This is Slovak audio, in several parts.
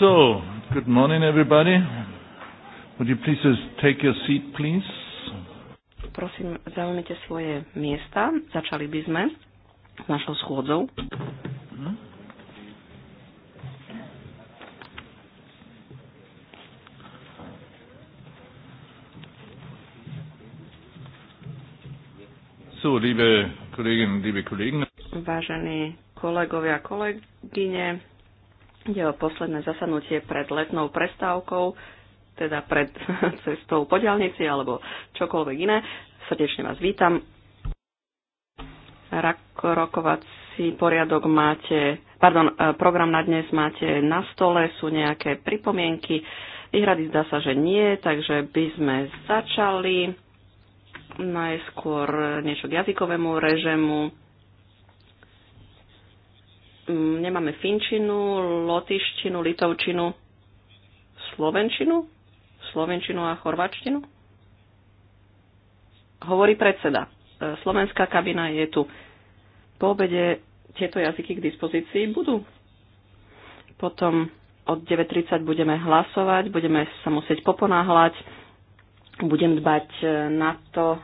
So, good morning everybody. Would you please take your seat, please? Prosím, zaujmite svoje miesta. Začali by sme s našou schôdzou. So, liebe Kolleginnen, liebe Kollegen. Vážení kolegovia, kolegyne, Ide o posledné zasadnutie pred letnou prestávkou, teda pred cestou po diálnici alebo čokoľvek iné. Srdečne vás vítam. Rokovací poriadok máte, pardon, e, program na dnes máte na stole, sú nejaké pripomienky. Výhrady zdá sa, že nie, takže by sme začali najskôr niečo k jazykovému režimu Mm, nemáme finčinu, lotištinu, litovčinu, slovenčinu, slovenčinu a chorvačtinu. Hovorí predseda. E, slovenská kabina je tu. Po obede tieto jazyky k dispozícii budú. Potom od 9.30 budeme hlasovať, budeme sa musieť poponáhľať, budem dbať e, na to,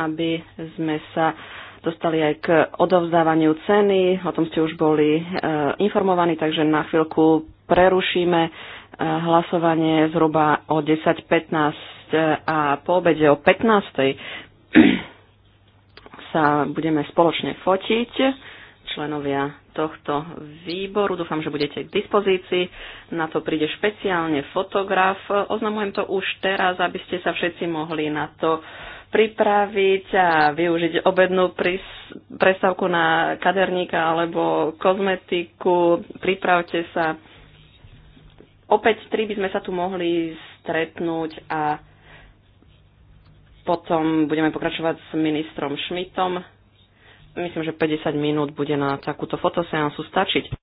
aby sme sa dostali aj k odovzdávaniu ceny. O tom ste už boli e, informovaní, takže na chvíľku prerušíme e, hlasovanie zhruba o 10.15 e, a po obede o 15.00 sa budeme spoločne fotiť členovia tohto výboru. Dúfam, že budete k dispozícii. Na to príde špeciálne fotograf. Oznamujem to už teraz, aby ste sa všetci mohli na to pripraviť a využiť obednú prestavku na kaderníka alebo kozmetiku. Pripravte sa. Opäť tri by sme sa tu mohli stretnúť a potom budeme pokračovať s ministrom Šmitom. Myslím, že 50 minút bude na takúto fotoseansu stačiť.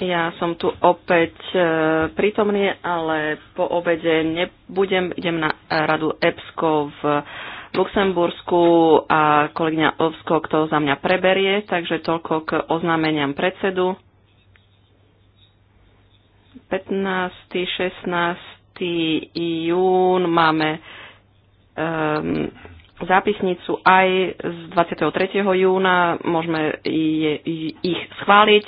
Ja som tu opäť e, prítomný, ale po obede nebudem. Idem na radu EPSCO v Luxembursku a kolegyňa Ovsko, kto za mňa preberie, takže toľko k oznámeniam predsedu. 15. 16. jún máme um, zápisnicu aj z 23. júna. Môžeme ich schváliť.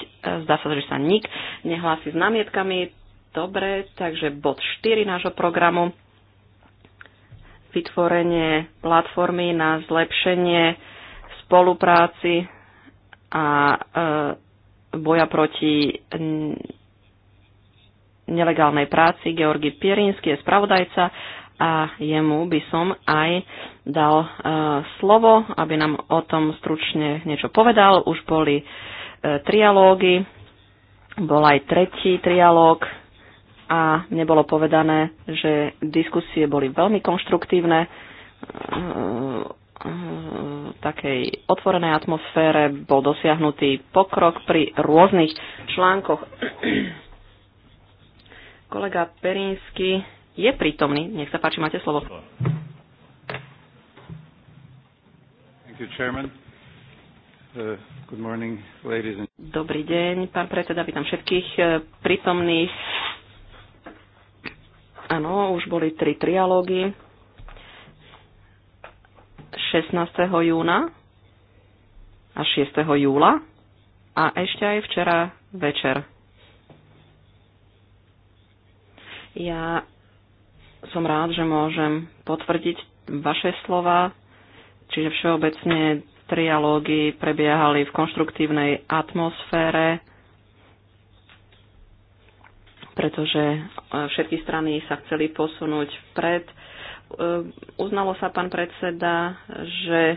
Zdá sa, že sa nik nehlási s namietkami. Dobre, takže bod 4 nášho programu. Vytvorenie platformy na zlepšenie spolupráci a e, boja proti nelegálnej práci. Georgi Pierinsky je spravodajca a jemu by som aj dal e, slovo, aby nám o tom stručne niečo povedal. Už boli e, trialógy, bol aj tretí trialóg a nebolo povedané, že diskusie boli veľmi konštruktívne, v e, e, takej otvorenej atmosfére bol dosiahnutý pokrok pri rôznych článkoch. Kolega Perínsky je prítomný. Nech sa páči, máte slovo. Uh, Dobrý deň, pán predseda, vítam všetkých uh, prítomných. Áno, už boli tri trialógy. 16. júna a 6. júla a ešte aj včera večer. Ja som rád, že môžem potvrdiť vaše slova, čiže všeobecne trialógy prebiehali v konštruktívnej atmosfére, pretože e, všetky strany sa chceli posunúť vpred. E, uznalo sa pán predseda, že e,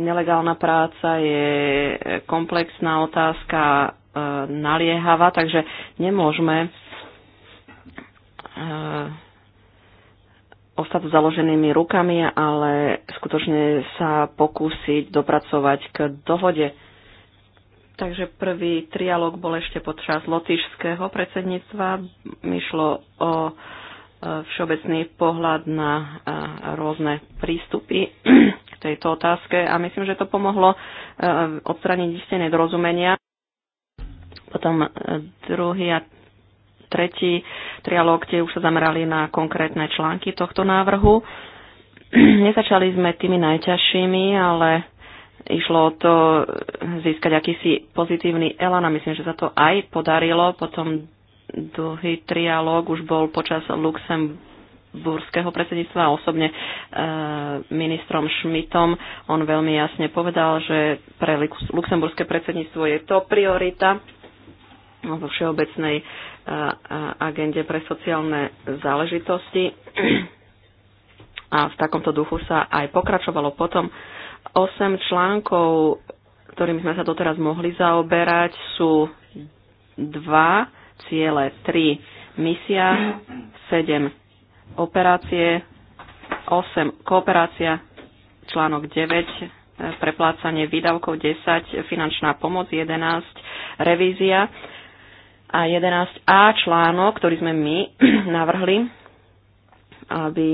nelegálna práca je komplexná otázka, naliehavá, takže nemôžeme ostať založenými rukami, ale skutočne sa pokúsiť dopracovať k dohode. Takže prvý trialog bol ešte počas lotišského predsedníctva. Išlo o e, všeobecný pohľad na e, rôzne prístupy k tejto otázke a myslím, že to pomohlo e, odstraniť isté nedorozumenia. Potom druhý a tretí trialóg, kde už sa zamerali na konkrétne články tohto návrhu. Nezačali sme tými najťažšími, ale išlo o to získať akýsi pozitívny elan a myslím, že sa to aj podarilo. Potom druhý trialóg už bol počas luxemburského predsedníctva osobne e, ministrom Šmitom. On veľmi jasne povedal, že pre luxemburské predsedníctvo je to priorita vo všeobecnej agende pre sociálne záležitosti. A v takomto duchu sa aj pokračovalo potom. Osem článkov, ktorými sme sa doteraz mohli zaoberať, sú dva ciele, tri misia, sedem operácie, osem kooperácia, článok 9 preplácanie výdavkov 10, finančná pomoc 11, revízia a 11a článok, ktorý sme my navrhli, aby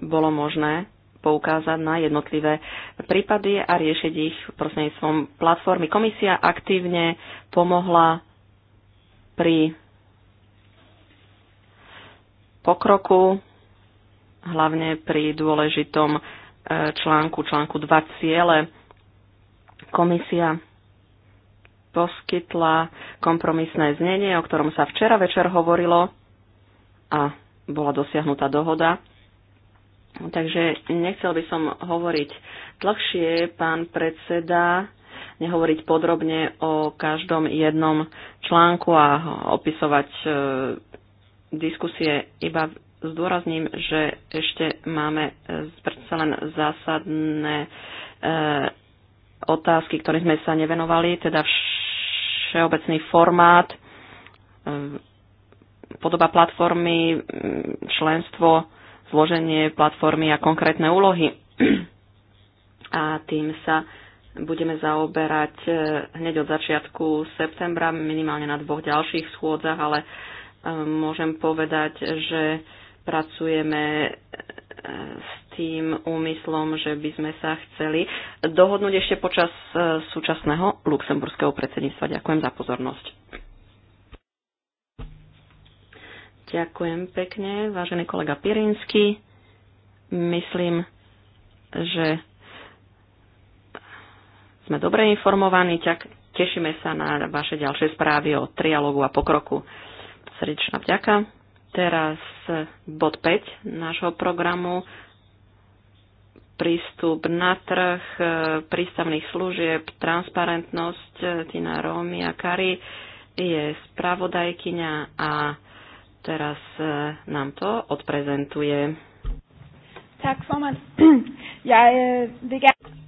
bolo možné poukázať na jednotlivé prípady a riešiť ich prostredníctvom platformy. Komisia aktívne pomohla pri pokroku, hlavne pri dôležitom e, článku, článku 2 ciele. Komisia poskytla kompromisné znenie, o ktorom sa včera večer hovorilo a bola dosiahnutá dohoda. Takže nechcel by som hovoriť dlhšie, pán predseda, nehovoriť podrobne o každom jednom článku a opisovať e, diskusie. Iba zdôrazním, že ešte máme e, predsa len zásadné e, otázky, ktoré sme sa nevenovali, teda všeobecný formát, e, podoba platformy, členstvo, zloženie platformy a konkrétne úlohy. A tým sa budeme zaoberať e, hneď od začiatku septembra, minimálne na dvoch ďalších schôdzach, ale e, môžem povedať, že pracujeme s tým úmyslom, že by sme sa chceli dohodnúť ešte počas e, súčasného luxemburského predsedníctva. Ďakujem za pozornosť. Ďakujem pekne, vážený kolega Pirinsky. Myslím, že sme dobre informovaní, tak tešíme sa na vaše ďalšie správy o trialogu a pokroku. Srdečná vďaka. Teraz e, bod 5 nášho programu prístup na trh, e, prístavných služieb, transparentnosť e, Tina Rómy a Kari je spravodajkyňa a teraz e, nám to odprezentuje. Tak, forman. Ja,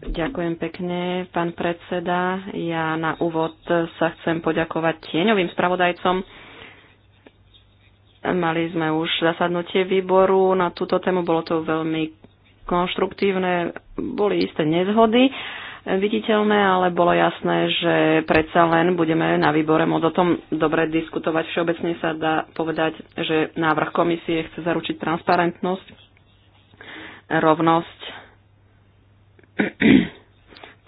Ďakujem pekne, pán predseda. Ja na úvod sa chcem poďakovať tieňovým spravodajcom. Mali sme už zasadnutie výboru na túto tému, bolo to veľmi konštruktívne, boli isté nezhody eh, viditeľné, ale bolo jasné, že predsa len budeme na výbore môcť o tom dobre diskutovať. Všeobecne sa dá povedať, že návrh komisie chce zaručiť transparentnosť, rovnosť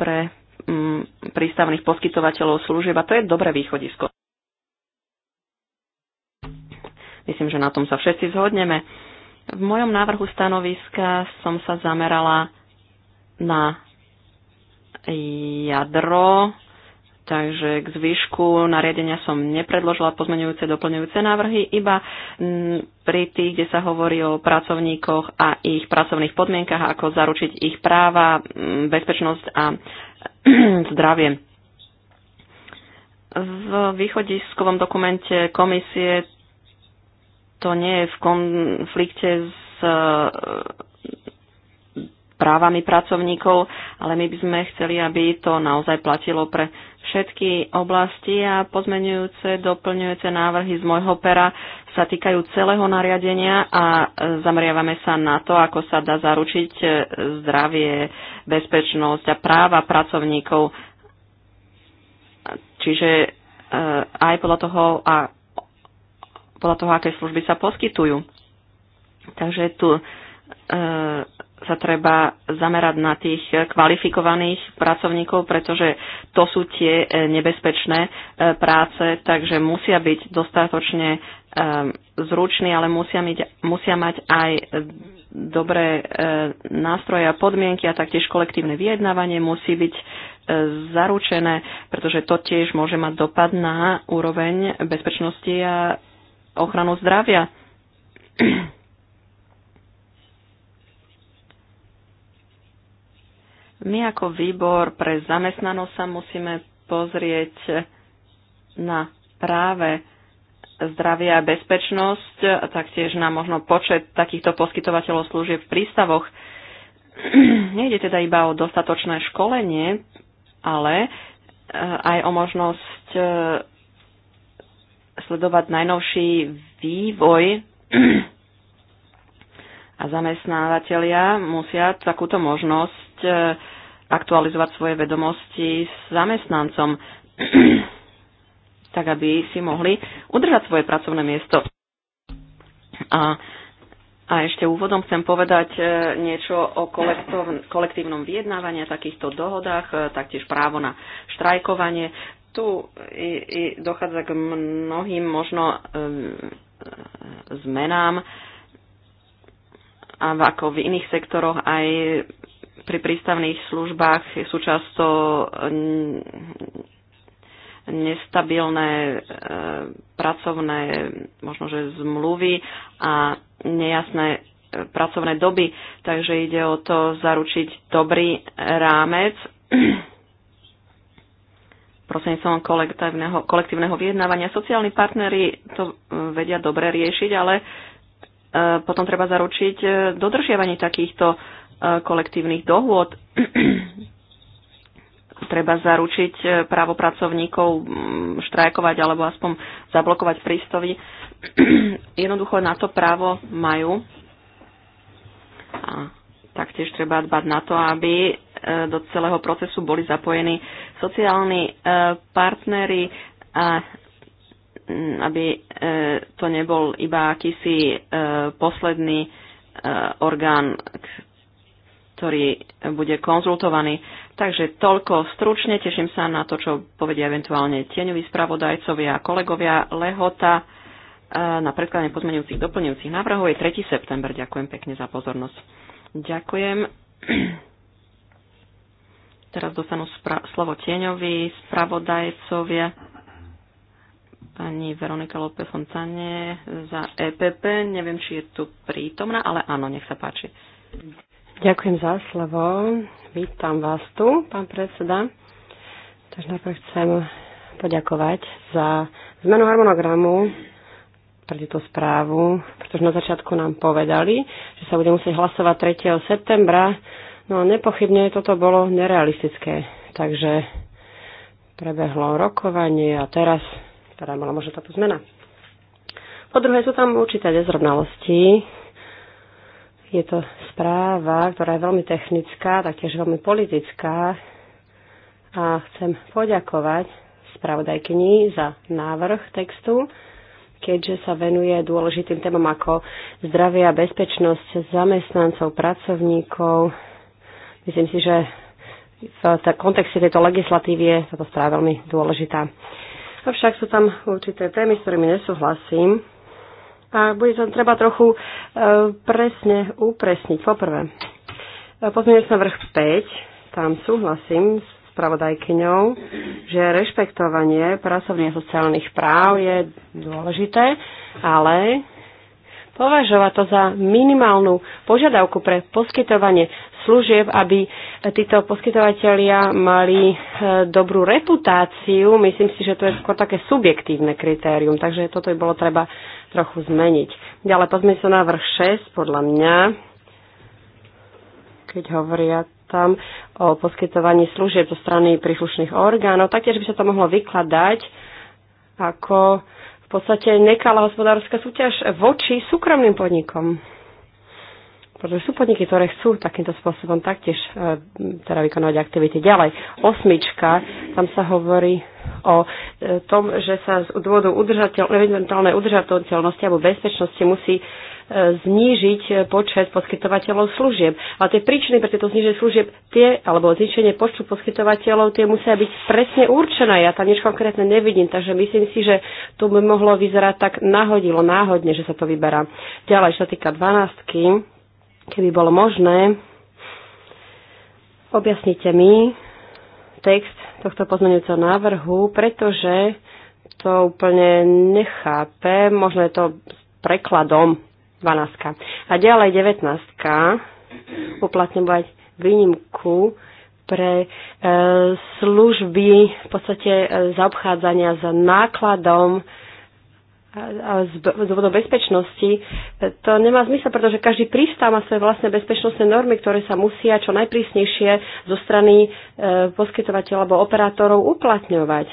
pre mm, prístavných poskytovateľov služieb a to je dobré východisko. Myslím, že na tom sa všetci zhodneme. V mojom návrhu stanoviska som sa zamerala na jadro, takže k zvyšku nariadenia som nepredložila pozmenujúce, doplňujúce návrhy, iba mm, pri tých, kde sa hovorí o pracovníkoch a ich pracovných podmienkach, ako zaručiť ich práva, mm, bezpečnosť a zdravie. V východiskovom dokumente komisie to nie je v konflikte s e, právami pracovníkov, ale my by sme chceli, aby to naozaj platilo pre všetky oblasti a pozmenujúce, doplňujúce návrhy z môjho pera sa týkajú celého nariadenia a zameriavame sa na to, ako sa dá zaručiť e, zdravie, bezpečnosť a práva pracovníkov. Čiže e, aj podľa toho, a podľa toho, aké služby sa poskytujú. Takže tu e, sa treba zamerať na tých kvalifikovaných pracovníkov, pretože to sú tie e, nebezpečné e, práce, takže musia byť dostatočne e, zruční, ale musia, myť, musia mať aj dobré nástroje a podmienky a taktiež kolektívne vyjednávanie musí byť zaručené, pretože to tiež môže mať dopad na úroveň bezpečnosti a ochranu zdravia. My ako výbor pre zamestnanosť sa musíme pozrieť na práve zdravie a bezpečnosť, a taktiež na možno počet takýchto poskytovateľov služieb v prístavoch. Nejde teda iba o dostatočné školenie, ale e, aj o možnosť e, sledovať najnovší vývoj a zamestnávateľia musia takúto možnosť e, aktualizovať svoje vedomosti s zamestnancom, tak aby si mohli udržať svoje pracovné miesto. A, a ešte úvodom chcem povedať e, niečo o kolektívnom vyjednávaní, takýchto dohodách, e, taktiež právo na štrajkovanie tu i, i dochádza k mnohým možno um, zmenám a ako v iných sektoroch aj pri prístavných službách sú často nestabilné pracovné možno zmluvy a nejasné pracovné doby. Takže ide o to zaručiť dobrý rámec prostredníctvom kolektívneho, kolektívneho vyjednávania. Sociálni partnery to e, vedia dobre riešiť, ale e, potom treba zaručiť e, dodržiavanie takýchto kolektívnych dohôd. treba zaručiť právo pracovníkov štrajkovať alebo aspoň zablokovať prístavy. Jednoducho na to právo majú. A taktiež treba dbať na to, aby do celého procesu boli zapojení sociálni e, partnery a aby e, to nebol iba akýsi e, posledný orgán, ktorý bude konzultovaný. Takže toľko stručne, teším sa na to, čo povedia eventuálne tieňoví spravodajcovia a kolegovia Lehota na predkladanie pozmenujúcich doplňujúcich návrhov je 3. september. Ďakujem pekne za pozornosť. Ďakujem. Teraz dostanú slovo tieňovi, spravodajcovia. Pani Veronika López Fontane za EPP. Neviem, či je tu prítomná, ale áno, nech sa páči. Ďakujem za slovo. Vítam vás tu, pán predseda. Takže najprv chcem poďakovať za zmenu harmonogramu pre túto správu, pretože na začiatku nám povedali, že sa bude musieť hlasovať 3. septembra No a nepochybne toto bolo nerealistické. Takže prebehlo rokovanie a teraz teda bola možno táto zmena. Po druhé sú tam určité nezrovnalosti. Je to správa, ktorá je veľmi technická, taktiež veľmi politická. A chcem poďakovať spravodajkyni za návrh textu, keďže sa venuje dôležitým témam ako zdravie a bezpečnosť zamestnancov, pracovníkov, Myslím si, že v kontexte tejto legislatívy je táto správa veľmi dôležitá. Avšak sú tam určité témy, s ktorými nesúhlasím. A bude to treba trochu e, presne upresniť. Poprvé, e, pozmeňujem sa vrch 5, tam súhlasím s spravodajkyňou, že rešpektovanie pracovných a sociálnych práv je dôležité, ale považovať to za minimálnu požiadavku pre poskytovanie služieb, aby títo poskytovateľia mali e, dobrú reputáciu. Myslím si, že to je skôr také subjektívne kritérium, takže toto by bolo treba trochu zmeniť. Ďalej pozme sa vrch 6, podľa mňa, keď hovoria tam o poskytovaní služieb zo strany príslušných orgánov. Taktiež by sa to mohlo vykladať ako v podstate nekalá hospodárska súťaž voči súkromným podnikom. Pretože sú podniky, ktoré chcú takýmto spôsobom taktiež e, teda vykonovať aktivity. Ďalej, osmička, tam sa hovorí o e, tom, že sa z dôvodu udržateľ, eventuálnej udržateľnosti alebo bezpečnosti musí znížiť počet poskytovateľov služieb. A tie príčiny pre tieto zníženie služieb, tie, alebo zničenie počtu poskytovateľov, tie musia byť presne určené. Ja tam nič konkrétne nevidím, takže myslím si, že to by mohlo vyzerať tak nahodilo, náhodne, že sa to vyberá. Ďalej, čo sa týka 12 keby bolo možné, objasnite mi text tohto pozmeňujúceho návrhu, pretože to úplne nechápem, možno je to s prekladom. 12. A ďalej 19. uplatňovať výnimku pre e, služby v podstate e, zaobchádzania s nákladom e, a z dôvodov bezpečnosti, e, to nemá zmysel, pretože každý prístav má svoje vlastné bezpečnostné normy, ktoré sa musia čo najprísnejšie zo strany e, poskytovateľa alebo operátorov uplatňovať.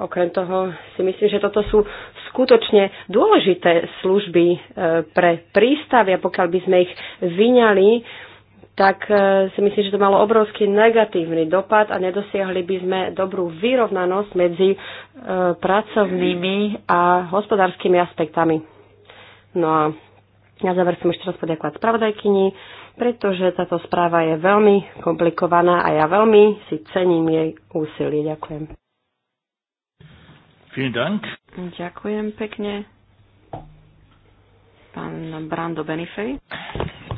Okrem toho si myslím, že toto sú skutočne dôležité služby e, pre prístavy a pokiaľ by sme ich vyňali, tak e, si myslím, že to malo obrovský negatívny dopad a nedosiahli by sme dobrú vyrovnanosť medzi e, pracovnými a hospodárskymi aspektami. No a na záver chcem ešte raz poďakovať spravodajkyni, pretože táto správa je veľmi komplikovaná a ja veľmi si cením jej úsilie. Ďakujem. Vielen Dank. Ďakujem pekne. Pán Brando Benifej.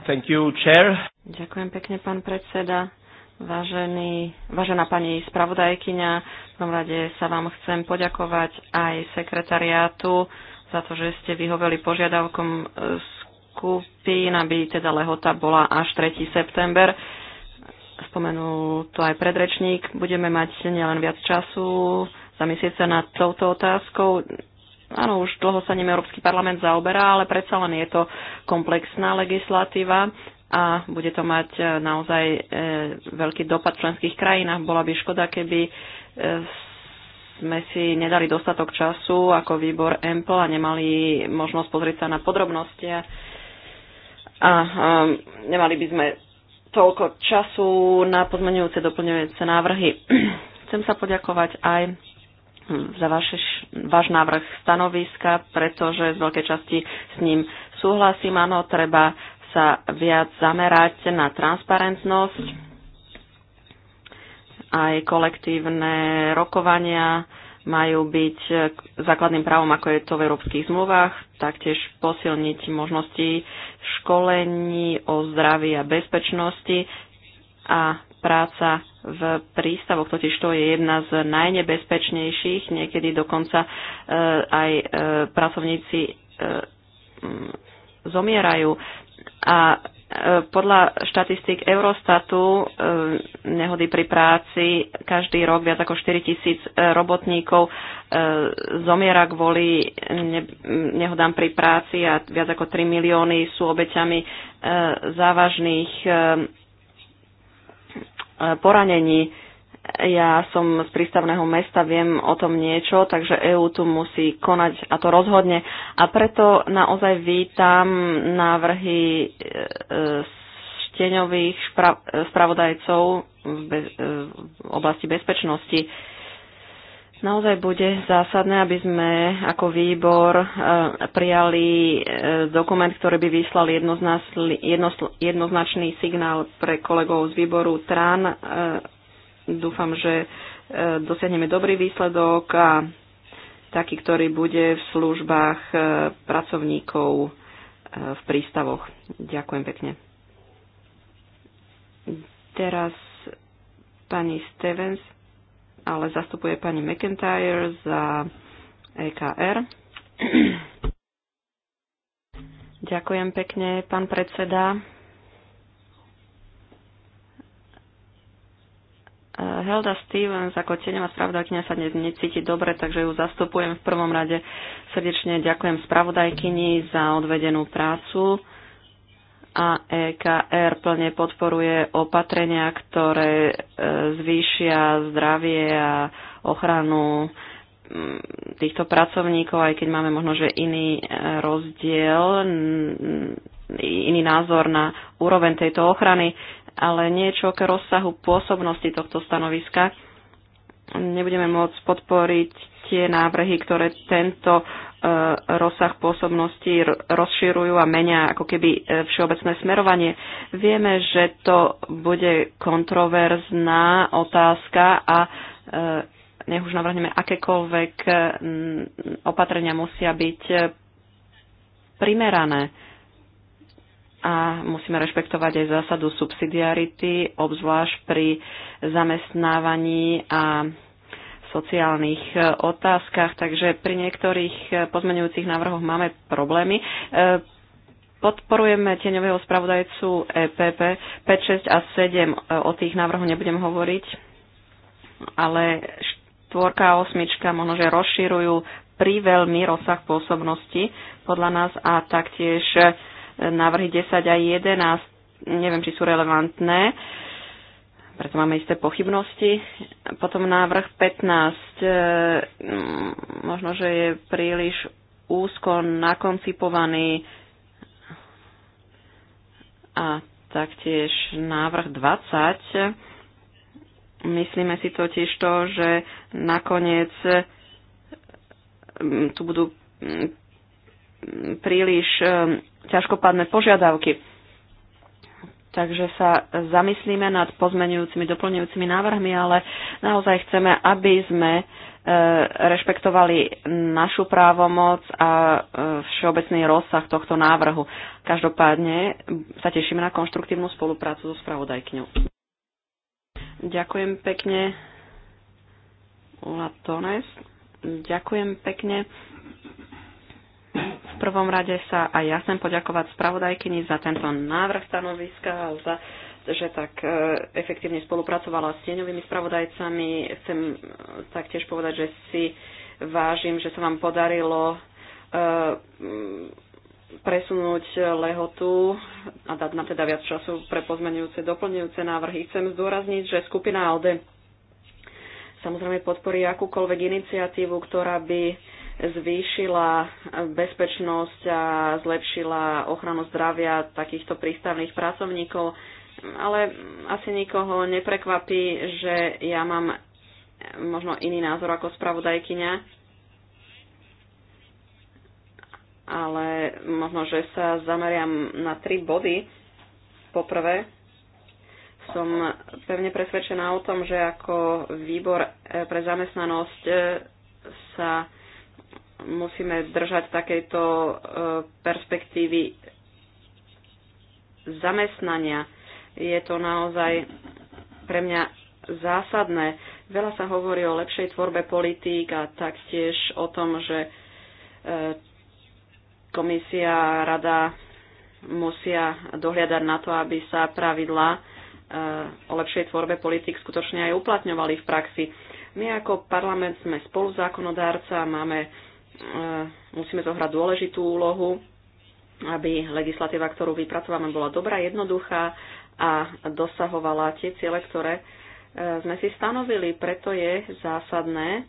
Thank you, chair. Ďakujem pekne, pán predseda. Vážený, vážená pani spravodajkyňa, v tom rade sa vám chcem poďakovať aj sekretariátu za to, že ste vyhoveli požiadavkom e, skupín, aby teda lehota bola až 3. september spomenul to aj predrečník, budeme mať nielen viac času, zamyslieť sa nad touto otázkou. Áno, už dlho sa ním Európsky parlament zaoberá, ale predsa len je to komplexná legislatíva a bude to mať e, naozaj e, veľký dopad v členských krajinách. Bola by škoda, keby e, sme si nedali dostatok času ako výbor EMPL a nemali možnosť pozrieť sa na podrobnosti a, a nemali by sme toľko času na pozmenujúce doplňujúce návrhy. Chcem sa poďakovať aj Hm, za váš, váš návrh stanoviska, pretože z veľkej časti s ním súhlasím. Áno, treba sa viac zamerať na transparentnosť, aj kolektívne rokovania majú byť základným právom, ako je to v európskych zmluvách, taktiež posilniť možnosti školení o zdraví a bezpečnosti a práca v prístavoch, totiž to je jedna z najnebezpečnejších, niekedy dokonca e, aj e, pracovníci e, mm, zomierajú. A podľa štatistík Eurostatu nehody pri práci každý rok viac ako 4 tisíc robotníkov zomiera kvôli nehodám pri práci a viac ako 3 milióny sú obeťami závažných E, poranení. Ja som z prístavného mesta, viem o tom niečo, takže EÚ tu musí konať a to rozhodne. A preto naozaj vítam návrhy šteňových e, e, spravodajcov v, oblasti bezpečnosti Naozaj bude zásadné, aby sme ako výbor e, prijali e, dokument, ktorý by vyslal jednoznačný signál pre kolegov z výboru TRAN. E, dúfam, že dosiahneme dobrý výsledok a taký, ktorý bude v službách pracovníkov v prístavoch. Ďakujem pekne. Teraz pani Stevens ale zastupuje pani McIntyre za EKR. Ďakujem pekne, pán predseda. E, Helda Stevens ako teňová spravodajkynia sa dnes necíti dobre, takže ju zastupujem v prvom rade. Srdečne ďakujem spravodajkyni za odvedenú prácu a EKR plne podporuje opatrenia, ktoré e, zvýšia zdravie a ochranu týchto pracovníkov, aj keď máme možno, že iný e, rozdiel, iný názor na úroveň tejto ochrany, ale niečo k rozsahu pôsobnosti tohto stanoviska. Nebudeme môcť podporiť tie návrhy, ktoré tento E, rozsah pôsobnosti rozširujú a menia ako keby e, všeobecné smerovanie. Vieme, že to bude kontroverzná otázka a e, nech už navrhneme akékoľvek opatrenia musia byť primerané a musíme rešpektovať aj zásadu subsidiarity, obzvlášť pri zamestnávaní a sociálnych e, otázkach, takže pri niektorých e, pozmenujúcich návrhoch máme problémy. E, podporujeme tieňového spravodajcu EPP 5, 6 a 7. O tých návrhoch nebudem hovoriť, ale štvorka a osmička možno, že rozširujú veľmi rozsah pôsobnosti podľa nás a taktiež návrhy 10 a 11 neviem, či sú relevantné preto máme isté pochybnosti. Potom návrh 15 e, možno, že je príliš úzko nakoncipovaný a taktiež návrh 20. Myslíme si totiž to, že nakoniec e, tu budú príliš e, ťažkopádne požiadavky takže sa zamyslíme nad pozmenujúcimi, doplňujúcimi návrhmi, ale naozaj chceme, aby sme e, rešpektovali našu právomoc a e, všeobecný rozsah tohto návrhu. Každopádne sa tešíme na konštruktívnu spoluprácu so spravodajkňou. Ďakujem pekne. Ula Tones. Ďakujem pekne. V prvom rade sa aj ja chcem poďakovať spravodajkyni za tento návrh stanoviska a za že tak e, efektívne spolupracovala s tieňovými spravodajcami. Chcem e, taktiež povedať, že si vážim, že sa vám podarilo e, presunúť lehotu a dať nám teda viac času pre pozmenujúce, doplňujúce návrhy. Chcem zdôrazniť, že skupina ALDE samozrejme podporí akúkoľvek iniciatívu, ktorá by zvýšila bezpečnosť a zlepšila ochranu zdravia takýchto prístavných pracovníkov. Ale asi nikoho neprekvapí, že ja mám možno iný názor ako spravodajkyňa. Ale možno, že sa zameriam na tri body. Poprvé, som pevne presvedčená o tom, že ako výbor eh, pre zamestnanosť eh, sa musíme držať takejto e, perspektívy zamestnania. Je to naozaj pre mňa zásadné. Veľa sa hovorí o lepšej tvorbe politík a taktiež o tom, že e, komisia a rada musia dohliadať na to, aby sa pravidlá e, o lepšej tvorbe politik skutočne aj uplatňovali v praxi. My ako parlament sme spoluzákonodárca, máme E, musíme zohrať dôležitú úlohu, aby legislatíva, ktorú vypracováme, bola dobrá, jednoduchá a dosahovala tie ciele, ktoré e, sme si stanovili. Preto je zásadné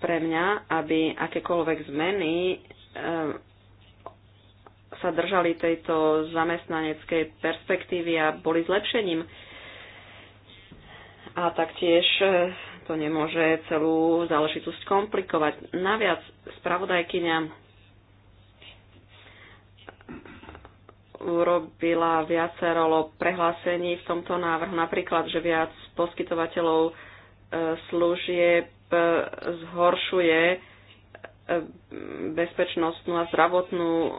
pre mňa, aby akékoľvek zmeny e, sa držali tejto zamestnaneckej perspektívy a boli zlepšením. A taktiež to nemôže celú záležitosť komplikovať. Naviac spravodajkyňa urobila viacero prehlásení v tomto návrhu, napríklad, že viac poskytovateľov e, služieb e, zhoršuje e, bezpečnostnú a zdravotnú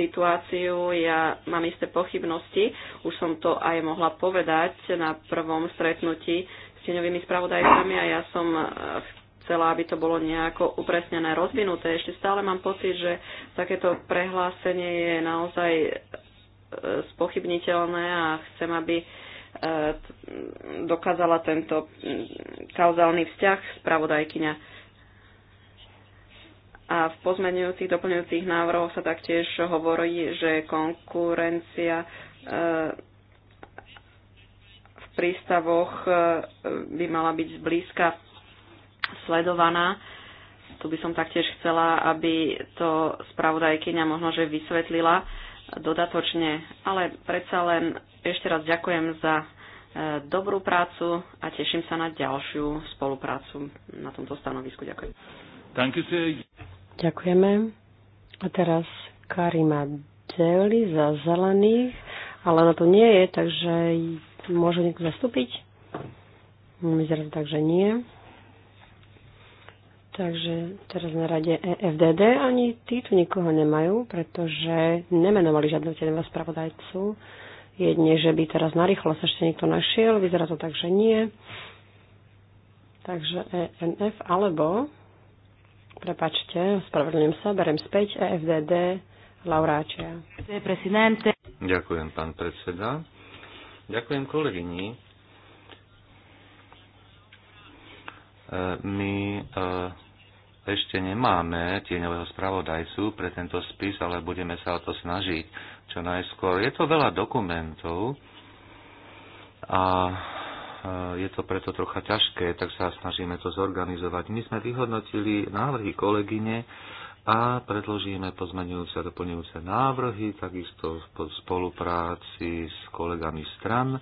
situáciu. Ja mám isté pochybnosti, už som to aj mohla povedať na prvom stretnutí tieňovými spravodajcami a ja som e, chcela, aby to bolo nejako upresnené, rozvinuté. Ešte stále mám pocit, že takéto prehlásenie je naozaj e, spochybniteľné a chcem, aby e, dokázala tento kauzálny vzťah spravodajkyňa. A v pozmenujúcich, doplňujúcich návrhoch sa taktiež hovorí, že konkurencia prístavoch e, by mala byť zblízka sledovaná. Tu by som taktiež chcela, aby to spravodajkyňa možno, že vysvetlila dodatočne, ale predsa len ešte raz ďakujem za e, dobrú prácu a teším sa na ďalšiu spoluprácu na tomto stanovisku. Ďakujem. Ďakujeme. A teraz Karima Deli za zelených, ale na to nie je, takže Môže niekto zastúpiť? Vyzerá tak, že nie. Takže teraz na rade e FDD ani tí tu nikoho nemajú, pretože nemenovali žiadneho tenového spravodajcu. Jedne, že by teraz narýchlo sa ešte niekto našiel, vyzerá to tak, že nie. Takže ENF alebo, prepačte, spravedlňujem sa, berem späť EFDD Lauráčia. Ďakujem, pán predseda. Ďakujem kolegyni. E, my e, ešte nemáme tieňového spravodajcu pre tento spis, ale budeme sa o to snažiť čo najskôr. Je to veľa dokumentov a e, je to preto trocha ťažké, tak sa snažíme to zorganizovať. My sme vyhodnotili návrhy kolegyne a predložíme pozmenujúce a doplňujúce návrhy, takisto v spolupráci s kolegami stran,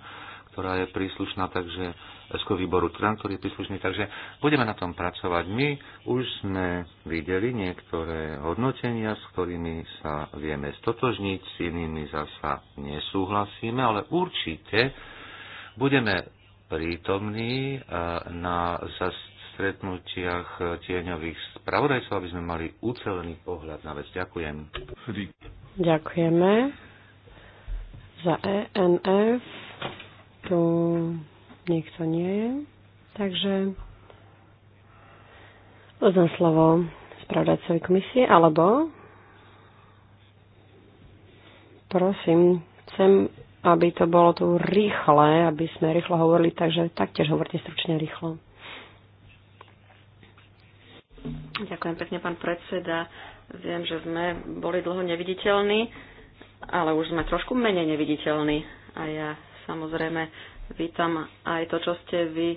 ktorá je príslušná, takže eh, z výboru stran, ktorý je príslušný, takže budeme na tom pracovať. My už sme videli niektoré hodnotenia, s ktorými sa vieme stotožniť, s inými zasa nesúhlasíme, ale určite budeme prítomní eh, na zase stretnutiach eh, tieňových spravodajcov, aby sme mali ucelený pohľad na vec. Ďakujem. Ďakujeme za ENF. Tu nikto nie je. Takže uznám slovo spravodajcovi komisie, alebo prosím, chcem, aby to bolo tu rýchle, aby sme rýchlo hovorili, takže taktiež hovorte stručne rýchlo. Ďakujem pekne, pán predseda. Viem, že sme boli dlho neviditeľní, ale už sme trošku menej neviditeľní. A ja samozrejme vítam aj to, čo ste vy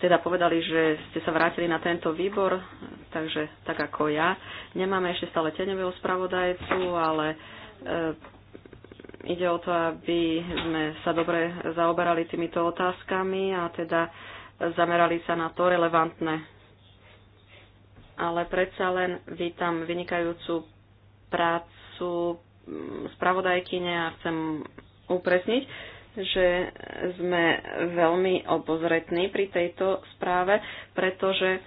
teda povedali, že ste sa vrátili na tento výbor, takže tak ako ja. Nemáme ešte stále teňového spravodajcu, ale e, ide o to, aby sme sa dobre zaoberali týmito otázkami a teda zamerali sa na to relevantné ale predsa len vítam vynikajúcu prácu mm, spravodajkyne a chcem upresniť, že sme veľmi obozretní pri tejto správe, pretože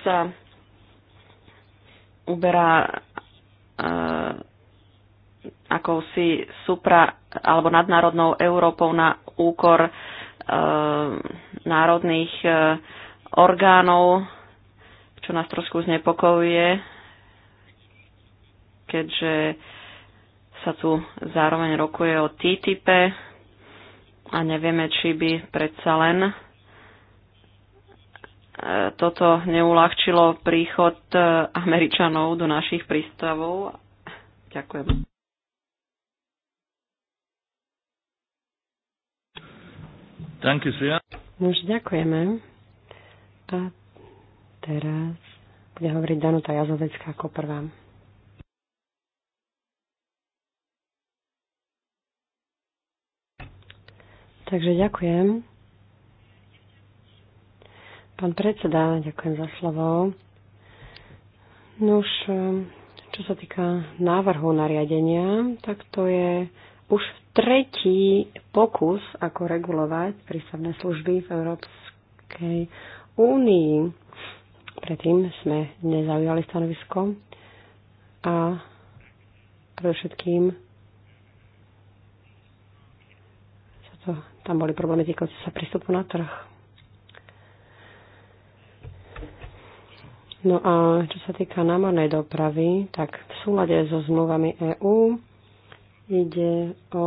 sa uberá e, akousi supra alebo nadnárodnou Európou na úkor e, národných e, orgánov čo nás trošku znepokojuje, keďže sa tu zároveň rokuje o TTIP a nevieme, či by predsa len e, toto neulahčilo príchod e, Američanov do našich prístavov. Ďakujem. Ďakujem. Už ďakujeme. A Teraz bude hovoriť Danuta Jazovecká ako prvá. Takže ďakujem. Pán predseda, ďakujem za slovo. Nuž, čo sa týka návrhu nariadenia, tak to je už tretí pokus, ako regulovať prístavné služby v Európskej únii. Predtým sme nezaujali stanovisko a predovšetkým sa to, tam boli problémy týkajúce sa prístupu na trh. No a čo sa týka námornej dopravy, tak v súlade so zmluvami EÚ ide o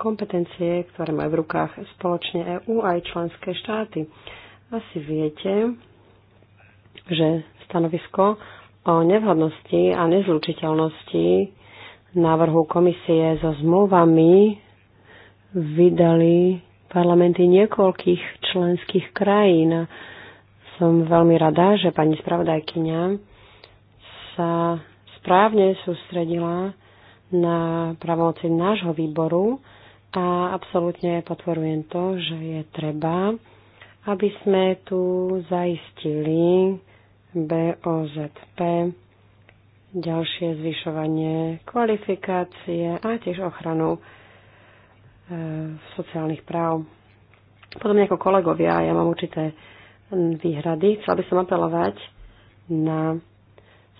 kompetencie, ktoré majú v rukách spoločne EÚ aj členské štáty. Asi viete, že stanovisko o nevhodnosti a nezlučiteľnosti návrhu komisie so zmluvami vydali parlamenty niekoľkých členských krajín. Som veľmi rada, že pani spravodajkyňa sa správne sústredila na pravomoci nášho výboru a absolútne potvorujem to, že je treba, aby sme tu zaistili BOZP, ďalšie zvyšovanie kvalifikácie a tiež ochranu e, sociálnych práv. Podobne ako kolegovia, ja mám určité výhrady. Chcela by som apelovať na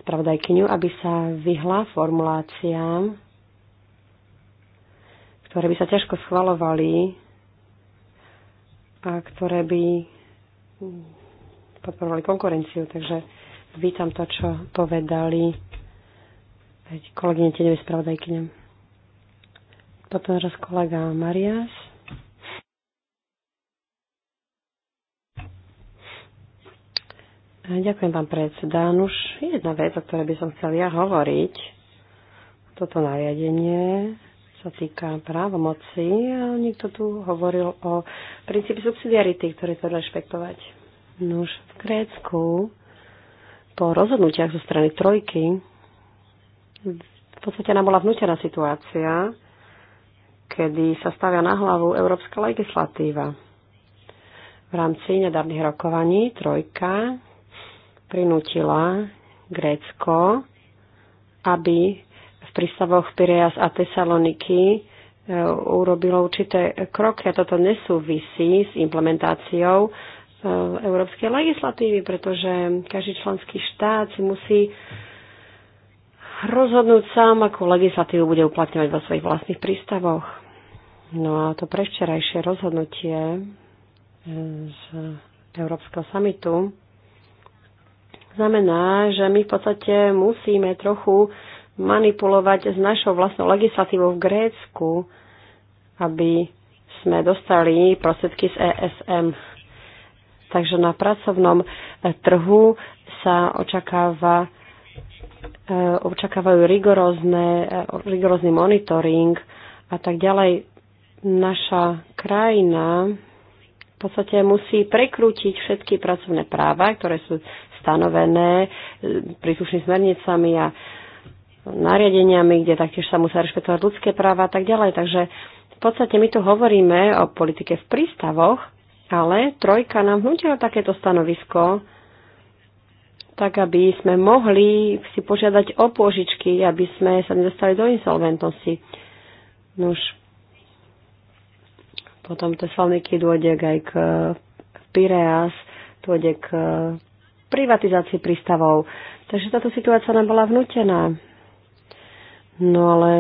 spravodajkyňu, aby sa vyhla formuláciám, ktoré by sa ťažko schvalovali a ktoré by podporovali konkurenciu. Takže vítam to, čo povedali kolegyne tenevej spravodajkyne. Potom raz kolega Marias. Ďakujem, pán predseda. No už jedna vec, o ktorej by som chcel ja hovoriť, toto nariadenie sa týka právomoci. Niekto tu hovoril o princípe subsidiarity, ktorý treba rešpektovať. Nuž v Grécku po rozhodnutiach zo strany trojky v podstate nám bola vnútená situácia, kedy sa stavia na hlavu európska legislatíva. V rámci nedávnych rokovaní trojka prinútila Grécko, aby v prístavoch Pireas a Tesaloniky e, urobilo určité kroky a toto nesúvisí s implementáciou Eh, európskej legislatívy, pretože každý členský štát si musí rozhodnúť sám, akú legislatívu bude uplatňovať vo svojich vlastných prístavoch. No a to prevčerajšie rozhodnutie eh, z Európskeho samitu znamená, že my v podstate musíme trochu manipulovať s našou vlastnou legislatívou v Grécku, aby sme dostali prostriedky z ESM Takže na pracovnom e, trhu sa očakáva, e, očakávajú rigorózne, e, rigorózny monitoring a tak ďalej. Naša krajina v podstate musí prekrútiť všetky pracovné práva, ktoré sú stanovené príslušnými smernicami a nariadeniami, kde taktiež sa musia rešpektovať ľudské práva a tak ďalej. Takže v podstate my tu hovoríme o politike v prístavoch, ale trojka nám vnútila takéto stanovisko, tak aby sme mohli si požiadať o pôžičky, aby sme sa nedostali do insolventnosti. Nuž. Potom slavníky dôjde aj k Pireas, dôjde k privatizácii prístavov. Takže táto situácia nám bola vnútená. No ale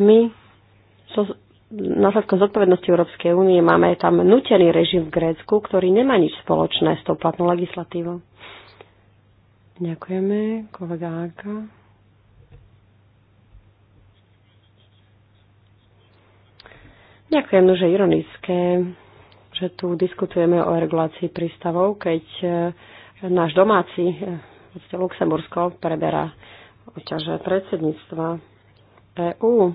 my so následkom zodpovednosti Európskej únie máme tam nutený režim v Grécku, ktorý nemá nič spoločné s tou platnou legislatívou. Ďakujeme, kolega Áka. Ďakujem, že ironické, že tu diskutujeme o regulácii prístavov, keď eh, náš domáci, eh, Luxembursko, preberá oťaže predsedníctva EÚ.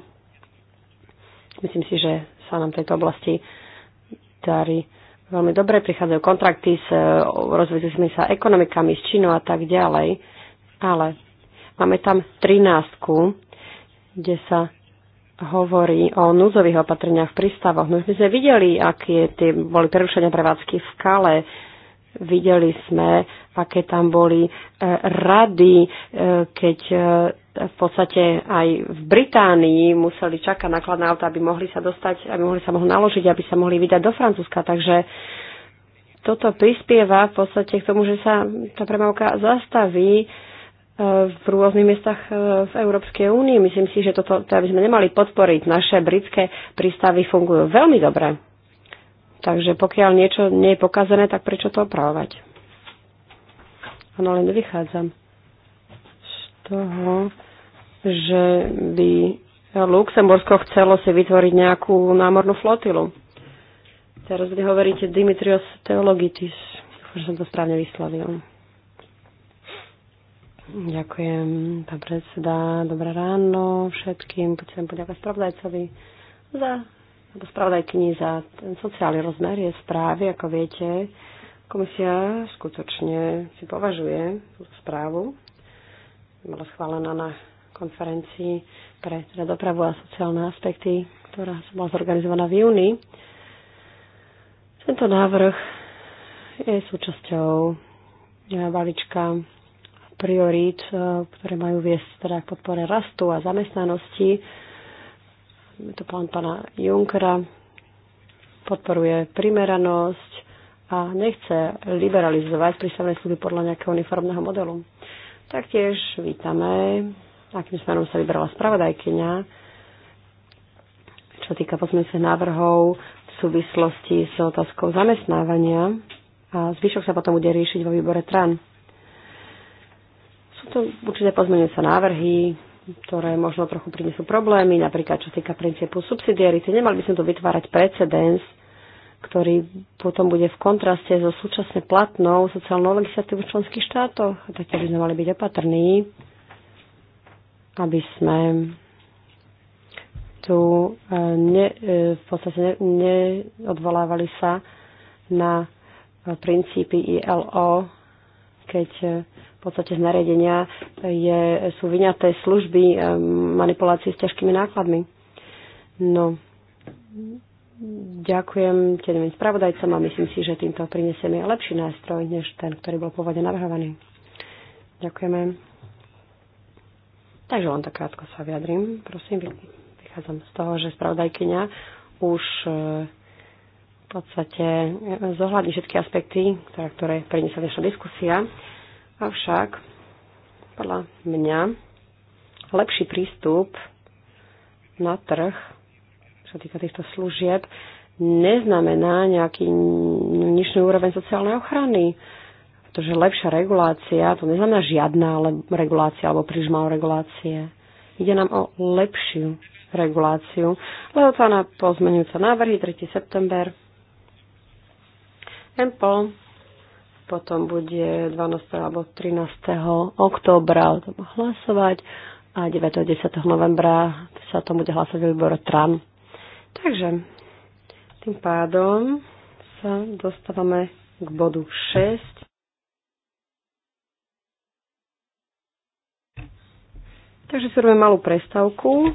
Myslím si, že sa nám v tejto oblasti darí veľmi dobre. Prichádzajú kontrakty s sme sa ekonomikami, s Čínou a tak ďalej. Ale máme tam 13, kde sa hovorí o núzových opatreniach v prístavoch. No, my sme videli, aké tie boli prerušenia prevádzky v Kale, Videli sme, aké tam boli e, rady, e, keď e, v podstate aj v Británii museli čakať nakladné auta, aby mohli sa dostať, aby mohli sa mohli naložiť, aby sa mohli vydať do Francúzska. Takže toto prispieva v podstate k tomu, že sa tá premávka zastaví v rôznych miestach v Európskej únii. Myslím si, že toto to by sme nemali podporiť. Naše britské prístavy fungujú veľmi dobre. Takže pokiaľ niečo nie je pokazené, tak prečo to opravovať? Áno, len vychádzam z toho, že by Luxembursko chcelo si vytvoriť nejakú námornú flotilu. Teraz vy hovoríte Dimitrios Teologitis. Dúfam, že som to správne vyslovil. Ďakujem, pán predseda. Dobré ráno všetkým. Chcem poďakovať spravodajcovi za alebo spravodajkyni za ten sociálny rozmer je správy, ako viete. Komisia skutočne si považuje túto správu. Bola schválená na konferencii pre teda dopravu a sociálne aspekty, ktorá bola zorganizovaná v júni. Tento návrh je súčasťou balíčka priorít, ktoré majú viesť teda k podpore rastu a zamestnanosti to plán pána Junkera, podporuje primeranosť a nechce liberalizovať prísavné služby podľa nejakého uniformného modelu. Taktiež vítame, akým smerom sa vybrala spravodajkyňa, čo týka pozmeňujúcich návrhov v súvislosti s otázkou zamestnávania a zvyšok sa potom bude riešiť vo výbore TRAN. Sú to určité pozmeňujúce návrhy, ktoré možno trochu prinesú problémy, napríklad čo týka princípu subsidiarity. Nemali by sme tu vytvárať precedens, ktorý potom bude v kontraste so súčasne platnou sociálnou legislatívou v členských štátoch. Takto by sme mali byť opatrní, aby sme tu e, ne, e, v podstate neodvolávali sa na princípy ILO, keď e, v podstate z nariadenia je, sú vyňaté služby eh, manipulácie s ťažkými nákladmi. No, ďakujem tým spravodajcom a myslím si, že týmto prinesieme lepší nástroj, než ten, ktorý bol pôvodne navrhovaný. Ďakujeme. Takže len tak krátko sa vyjadrím. Prosím, vychádzam z toho, že spravodajkyňa už eh, v podstate eh, zohľadní všetky aspekty, ktoré, ktoré priniesla dnešná diskusia. Avšak, podľa mňa, lepší prístup na trh, čo sa týka týchto služieb, neznamená nejaký nižší úroveň sociálnej ochrany. Pretože lepšia regulácia, to neznamená žiadna regulácia alebo príliš malá regulácie. Ide nám o lepšiu reguláciu. Lebo to na pozmenujúce návrhy 3. september. Empol potom bude 12. alebo 13. októbra o tom hlasovať a 9. 10. novembra sa tom bude hlasovať výbor TRAN. Takže tým pádom sa dostávame k bodu 6. Takže si robíme malú prestavku.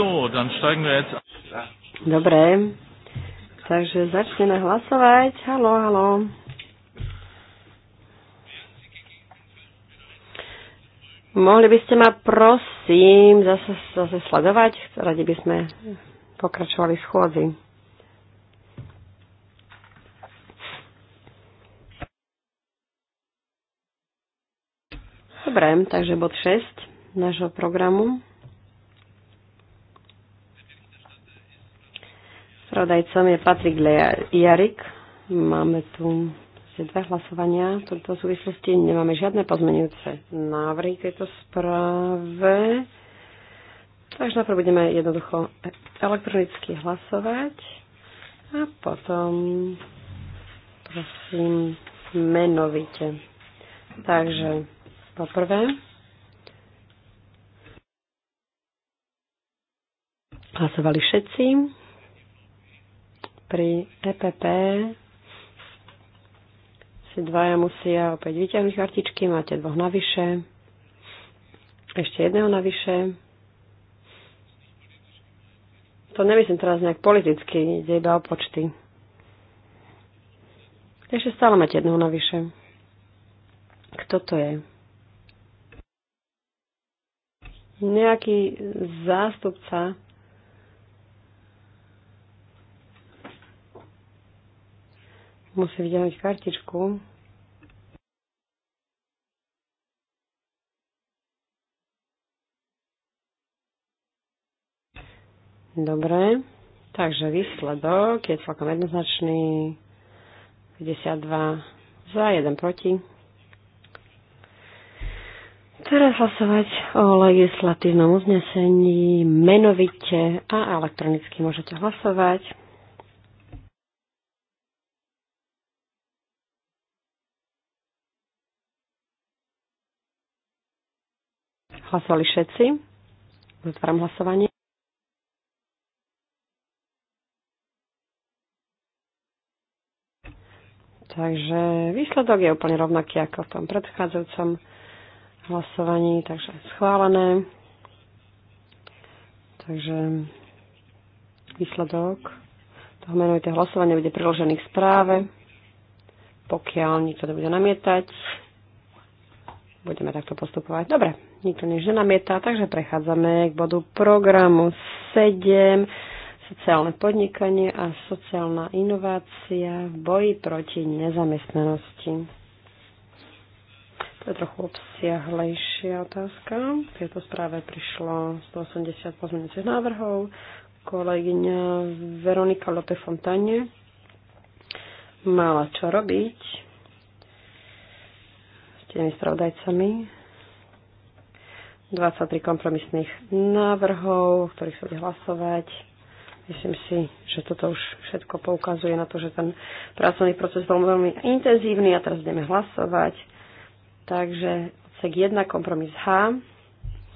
So, dann steigen wir jetzt. Dobre, takže začneme hlasovať. Halo, halo. Mohli by ste ma prosím zase, zase sledovať? Radi by sme pokračovali schôdzi. Dobre, takže bod 6 nášho programu. Spravodajcom je Patrik Jarik. Máme tu dve hlasovania v tomto súvislosti. Nemáme žiadne pozmenujúce návrhy k tejto správe. Takže najprv budeme jednoducho elektronicky hlasovať a potom prosím menovite. Takže poprvé hlasovali všetci. Pri EPP si dvaja musia opäť vyťahnuť kartičky, máte dvoch navyše, ešte jedného navyše. To nemyslím teraz nejak politicky, ide iba o počty. Ešte stále máte jedného navyše. Kto to je? Nejaký zástupca musí vyťahnuť kartičku. Dobre, takže výsledok je celkom jednoznačný. 52 za, 1 proti. Teraz hlasovať o legislatívnom uznesení menovite a elektronicky môžete hlasovať. Hlasovali všetci. Zatváram hlasovanie. Takže výsledok je úplne rovnaký ako v tom predchádzajúcom hlasovaní, takže schválené. Takže výsledok toho menujte hlasovanie bude priložený k správe. Pokiaľ nikto nebude namietať, budeme takto postupovať. Dobre, Nikto nič nenamieta, takže prechádzame k bodu programu 7 sociálne podnikanie a sociálna inovácia v boji proti nezamestnanosti. To je trochu obsiahlejšia otázka. V tejto správe prišlo 180 pozmeňujúcich návrhov. Kolegyňa Veronika Lope Fontane mala čo robiť s tými spravodajcami 23 kompromisných návrhov, ktorých sa bude hlasovať. Myslím si, že toto už všetko poukazuje na to, že ten pracovný proces bol veľmi intenzívny a teraz budeme hlasovať. Takže odsek 1, kompromis H.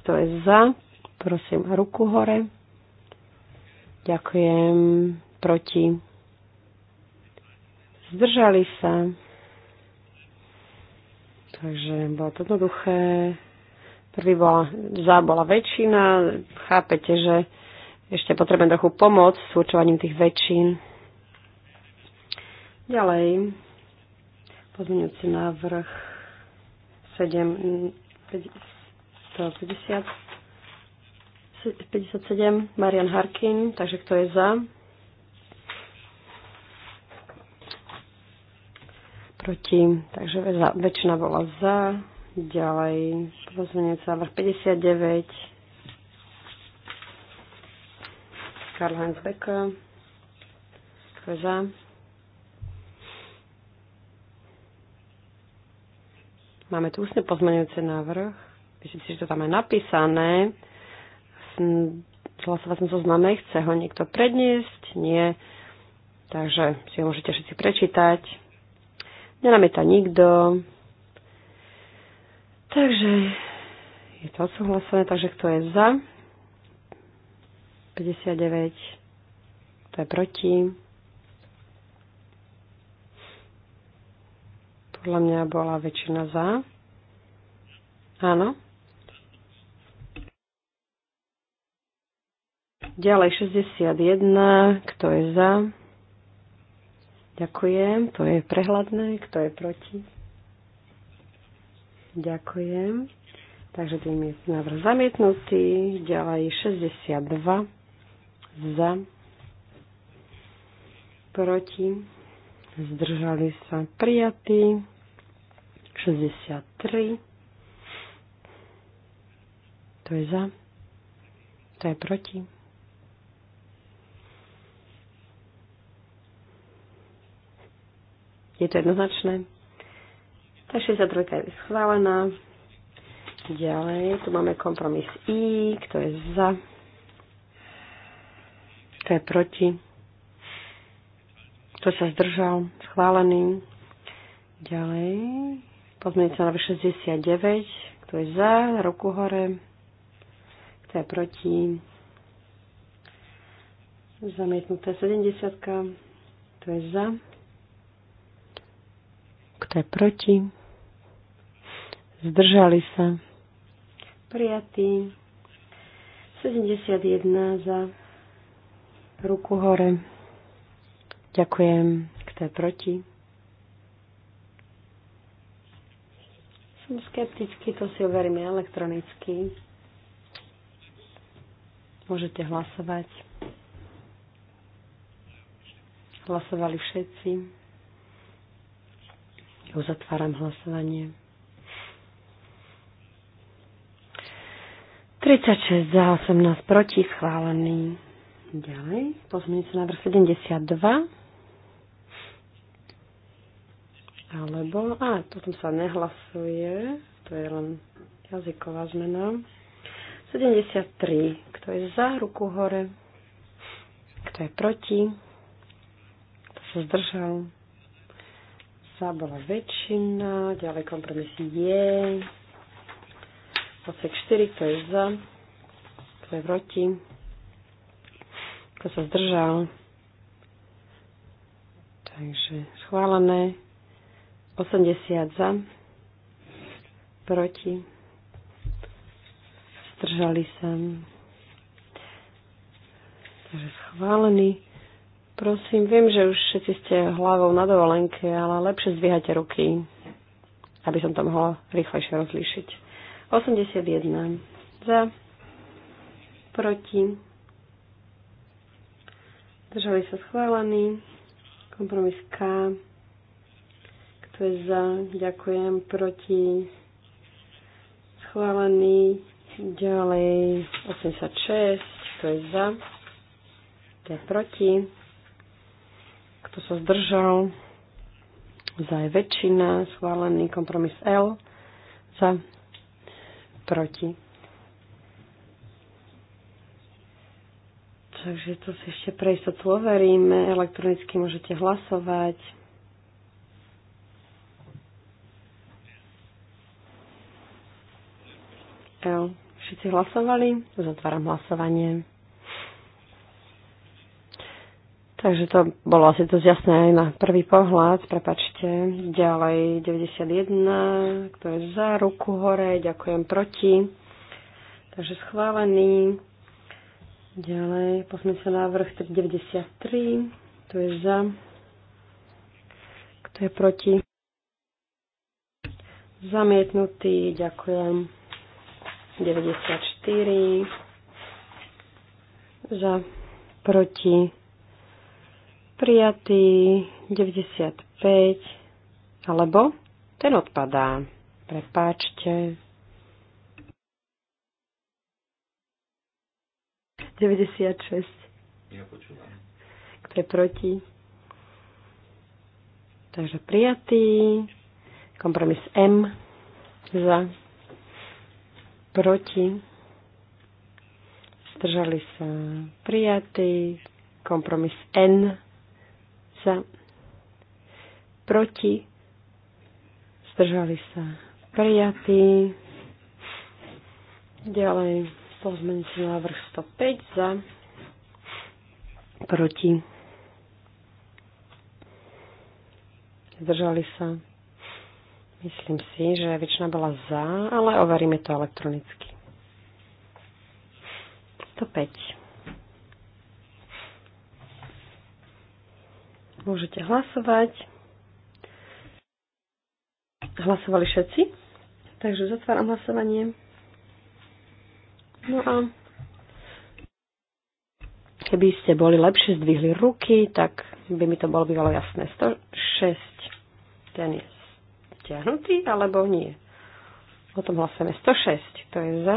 Kto je za, prosím, ruku hore. Ďakujem. Proti. Zdržali sa. Takže bolo to jednoduché. Prvý bola, za bola väčšina. Chápete, že ešte potrebujem trochu pomoc s určovaním tých väčšín. Ďalej, pozmeňujúci návrh 7, 50, 57, Marian Harkin, takže kto je za? Proti, takže väčšina bola za. Ďalej, sa, návrh 59. Karl Heinz Becker. Kto Máme tu úsne pozmenujúce návrh. Myslím si, že to tam je napísané. Hlasovať som zozname. So Chce ho niekto predniesť? Nie. Takže si ho môžete všetci prečítať. Nenamieta nikto. Takže je to odsúhlasené, takže kto je za? 59, kto je proti? Podľa mňa bola väčšina za. Áno. Ďalej 61, kto je za? Ďakujem, to je prehľadné, kto je proti? Ďakujem. Takže tým je návrh zamietnutý. Ďalej 62 za, proti, zdržali sa prijatí. 63. To je za, to je proti. Je to jednoznačné? Tá 62 je schválená. Ďalej, tu máme kompromis I, kto je za, kto je proti, kto sa zdržal, schválený. Ďalej, pozmeňujúca na 69, kto je za, ruku hore, kto je proti, zamietnuté 70, kto je za, kto je proti, zdržali sa, prijatý, 71 za, ruku hore, ďakujem, kto je proti. Som skeptický, to si overíme elektronicky. Môžete hlasovať. Hlasovali všetci. Uzatváram hlasovanie. 36 za 18 proti schválený. Ďalej, pozmeňujúci návrh 72. Alebo, a to tu sa nehlasuje, to je len jazyková zmena. 73. Kto je za ruku hore? Kto je proti? Kto sa zdržal? Za bola väčšina, ďalej kompromis je. Odsek 4, kto je za, kto je proti, kto sa zdržal. Takže schválené. 80 za, proti, zdržali sa. Takže schválený. Prosím, viem, že už všetci ste hlavou na dovolenke, ale lepšie zvíhate ruky, aby som to mohla rýchlejšie rozlíšiť. 81 za, proti, držali sa schválení, kompromis K, kto je za, ďakujem, proti, schválený, ďalej 86, kto je za, kto je proti, kto sa zdržal, za je väčšina, schválený kompromis L, za, proti. Takže to si ešte pre istotu overíme. Elektronicky môžete hlasovať. Jo. Všetci hlasovali? Zatváram hlasovanie. Takže to bolo asi dosť jasné aj na prvý pohľad. Prepačte. Ďalej 91, kto je za ruku hore, ďakujem proti. Takže schválený. Ďalej na návrh 93, kto je za, kto je proti. Zamietnutý, ďakujem. 94, za, proti prijatý 95, alebo ten odpadá. Prepáčte. 96. Ja Kto je proti? Takže prijatý. Kompromis M za. Proti. Zdržali sa prijatý. Kompromis N za, proti, zdržali sa prijatí. Ďalej pozmeňujúci návrh 105 za, proti, zdržali sa. Myslím si, že väčšina bola za, ale overíme to elektronicky. 105. Môžete hlasovať. Hlasovali všetci. Takže zatváram hlasovanie. No a keby ste boli lepšie zdvihli ruky, tak by mi to bolo bývalo jasné. 106 ten je stiahnutý, alebo nie. O tom hlasujeme. 106, to je za.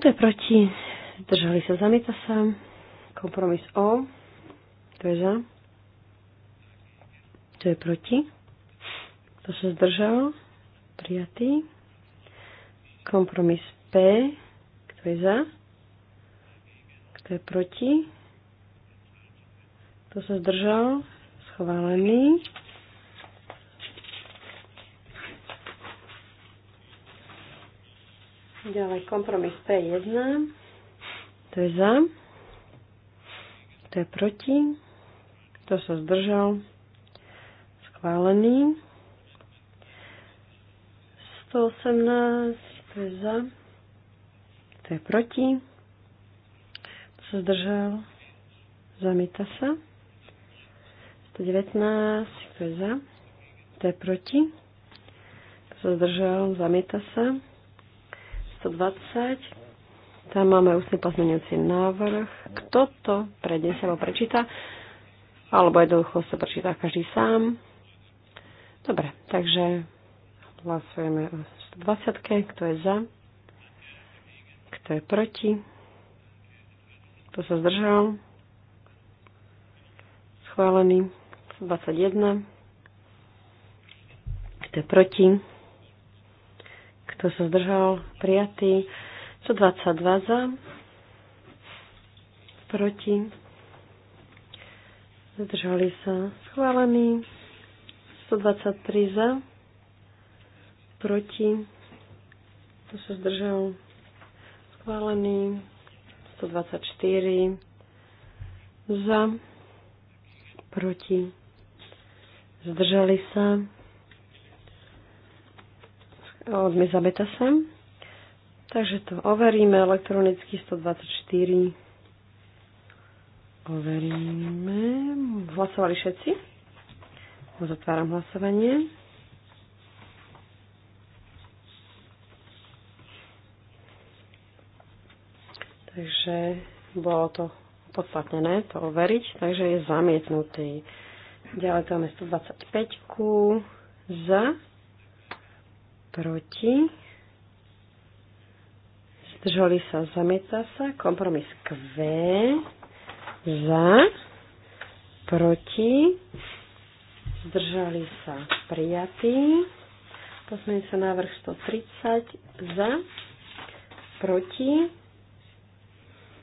To je proti. Zdržali sa, zamieta sa. Kompromis O. Kto je za? To je proti? To sa zdržal? Prijatý. Kompromis P. Kto je za? Kto je proti? Kto sa zdržal? Schválený. Ďalej kompromis P1. To je za. Kto je proti? Kto sa zdržal? Schválený. 118. Kto je za? Kto je proti? Kto sa zdržal? Zamieta sa. 119. Kto je za? Kto je proti? Kto sa zdržal? Zamieta sa. 120. Tam máme ústny pozmeňujúci návrh. Kto to prednesie alebo prečíta? Alebo jednoducho sa prečíta každý sám. Dobre, takže hlasujeme o 120. Kto je za? Kto je proti? Kto sa zdržal? Schválený. 21. Kto je proti? Kto sa zdržal? Prijatý. 122 za, proti, zdržali sa schválení, 123 za, proti, to sa zdržal schválený, 124 za, proti, zdržali sa, odme zabeta sem. Takže to overíme elektronicky 124. Overíme. Hlasovali všetci? Zatváram hlasovanie. Takže bolo to podstatnené to overiť, takže je zamietnutý. Ďalej to máme 125 za, proti, zdržali sa, zamieta sa, kompromis Q, za, proti, zdržali sa, prijatý, sa návrh 130, za, proti,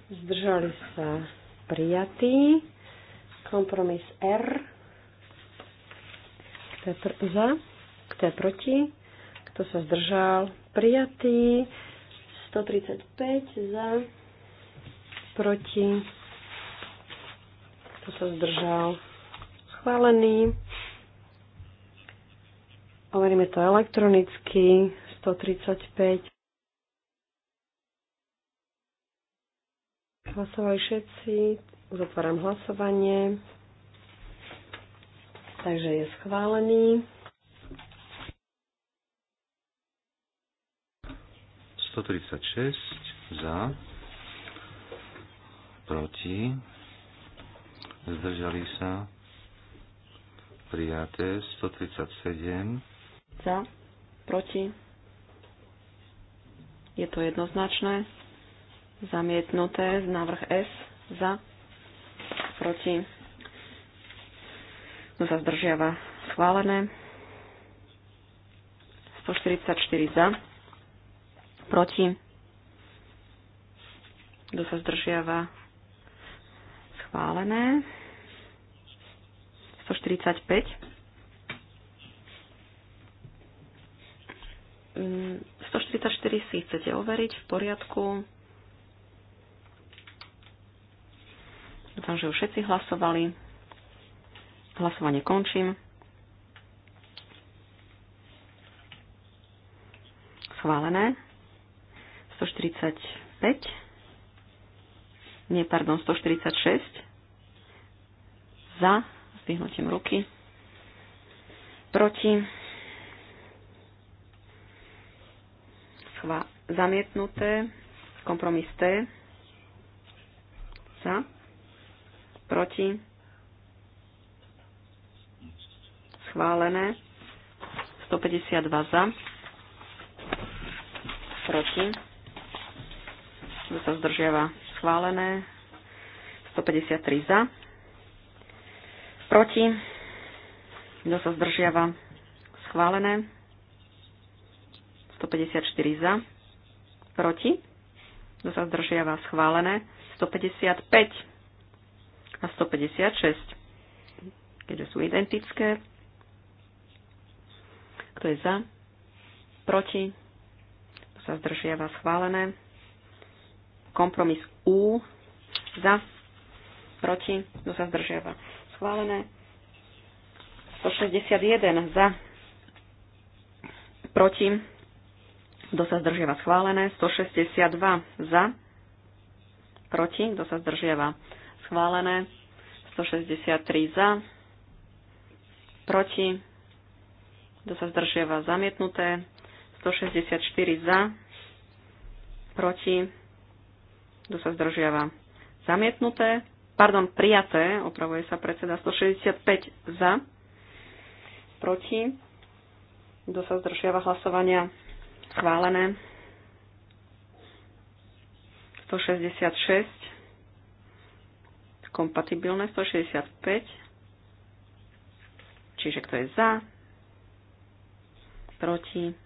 zdržali sa, prijatý, kompromis R, kto je pr- za, kto je proti, kto sa zdržal, prijatý, 135 za, proti, kto sa zdržal, schválený. Overíme to elektronicky, 135. Hlasovali všetci, uzatváram hlasovanie. Takže je schválený. 136 za, proti, zdržali sa, prijaté 137 za, proti, je to jednoznačné, zamietnuté, návrh S za, proti, no sa zdržiava schválené, 144 za, proti, kto sa zdržiava, schválené. 145. 144 mm, si chcete overiť v poriadku. Dúfam, že už všetci hlasovali. Hlasovanie končím. Schválené. 145. Nie, pardon, 146. Za. Zdvihnutím ruky. Proti. Schva. Zamietnuté. Kompromis T. Za. Proti. Schválené. 152 za proti kto sa zdržiava schválené, 153 za, proti, kto sa zdržiava schválené, 154 za, proti, kto sa zdržiava schválené, 155 a 156, keďže sú identické. Kto je za? Proti? Kto sa zdržiava schválené? Kompromis U za, proti, kto sa zdržiava. Schválené. 161 za, proti, kto sa zdržiava. Schválené. 162 za, proti, kto sa zdržiava. Schválené. 163 za, proti, kto sa zdržiava. Zamietnuté. 164 za, proti, kto sa zdržiava? Zamietnuté. Pardon, prijaté. Opravuje sa predseda 165 za. Proti. Kto sa zdržiava hlasovania? Schválené. 166 kompatibilné 165. Čiže kto je za, proti,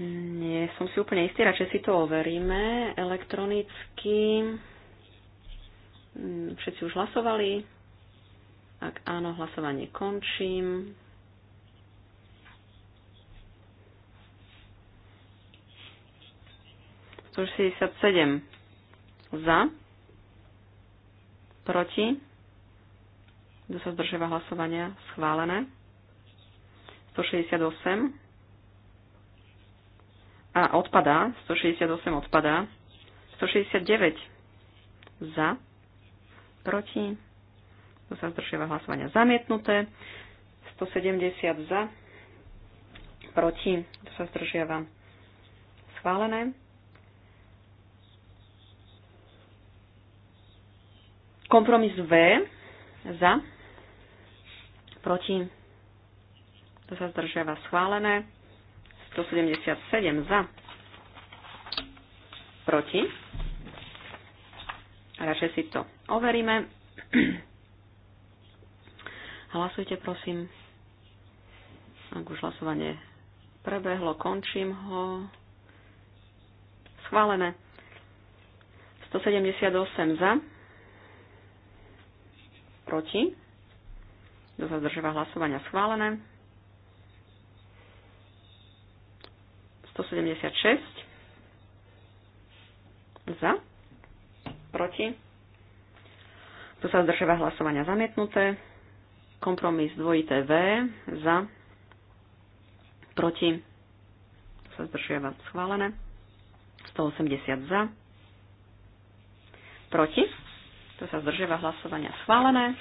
Nie, som si úplne istý, radšej si to overíme elektronicky. Mm, všetci už hlasovali. Ak áno, hlasovanie končím. Už 67 za, proti, kto sa zdržiava hlasovania, schválené. 168 a odpadá, 168 odpadá, 169 za, proti, to sa zdržiava hlasovania zamietnuté, 170 za, proti, to sa zdržiava schválené. Kompromis V za, proti, to sa zdržiava schválené. 177 za. Proti. Radšej si to overíme. Hlasujte, prosím. Ak už hlasovanie prebehlo, končím ho. Schválené. 178 za. Proti. Kto sa zdržíva hlasovania schválené? 176 za, proti, Tu sa zdržiava hlasovania zamietnuté, kompromis dvojité V za, proti, Tu sa zdržiava schválené, 180 za, proti, Tu sa zdržiava hlasovania schválené,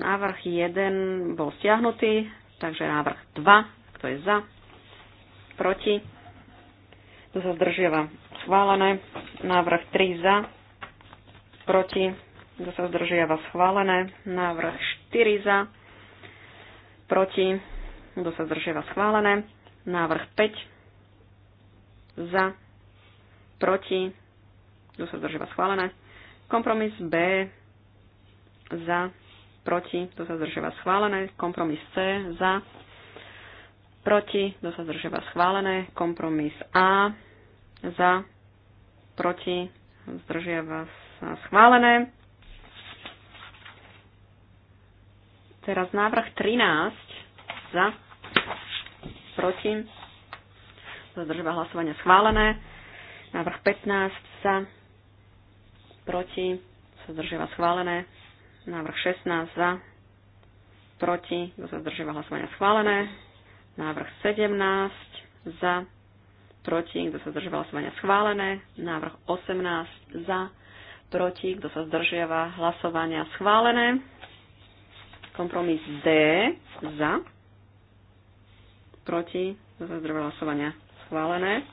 návrh 1 bol stiahnutý, Takže návrh 2, kto je za, proti, kto sa zdržiava, schválené. Návrh 3 za, proti, kto sa zdržiava, schválené. Návrh 4 za, proti, kto sa zdržiava, schválené. Návrh 5 za, proti, kto sa zdržiava, schválené. Kompromis B za, proti, kto sa zdržiava schválené, kompromis C, za, proti, kto sa zdržiava schválené, kompromis A, za, proti, zdržiava sa schválené. Teraz návrh 13, za, proti, zdržiava hlasovania schválené, návrh 15, za, proti, sa zdržiava schválené, Návrh 16 za, proti, kto sa zdržíva hlasovania schválené. Návrh 17 za, proti, kto sa zdržíva hlasovania schválené. Návrh 18 za, proti, kto sa zdržiava hlasovania schválené. Kompromis D za, proti, kto sa zdržíva hlasovania schválené.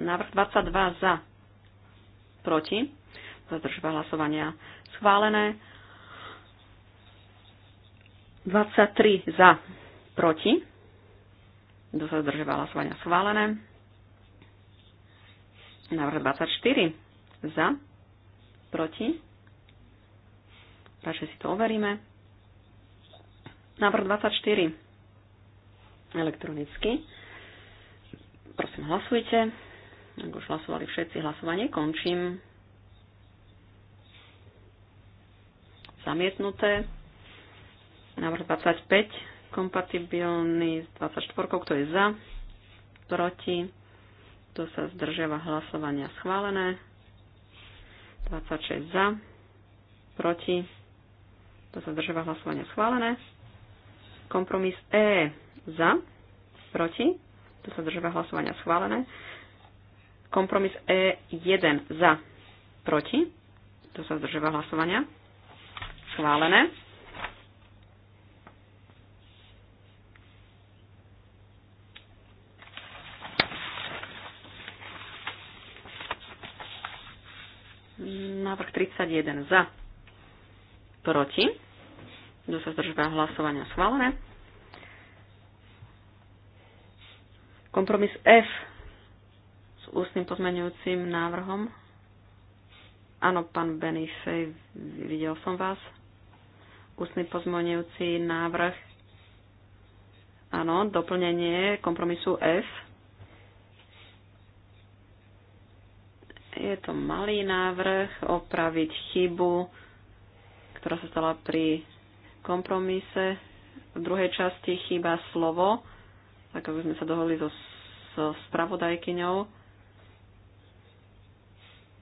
Návrh 22 za, proti, zdržíva hlasovania schválené. 23 za, proti. Kto sa zdržoval hlasovania schválené. Návrh 24 za, proti. Radšej si to overíme. Návrh 24 elektronicky. Prosím, hlasujte. Ak už hlasovali všetci, hlasovanie končím. zamietnuté. Návrh 25, kompatibilný s 24, kto je za, proti, kto sa zdržiava hlasovania schválené. 26 za, proti, kto sa zdržiava hlasovania schválené. Kompromis E za, proti, kto sa zdržiava hlasovania schválené. Kompromis E1 za, proti, kto sa zdržiava hlasovania Schválené. Návrh 31 za. Proti. Kto sa zdržíva hlasovania schválené. Kompromis F s ústnym pozmeňujúcim návrhom. Áno, pán Benisej, videl som vás ústny pozmoňujúci návrh. Áno, doplnenie kompromisu F. Je to malý návrh opraviť chybu, ktorá sa stala pri kompromise. V druhej časti chýba slovo, tak ako sme sa dohodli so, so spravodajkyňou.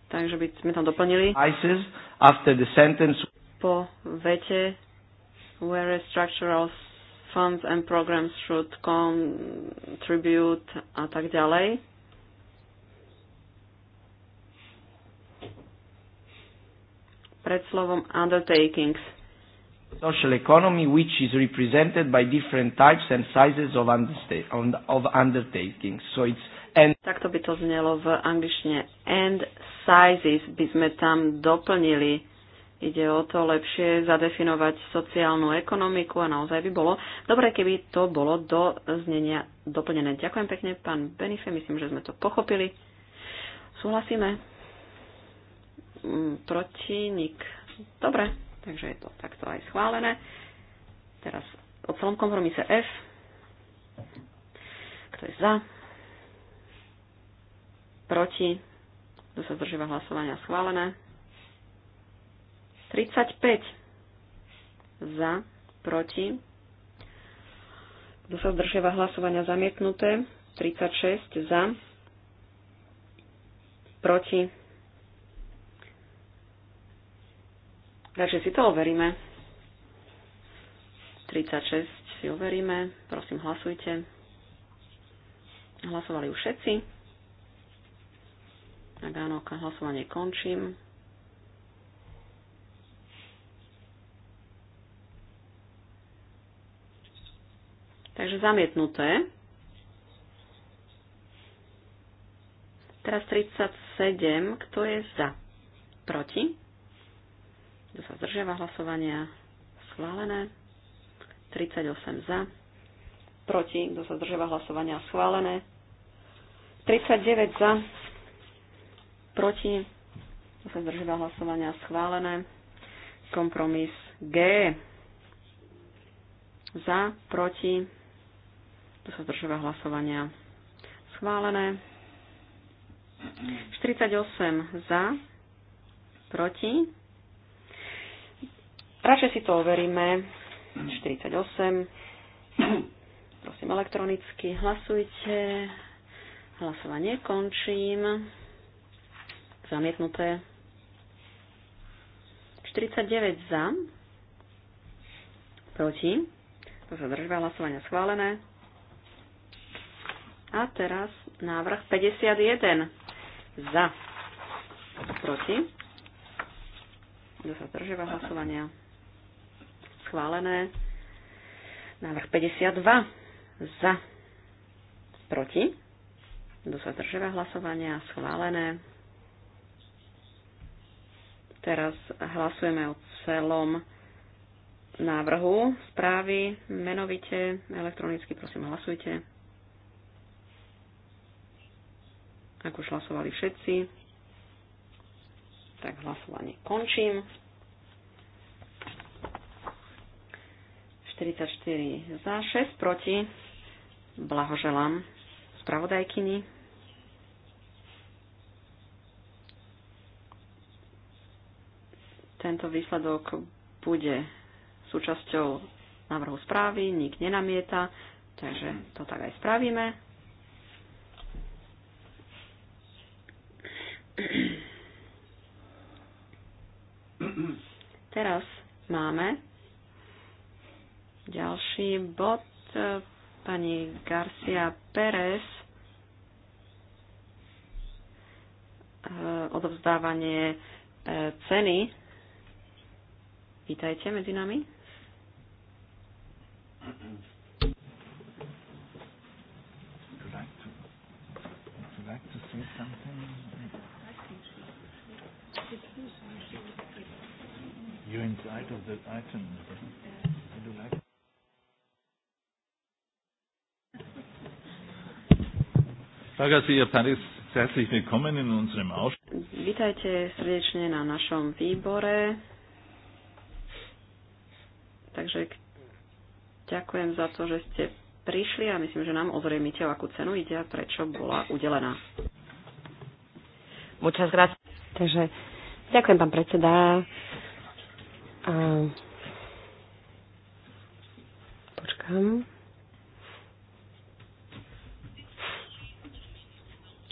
Takže by sme tam doplnili. ISIS after the sentence. Po vete whereas structural funds and programs should contribute a tak ďalej. Pred slovom undertakings. Social economy which is represented by different types and sizes of, of undertakings. So it's and Takto by to znelo v angličtine. And sizes by sme tam doplnili Ide o to lepšie zadefinovať sociálnu ekonomiku a naozaj by bolo dobre, keby to bolo do znenia doplnené. Ďakujem pekne, pán Benife, myslím, že sme to pochopili. Súhlasíme? Mm, protinik. Dobre, takže je to takto aj schválené. Teraz o celom kompromise F. Kto je za? Proti? Kto sa zdržíva hlasovania? Schválené. 35 za, proti. Kto sa zdržiava hlasovania zamietnuté? 36 za, proti. Takže si to overíme. 36 si overíme. Prosím, hlasujte. Hlasovali už všetci. Tak áno, hlasovanie končím. Takže zamietnuté. Teraz 37. Kto je za? Proti? Kto sa zdržiava hlasovania? Schválené. 38 za. Proti? Kto sa zdržiava hlasovania? Schválené. 39 za. Proti? Kto sa zdržiava hlasovania? Schválené. Kompromis G. Za, proti, tu sa zdržiava hlasovania? Schválené. 48 za, proti. Radšej si to overíme. 48. Prosím elektronicky hlasujte. Hlasovanie končím. Zamietnuté. 49 za, proti. To sa držba hlasovania schválené. A teraz návrh 51. Za. Proti. Kto sa zdržiava hlasovania? Schválené. Návrh 52. Za. Proti. Kto sa zdržiava hlasovania? Schválené. Teraz hlasujeme o celom návrhu správy. Menovite, elektronicky, prosím, hlasujte. Ak už hlasovali všetci, tak hlasovanie končím. 44 za, 6 proti. Blahoželám spravodajkyni. Tento výsledok bude súčasťou návrhu správy, nik nenamieta, takže to tak aj spravíme. Teraz máme ďalší bod e, pani Garcia Pérez e, odovzdávanie e, ceny. Vítajte medzi nami. Would you like to, say something? You're inside of the item. Would you like Vítajte srdečne na našom výbore. Takže ďakujem za to, že ste prišli a myslím, že nám ozrejmite, o akú cenu ide a prečo bola udelená. Takže ďakujem, pán predseda. A počkám.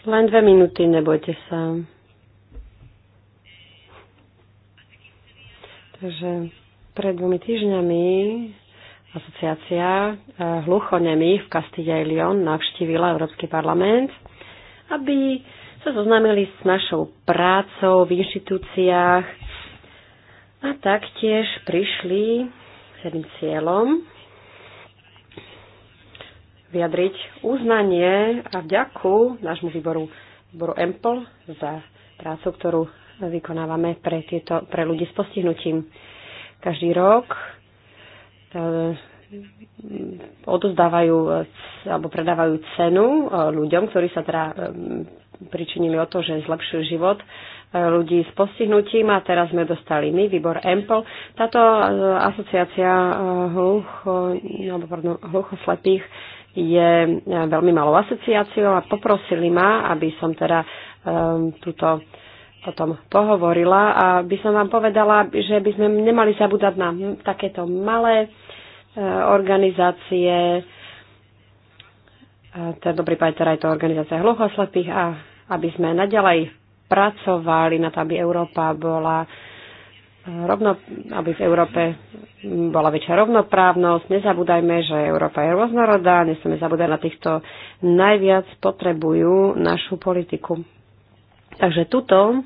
Len dve minúty, nebojte sa. Takže pred dvomi týždňami asociácia e, hluchonemých v Castilla León navštívila Európsky parlament, aby sa zoznámili s našou prácou v inštitúciách, a taktiež prišli s jedným cieľom vyjadriť uznanie a vďaku nášmu výboru, výboru EMPL za prácu, ktorú vykonávame pre, tieto, pre ľudí s postihnutím. Každý rok eh, odozdávajú alebo predávajú cenu eh, ľuďom, ktorí sa teda eh, pričinili o to, že zlepšujú život ľudí s postihnutím a teraz sme dostali my, výbor EMPL. Táto e, asociácia e, hlucho, alebo, pardon, hluchoslepých je e, veľmi malou asociáciou a poprosili ma, aby som teda um, túto o tom pohovorila a by som vám povedala, že by sme nemali zabúdať na takéto malé organizácie, teda dobrý pád, teda je to organizácia hluchoslepých a aby sme naďalej pracovali na to, aby Európa bola e, rovno, aby v Európe bola väčšia rovnoprávnosť. Nezabúdajme, že Európa je rôznorodá, nesmieme zabúdať na týchto najviac potrebujú našu politiku. Takže tuto,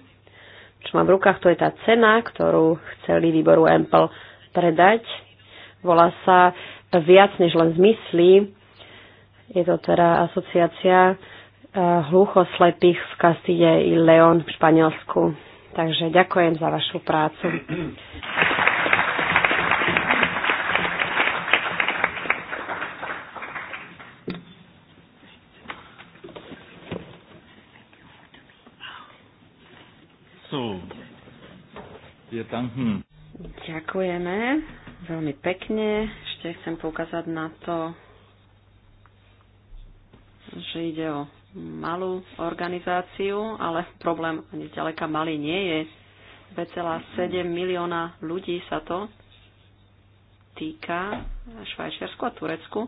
čo mám v rukách, to je tá cena, ktorú chceli výboru Ample predať. Volá sa viac než len zmysly. Je to teda asociácia hluchoslepých v Castille i Leon v Španielsku. Takže ďakujem za vašu prácu. Ďakujeme veľmi pekne. Ešte chcem poukázať na to, že ide o malú organizáciu, ale problém ani ďaleka malý nie je. 2,7 milióna ľudí sa to týka Švajčiarsku a Turecku.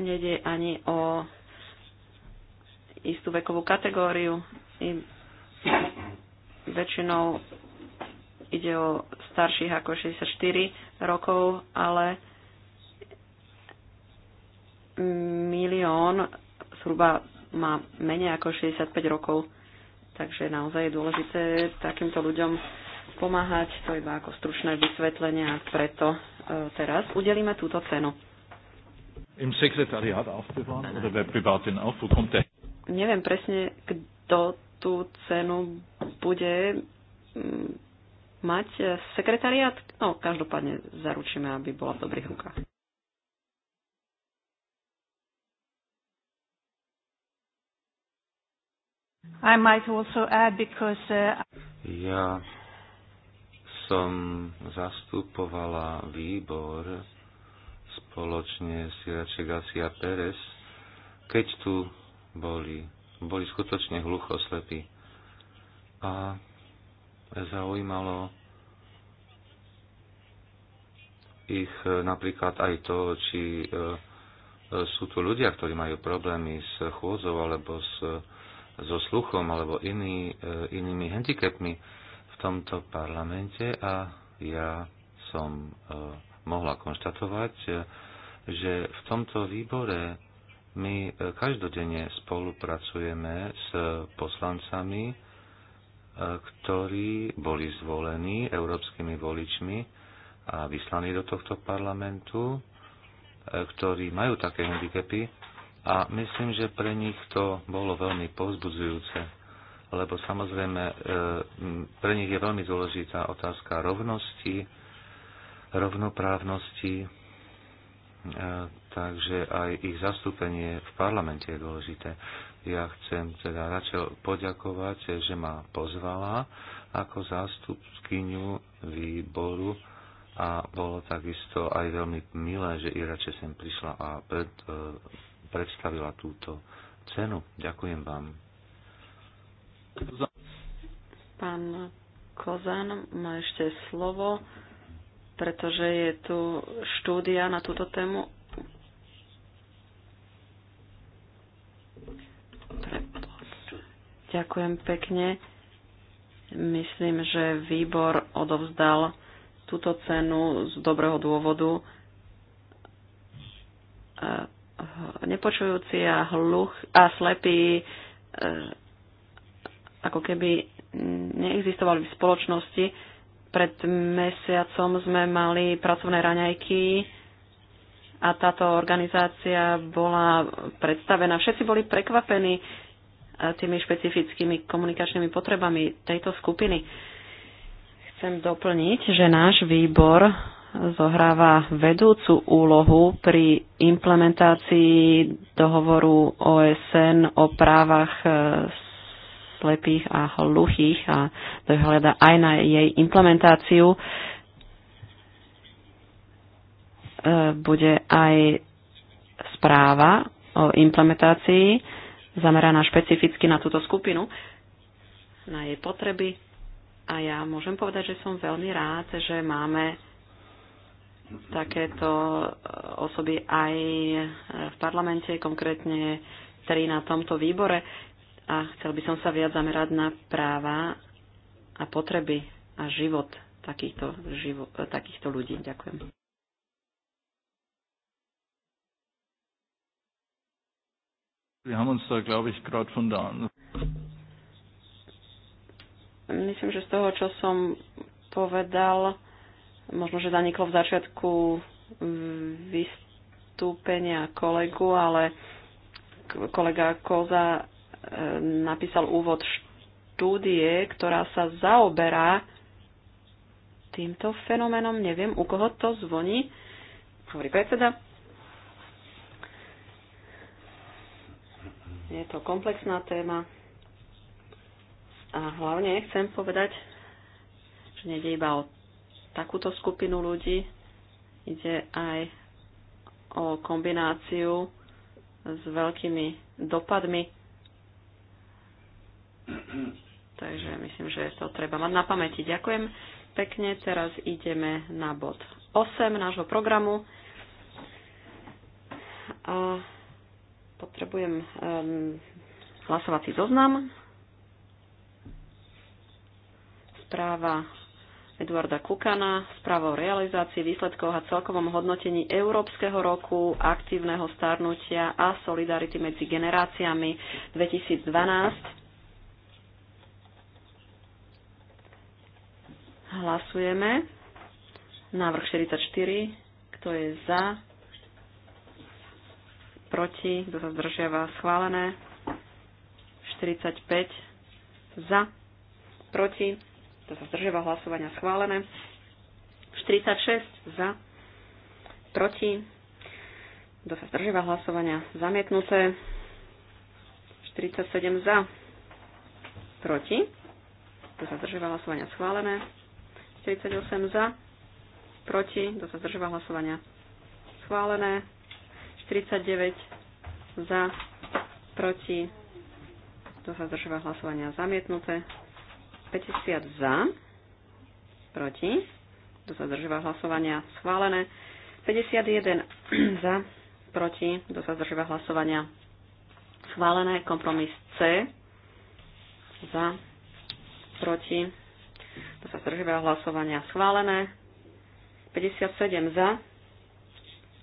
Nede ani o istú vekovú kategóriu. I väčšinou ide o starších ako 64 rokov, ale milión zhruba má menej ako 65 rokov, takže naozaj je dôležité takýmto ľuďom pomáhať. To iba ako stručné vysvetlenie a preto e, teraz udelíme túto cenu. Im Sekretariat oder auf? Wo kommt der? Neviem presne, kto tú cenu bude mm, mať sekretariat. No, každopádne zaručíme, aby bola v dobrých rukách. I might also add because, uh... Ja som zastupovala výbor spoločne s Irače Garcia Pérez, keď tu boli, boli skutočne hluchoslepí. A zaujímalo ich napríklad aj to, či e, sú tu ľudia, ktorí majú problémy s chôdzou alebo s so sluchom alebo iný, e, inými handicapmi v tomto parlamente a ja som e, mohla konštatovať, e, že v tomto výbore my každodenne spolupracujeme s poslancami, ktorí boli zvolení európskymi voličmi a vyslaní do tohto parlamentu, ktorí majú také handicapy a myslím, že pre nich to bolo veľmi povzbudzujúce, lebo samozrejme e, pre nich je veľmi dôležitá otázka rovnosti, rovnoprávnosti, e, takže aj ich zastúpenie v parlamente je dôležité. Ja chcem teda Račel poďakovať, že ma pozvala ako zástupkyňu výboru a bolo takisto aj veľmi milé, že Irače sem prišla a pred, e, predstavila túto cenu. Ďakujem vám. Pán Kozan má ešte slovo, pretože je tu štúdia na túto tému. Ďakujem pekne. Myslím, že výbor odovzdal túto cenu z dobrého dôvodu nepočujúci a hluch a slepí eh, ako keby neexistovali v spoločnosti. Pred mesiacom sme mali pracovné raňajky a táto organizácia bola predstavená. Všetci boli prekvapení eh, tými špecifickými komunikačnými potrebami tejto skupiny. Chcem doplniť, že náš výbor zohráva vedúcu úlohu pri implementácii dohovoru OSN o právach e, slepých a hluchých a dohľada aj na jej implementáciu. E, bude aj správa o implementácii zameraná špecificky na túto skupinu, na jej potreby. A ja môžem povedať, že som veľmi rád, že máme takéto eh, osoby aj eh, v parlamente, konkrétne tri na tomto výbore. A chcel by som sa viac zamerať na práva a potreby a život takýchto, živo, eh, takýchto ľudí. Ďakujem. Myslím, že z toho, čo som povedal, možno, že zaniklo v začiatku mm, vystúpenia kolegu, ale kolega Koza e, napísal úvod štúdie, ktorá sa zaoberá týmto fenoménom. Neviem, u koho to zvoní. Hovorí predseda. Je to komplexná téma. A hlavne chcem povedať, že nejde iba o takúto skupinu ľudí. Ide aj o kombináciu s veľkými dopadmi. Takže myslím, že to treba mať na pamäti. Ďakujem pekne. Teraz ideme na bod 8 nášho programu. A potrebujem um, hlasovací zoznam. Správa Edwarda Kukana, o realizácii výsledkov a celkovom hodnotení Európskeho roku aktívneho starnutia a solidarity medzi generáciami 2012. Hlasujeme. Návrh 44. Kto je za? Proti? Kto sa zdržiava? Schválené. 45. Za? Proti? to sa zdržiava hlasovania schválené. 46 za, proti, to sa zdržiava hlasovania zamietnuté. 47 za, proti, to sa zdržiava hlasovania schválené. 48 za, proti, to sa zdržiava hlasovania schválené. 49 za, proti, to sa zdržiava hlasovania zamietnuté. 50 za, proti, kto sa zdržíva hlasovania, schválené. 51 za, proti, kto sa zdržíva hlasovania, schválené. Kompromis C, za, proti, kto sa zdržíva hlasovania, schválené. 57 za,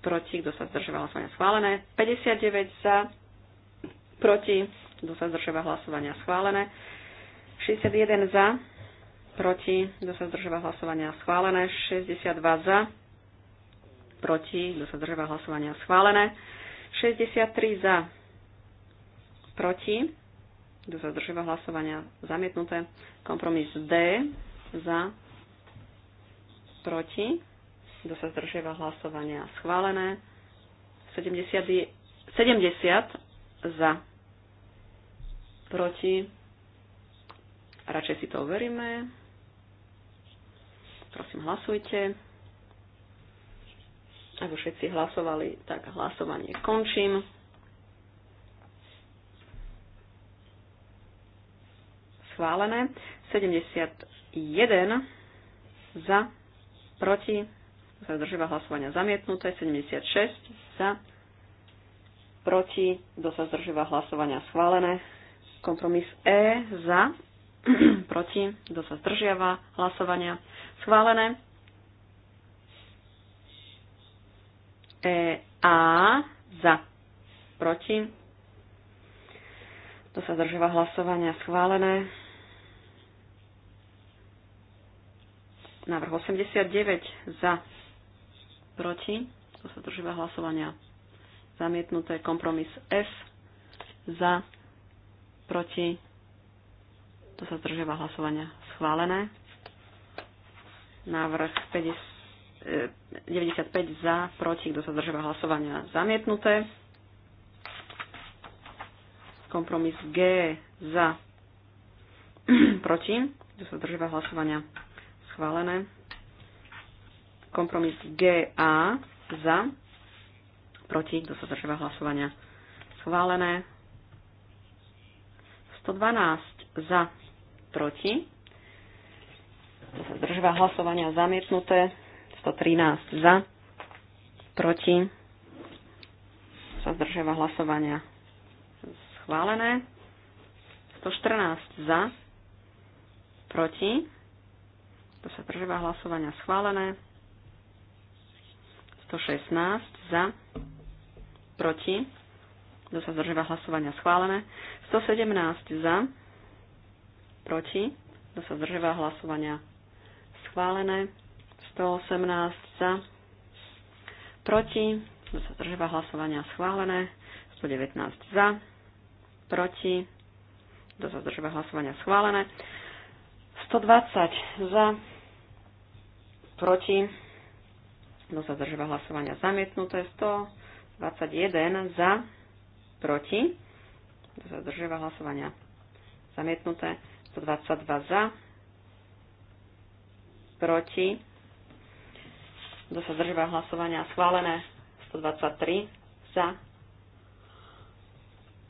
proti, kto sa zdržíva hlasovania, schválené. 59 za, proti, kto sa zdržíva hlasovania, schválené. 61 za, proti, kto sa zdržíva hlasovania schválené, 62 za, proti, kto sa zdržíva hlasovania schválené, 63 za, proti, kto sa zdržíva hlasovania zamietnuté, kompromis D za, proti, kto sa zdržíva hlasovania schválené, 70, 70 za, proti, Radšej si to overíme. Prosím, hlasujte. Ak už všetci hlasovali, tak hlasovanie končím. Schválené. 71 za, proti, sa zdržíva hlasovania zamietnuté, 76 za, proti, kto sa zdržíva hlasovania schválené, kompromis E za, proti, kto sa zdržiava hlasovania. Schválené. E, A za, proti, kto sa zdržiava hlasovania. Schválené. Návrh 89 za, proti, kto sa zdržiava hlasovania. Zamietnuté kompromis F za, proti, to sa zdržiava hlasovania schválené. Návrh 50, 95 e, za, proti, kto sa zdržiava hlasovania zamietnuté. Kompromis G za, proti, kto sa zdržiava hlasovania schválené. Kompromis GA za, proti, kto sa zdržiava hlasovania schválené. 112 za, proti. To sa hlasovania zamietnuté. 113 za, proti. Sa zdržíva hlasovania schválené. 114 za, proti. To sa zdržíva hlasovania schválené. 116 za, proti. To sa zdržíva hlasovania schválené. 117 za, proti, kto sa zdržiava hlasovania schválené, 118 za, proti, kto sa zdržiava hlasovania schválené, 119 za, proti, kto sa zdržiava hlasovania schválené, 120 za, proti, kto sa zdržiava hlasovania zamietnuté, 121 za, proti, kto sa zdržiava hlasovania zamietnuté, 122 za, proti, kto sa zdržíva hlasovania, schválené 123 za,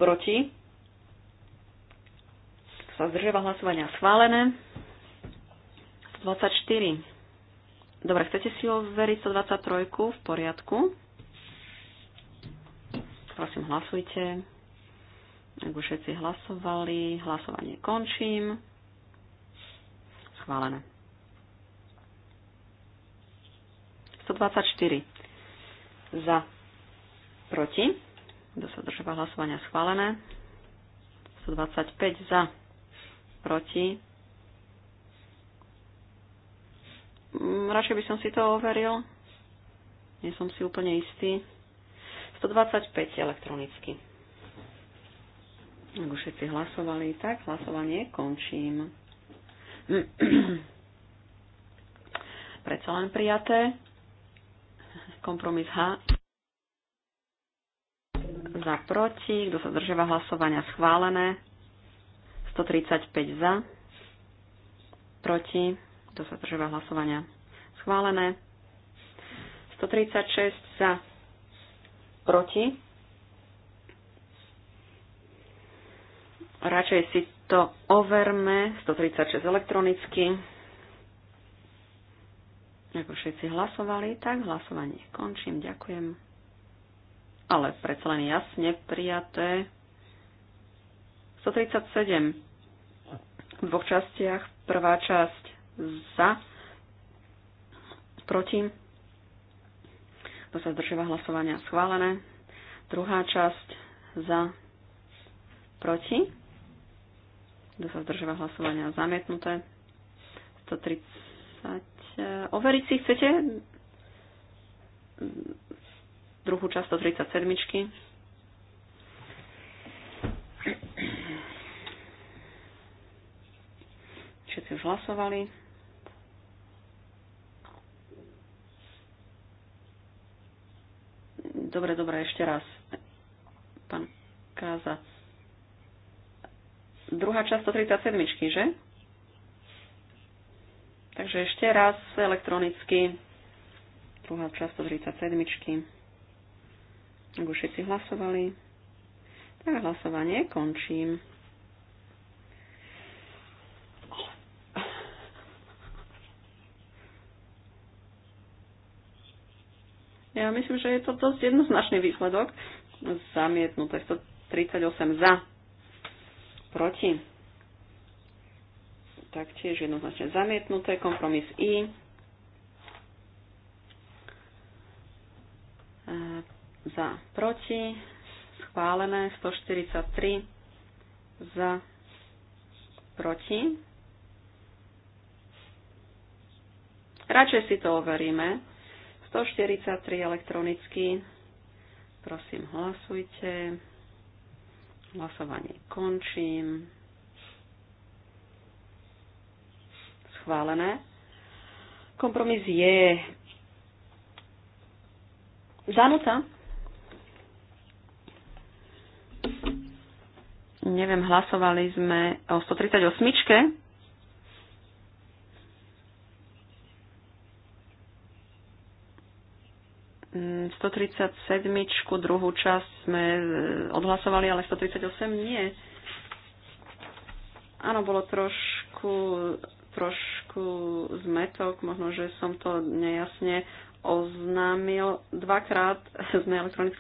proti, kto sa zdržíva hlasovania, schválené 124. Dobre, chcete si overiť 123 v poriadku? Prosím, hlasujte. Ak už všetci hlasovali, hlasovanie končím. Schválené. 124 za proti. Kto sa držíva hlasovania schválené? 125 za proti. Mm, radšej by som si to overil. Nie som si úplne istý. 125 elektronicky. Ak už všetci hlasovali, tak hlasovanie končím. Predsa len prijaté. Kompromis H. Za proti. Kto sa država hlasovania? Schválené. 135 za. Proti. Kto sa država hlasovania? Schválené. 136 za. Proti. Radšej si to overme. 136 elektronicky. Ako všetci hlasovali, tak hlasovanie končím. Ďakujem. Ale predsa len jasne prijaté. 137 v dvoch častiach. Prvá časť za, proti. To sa zdržiava hlasovania schválené. Druhá časť za, proti kto sa zdržiava hlasovania? Zamietnuté. 130. Overiť si chcete? Druhú časť 137. Všetci už hlasovali. Dobre, dobre, ešte raz. Pán Kázac druhá časť 137, že? Takže ešte raz elektronicky druhá časť 137. Ak už všetci hlasovali, tak hlasovanie končím. Ja myslím, že je to dosť jednoznačný výsledok. Zamietnuté 138 za proti. Taktiež jednoznačne zamietnuté. Kompromis I. E, za proti. Schválené 143. Za proti. Radšej si to overíme. 143 elektronicky. Prosím, hlasujte. Hlasovanie končím. Schválené. Kompromis je zanúca. Neviem, hlasovali sme o 138. 137. druhú časť sme e, odhlasovali, ale 138 nie. Áno, bolo trošku, trošku zmetok, možno, že som to nejasne oznámil. Dvakrát sme elektronicky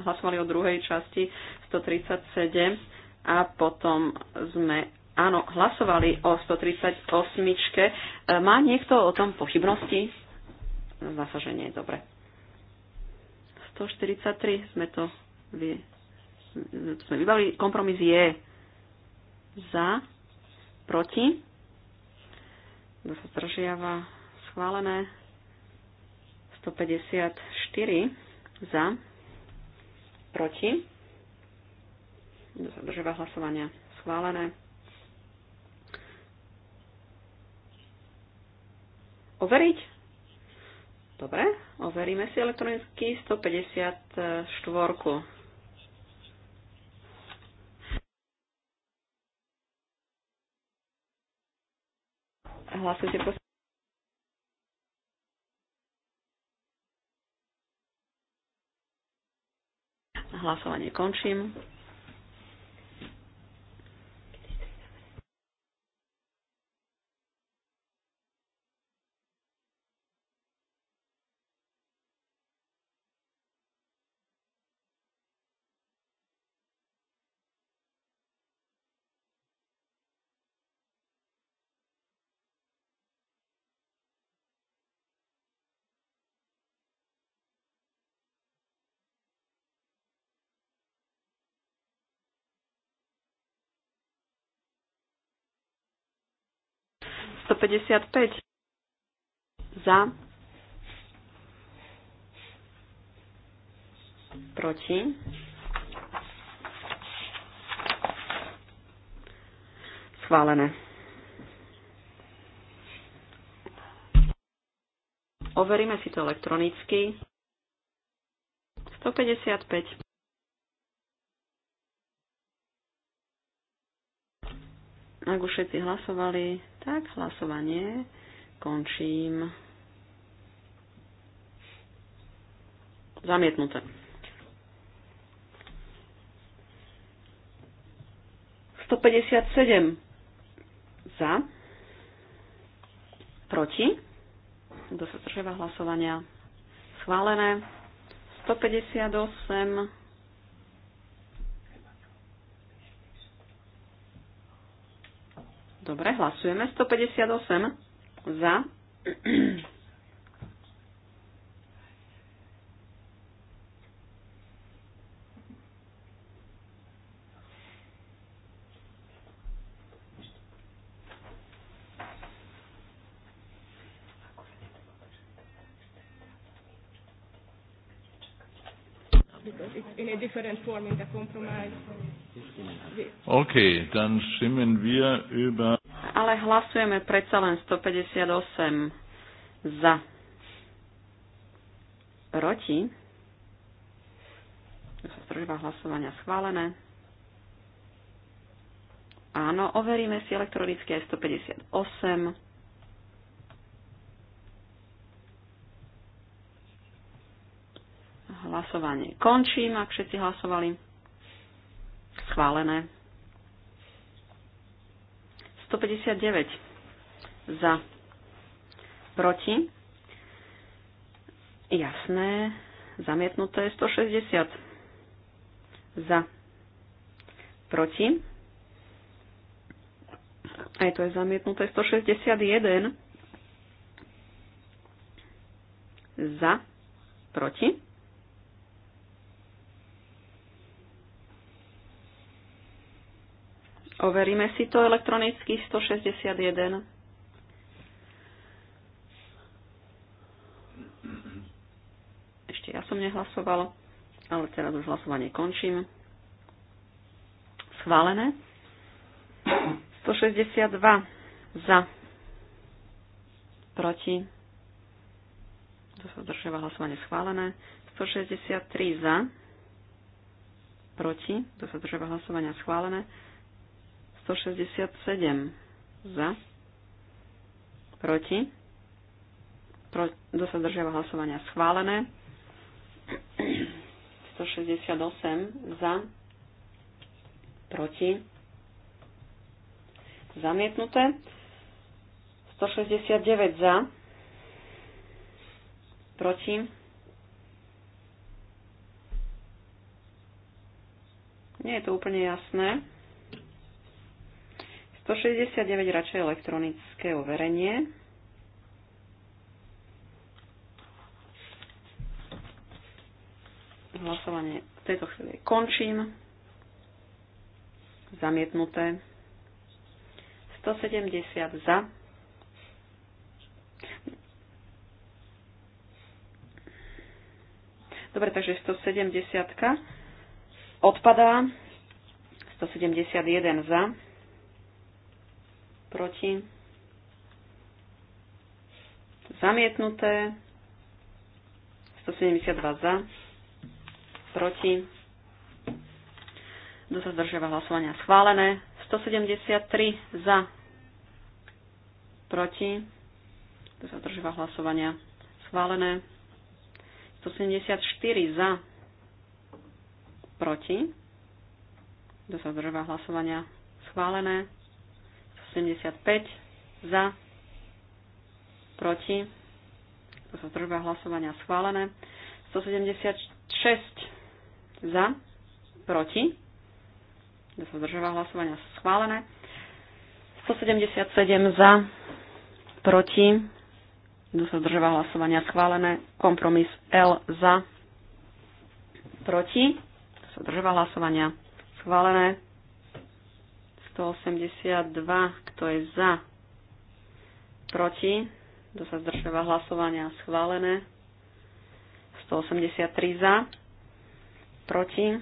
hlasovali o druhej časti 137 a potom sme áno, hlasovali o 138. E, má niekto o tom pochybnosti? Zdá že nie. Dobre. 143 sme to vy, sme vybavili. Kompromis je za, proti. Kto sa zdržiava? Schválené. 154 za, proti. Kto sa zdržiava hlasovania? Schválené. Overiť? Dobre, overíme si elektronicky 154. Hlasujte prosím. Hlasovanie končím. 155 za, proti. Schválené. Overíme si to elektronicky. 155. Ak už všetci hlasovali, tak, hlasovanie končím. Zamietnuté. Sto päťdesiat sedem za, proti, kto sa hlasovania, schválené, 158 Dobre, hlasujeme. 158 za. current form in the compromise. OK, dann stimmen wir über... Ale hlasujeme predsa len 158 za. Proti. To sa zdržíva hlasovania schválené. Áno, overíme si elektronické 158. Hlasovanie končím, ak všetci hlasovali. Schválené. 159 za. Proti. Jasné. Zamietnuté 160 za. Proti. Aj to je zamietnuté 161 za proti Overíme si to elektronicky 161. Ešte ja som nehlasovala, ale teraz už hlasovanie končím. Schválené. 162 za. Proti. To sa zdržiava hlasovanie schválené. 163 za. Proti. To sa zdržiava hlasovania schválené. 167 za, proti, pro, kto sa držiava hlasovania schválené, 168 za, proti, zamietnuté, 169 za, proti, nie je to úplne jasné. 169 radšej elektronické overenie. Hlasovanie v tejto chvíli končím. Zamietnuté. 170 za. Dobre, takže 170 odpadá. 171 za proti, zamietnuté, 172 za, proti, kto sa zdržiava hlasovania schválené, 173 za, proti, kto sa zdržiava hlasovania schválené, 174 za, proti, kto sa zdržiava hlasovania schválené, 75 za, proti, to sa zdržba hlasovania schválené, 176 za, proti, to sa zdržba hlasovania schválené, 177 za, proti, kto sa zdržoval hlasovania schválené, kompromis L za, proti, kto sa zdržoval hlasovania schválené, 182 kto je za? Proti? Kto sa zdržiava hlasovania? Schválené. 183 za. Proti?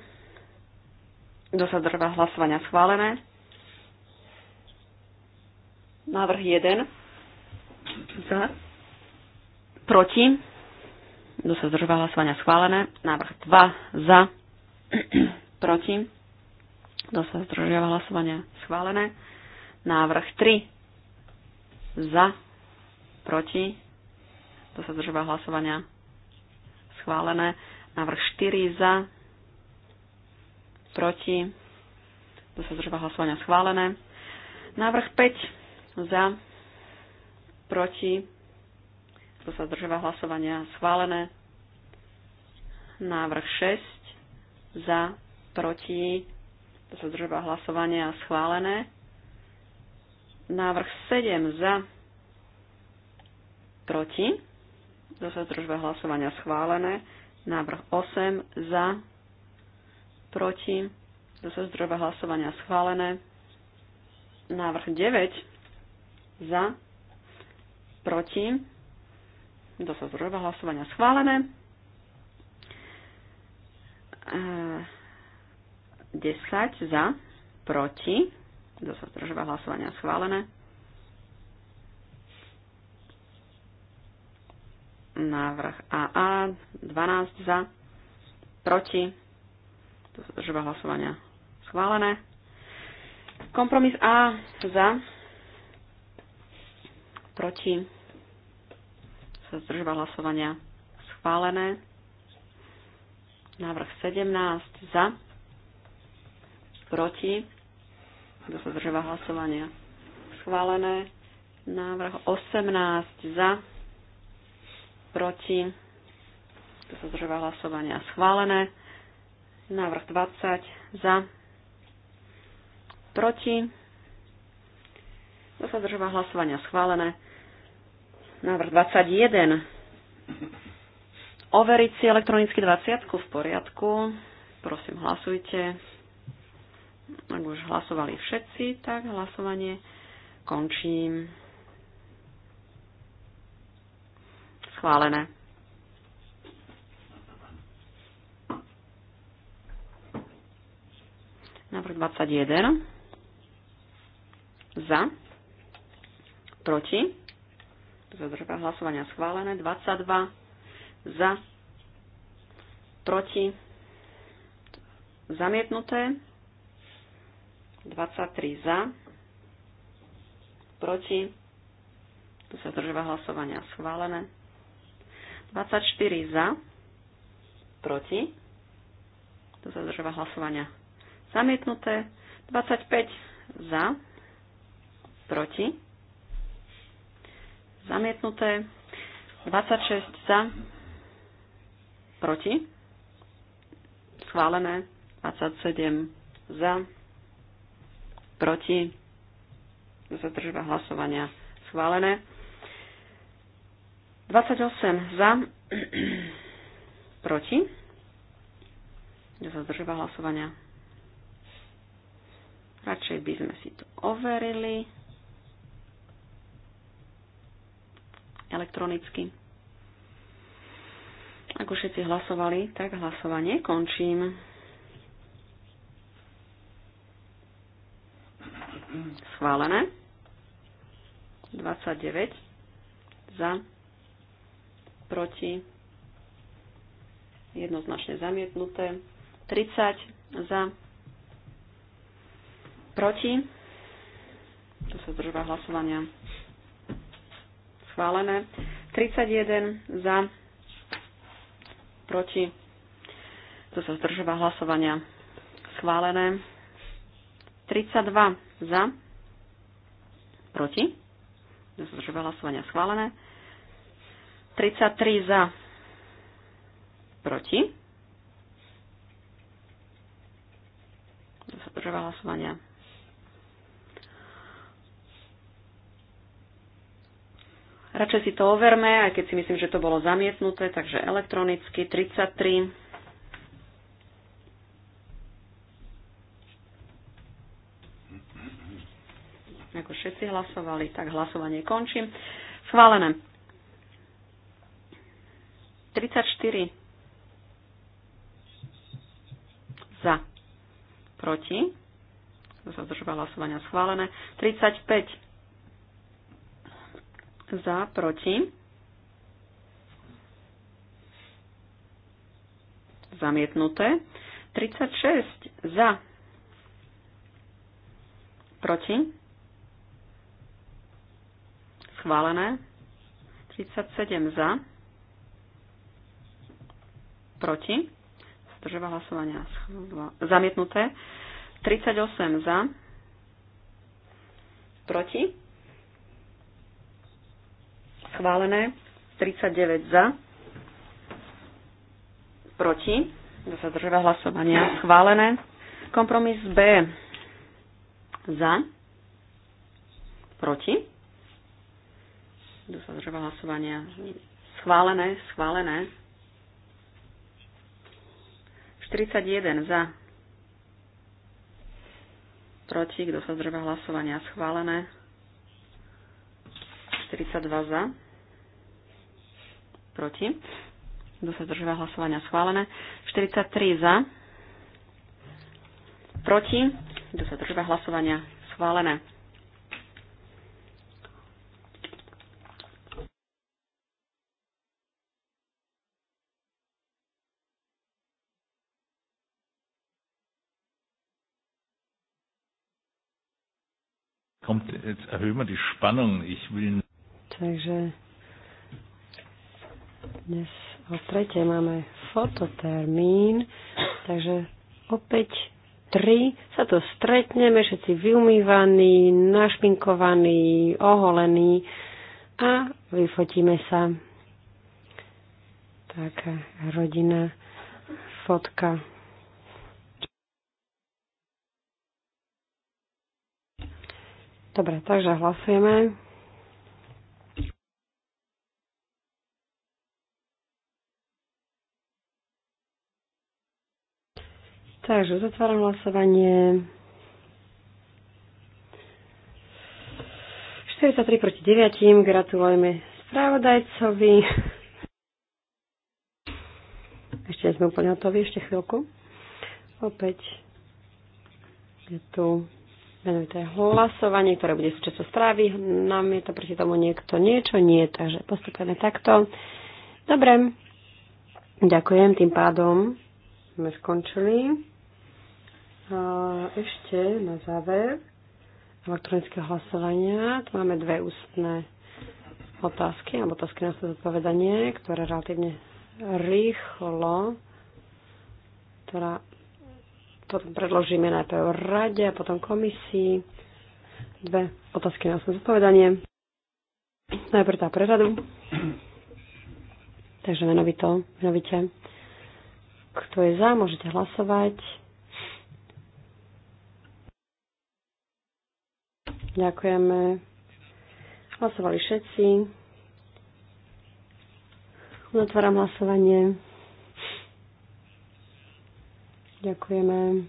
Kto sa zdržiava hlasovania? Schválené. Návrh 1. Za. Proti? Kto sa zdržiava hlasovania? Schválené. Návrh 2. Za. Proti? Kto sa zdržiava hlasovania? Schválené. Návrh 3 za, proti, to sa zdržíva hlasovania schválené. Návrh 4 za, proti, to sa zdržíva hlasovania schválené. Návrh 5 za, proti, to sa zdržíva hlasovania schválené. Návrh 6 za, proti, to sa zdržíva hlasovania schválené. Návrh 7 za, proti. Zase družba hlasovania schválené. Návrh 8 za, proti. Zase družba hlasovania schválené. Návrh 9 za, proti. Zase družba hlasovania schválené. 10 ehm, za, proti kto sa zdržoval hlasovania? Schválené. Návrh AA 12 za, proti. Kto sa zdržoval hlasovania? Schválené. Kompromis A za, proti. Sa zdržoval hlasovania? Schválené. Návrh 17 za, proti kto sa zdržiava hlasovania? Schválené. Návrh 18 za. Proti. Kto sa zdržiava hlasovania? Schválené. Návrh 20 za. Proti. Kto sa zdržiava hlasovania? Schválené. Návrh 21. Overiť si elektronicky 20 v poriadku. Prosím, hlasujte. Ak už hlasovali všetci, tak hlasovanie končím. Schválené. Návrh 21. Za. Proti. Zadržba hlasovania schválené. 22. Za. Proti. Zamietnuté. 23 za, proti, tu sa zdržíva hlasovania schválené, 24 za, proti, tu sa zdržíva hlasovania zamietnuté, 25 za, proti, zamietnuté, 26 za, proti, schválené, 27 za, proti, Zadržba hlasovania schválené. 28 za, proti, Zadržba hlasovania. Radšej by sme si to overili elektronicky. Ako všetci hlasovali, tak hlasovanie končím. Schválené. 29 za, proti, jednoznačne zamietnuté. 30 za, proti, to sa zdržba hlasovania. Schválené. 31 za, proti, to sa zdržba hlasovania. Schválené. 32 za, proti, kto sa zdržovala hlasovania schválené, 33 za, proti, kto sa zdržovala hlasovania Radšej si to overme, aj keď si myslím, že to bolo zamietnuté, takže elektronicky 33 Ako všetci hlasovali, tak hlasovanie končím. Schválené. 34 za, proti, kto sa hlasovania schválené, 35 za, proti, zamietnuté, 36 za, proti, Schválené. 37 za. Proti. Zdržava hlasovania. Zamietnuté. 38 za. Proti. Schválené. 39 za. Proti. Kto zdržava hlasovania? Schválené. Kompromis B. Za. Proti. Dúfam, sa hlasovania? Schválené, schválené. 41 za. Proti, kto sa zdržal hlasovania? Schválené. 42 za. Proti. Kto sa zdržal hlasovania? Schválené. 43 za. Proti. Kto sa zdržal hlasovania? Schválené. kommt, jetzt erhöhen wir die Spannung. Ich will... Takže dnes o tretie máme fototermín, takže opäť tri sa tu stretneme, všetci vyumývaní, našpinkovaní, oholení a vyfotíme sa. Taká rodina fotka. Dobre, takže hlasujeme. Takže zatváram hlasovanie. 43 proti 9. Gratulujeme správodajcovi. Ešte sme úplne hotoví, ešte chvíľku. Opäť je tu menovité hlasovanie, ktoré bude súčasťou správy. Nám je to proti tomu niekto niečo? Nie, takže postupujeme takto. Dobre, ďakujem, tým pádom sme skončili. A ešte na záver elektronického hlasovania. Tu máme dve ústne otázky, alebo otázky na zodpovedanie, ktoré relatívne rýchlo, ktorá potom predložíme najprv rade, a potom komisii. Dve otázky na zodpovedanie. Najprv tá pre radu. Takže menovito, menovite. Kto je za, môžete hlasovať. Ďakujeme. Hlasovali všetci. Zatváram hlasovanie. Ďakujeme.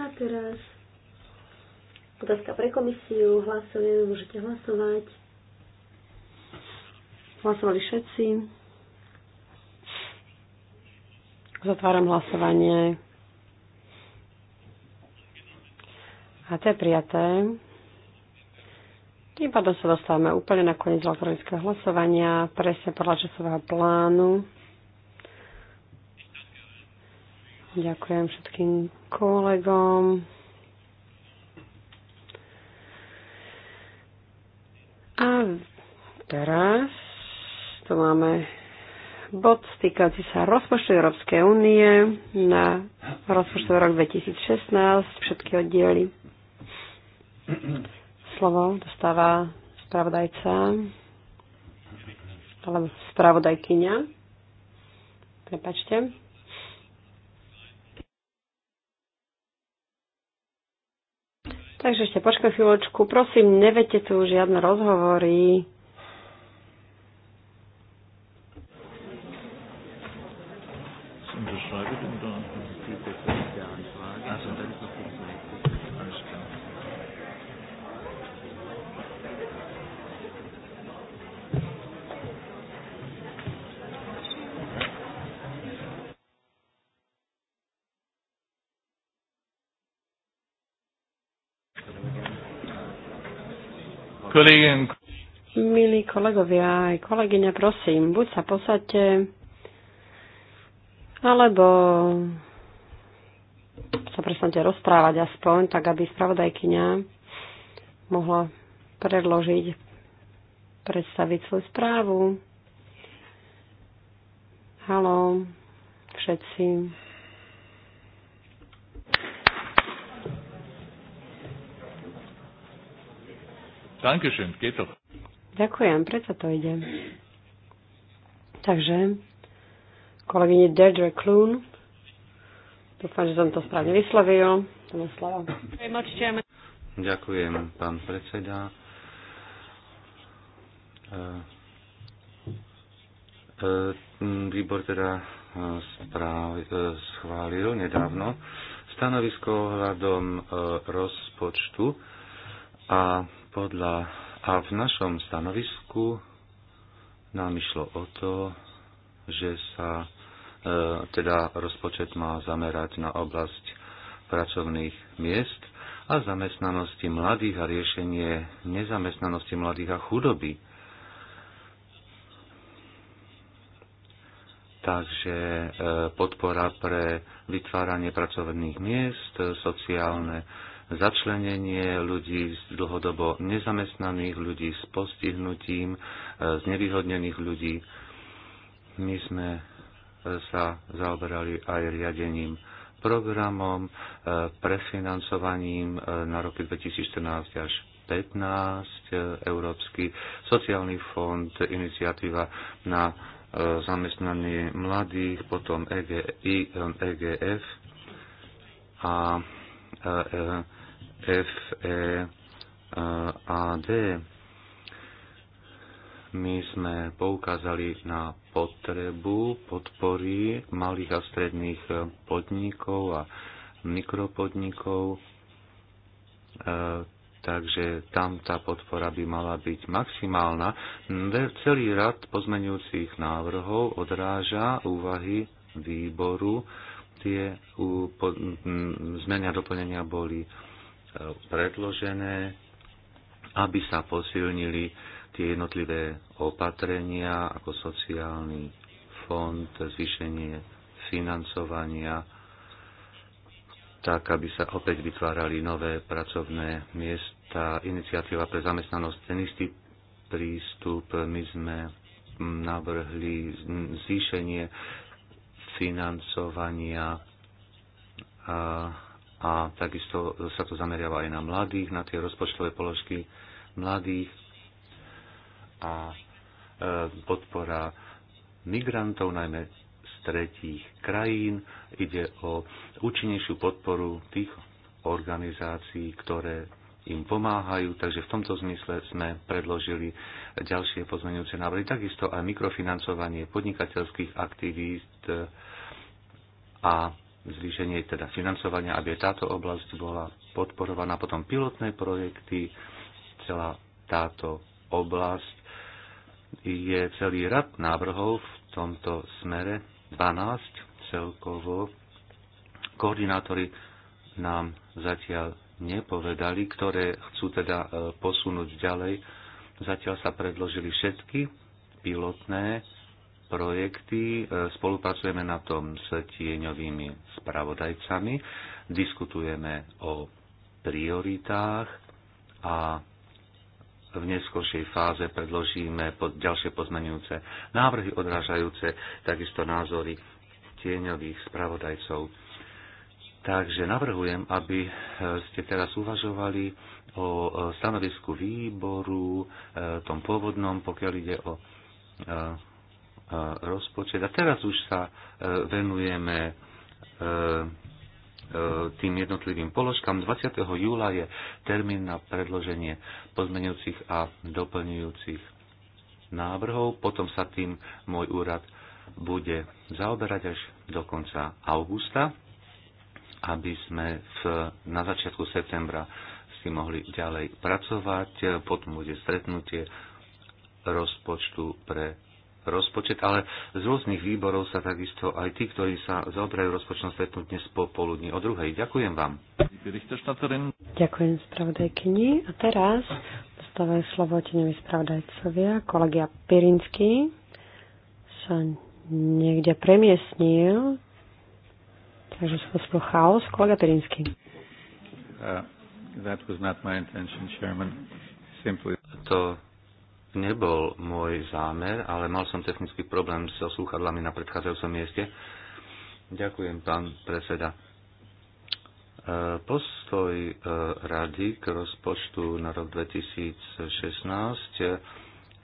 A teraz otázka pre komisiu. Hlasujeme, môžete hlasovať. Hlasovali všetci. Zatváram hlasovanie. A to je prijaté. Tým pádom sa dostávame úplne na koniec elektronického hlasovania, presne podľa časového plánu. Ďakujem všetkým kolegom. A teraz tu máme bod týkajúci sa rozpočtu Európskej únie na rozpočtu rok 2016, všetky oddiely. Slovo dostáva spravodajca alebo spravodajkyňa. Prepačte. Takže ešte počkaj chvíľočku. Prosím, nevedte tu žiadne rozhovory. Milí kolegovia aj kolegyne, prosím, buď sa posaďte, alebo sa prestante rozprávať aspoň, tak aby spravodajkyňa mohla predložiť, predstaviť svoju správu. Halo, všetci. Dankeschön, geht doch. Ďakujem, predsa to ide. Takže, kolegyne Deirdre Kloon, dúfam, že som to správne vyslovil. Ďakujem, pán predseda. E, e, výbor teda e, správ, schválil nedávno stanovisko ohľadom rozpočtu a podľa a v našom stanovisku nám išlo o to, že sa e, teda rozpočet má zamerať na oblasť pracovných miest a zamestnanosti mladých a riešenie nezamestnanosti mladých a chudoby. Takže e, podpora pre vytváranie pracovných miest, sociálne začlenenie ľudí z dlhodobo nezamestnaných, ľudí s postihnutím, e, z nevyhodnených ľudí. My sme sa zaoberali aj riadením programom, e, prefinancovaním e, na roky 2014 až 15, Európsky sociálny fond, iniciatíva na zamestnanie mladých, potom EGI, EGF a e, e, FE a D. My sme poukázali na potrebu podpory malých a stredných podnikov a mikropodnikov, e, takže tam tá podpora by mala byť maximálna. Celý rad pozmenujúcich návrhov odráža úvahy výboru, tie zmeny a doplnenia boli predložené, aby sa posilnili tie jednotlivé opatrenia ako sociálny fond, zvýšenie financovania, tak aby sa opäť vytvárali nové pracovné miesta, iniciatíva pre zamestnanosť, ten istý prístup. My sme navrhli zvýšenie financovania a a takisto sa to zameriava aj na mladých, na tie rozpočtové položky mladých a e, podpora migrantov, najmä z tretích krajín. Ide o účinnejšiu podporu tých organizácií, ktoré im pomáhajú, takže v tomto zmysle sme predložili ďalšie pozmeňujúce návrhy, takisto aj mikrofinancovanie podnikateľských aktivít e, a zvýšenie teda financovania, aby táto oblasť bola podporovaná. Potom pilotné projekty, celá táto oblasť je celý rad návrhov v tomto smere, 12 celkovo. Koordinátori nám zatiaľ nepovedali, ktoré chcú teda e, posunúť ďalej. Zatiaľ sa predložili všetky pilotné projekty. E, spolupracujeme na tom s tieňovými spravodajcami, diskutujeme o prioritách a v neskôršej fáze predložíme pod ďalšie pozmenujúce návrhy odrážajúce takisto názory tieňových spravodajcov. Takže navrhujem, aby e, ste teraz uvažovali o e, stanovisku výboru, tom pôvodnom, pokiaľ ide o rozpočet. A teraz už sa e, venujeme e, e, tým jednotlivým položkám. 20. júla je termín na predloženie pozmenujúcich a doplňujúcich návrhov. Potom sa tým môj úrad bude zaoberať až do konca augusta, aby sme v, na začiatku septembra si mohli ďalej pracovať. Potom bude stretnutie rozpočtu pre rozpočet, ale z rôznych výborov sa takisto aj tí, ktorí sa zaoberajú rozpočtom, stretnú dnes popoludní o druhej. Ďakujem vám. Ďakujem spravodajkyni. A teraz dostávajú slovo tenevi spravodajcovia. Kolegia Pirinsky sa niekde premiesnil. takže sa to chaos. Kolega Pirinsky. Uh, that was not my intention, Chairman. Simply... To nebol môj zámer, ale mal som technický problém so slúchadlami na predchádzajúcom mieste. Ďakujem, pán predseda. E, postoj e, rady k rozpočtu na rok 2016 e,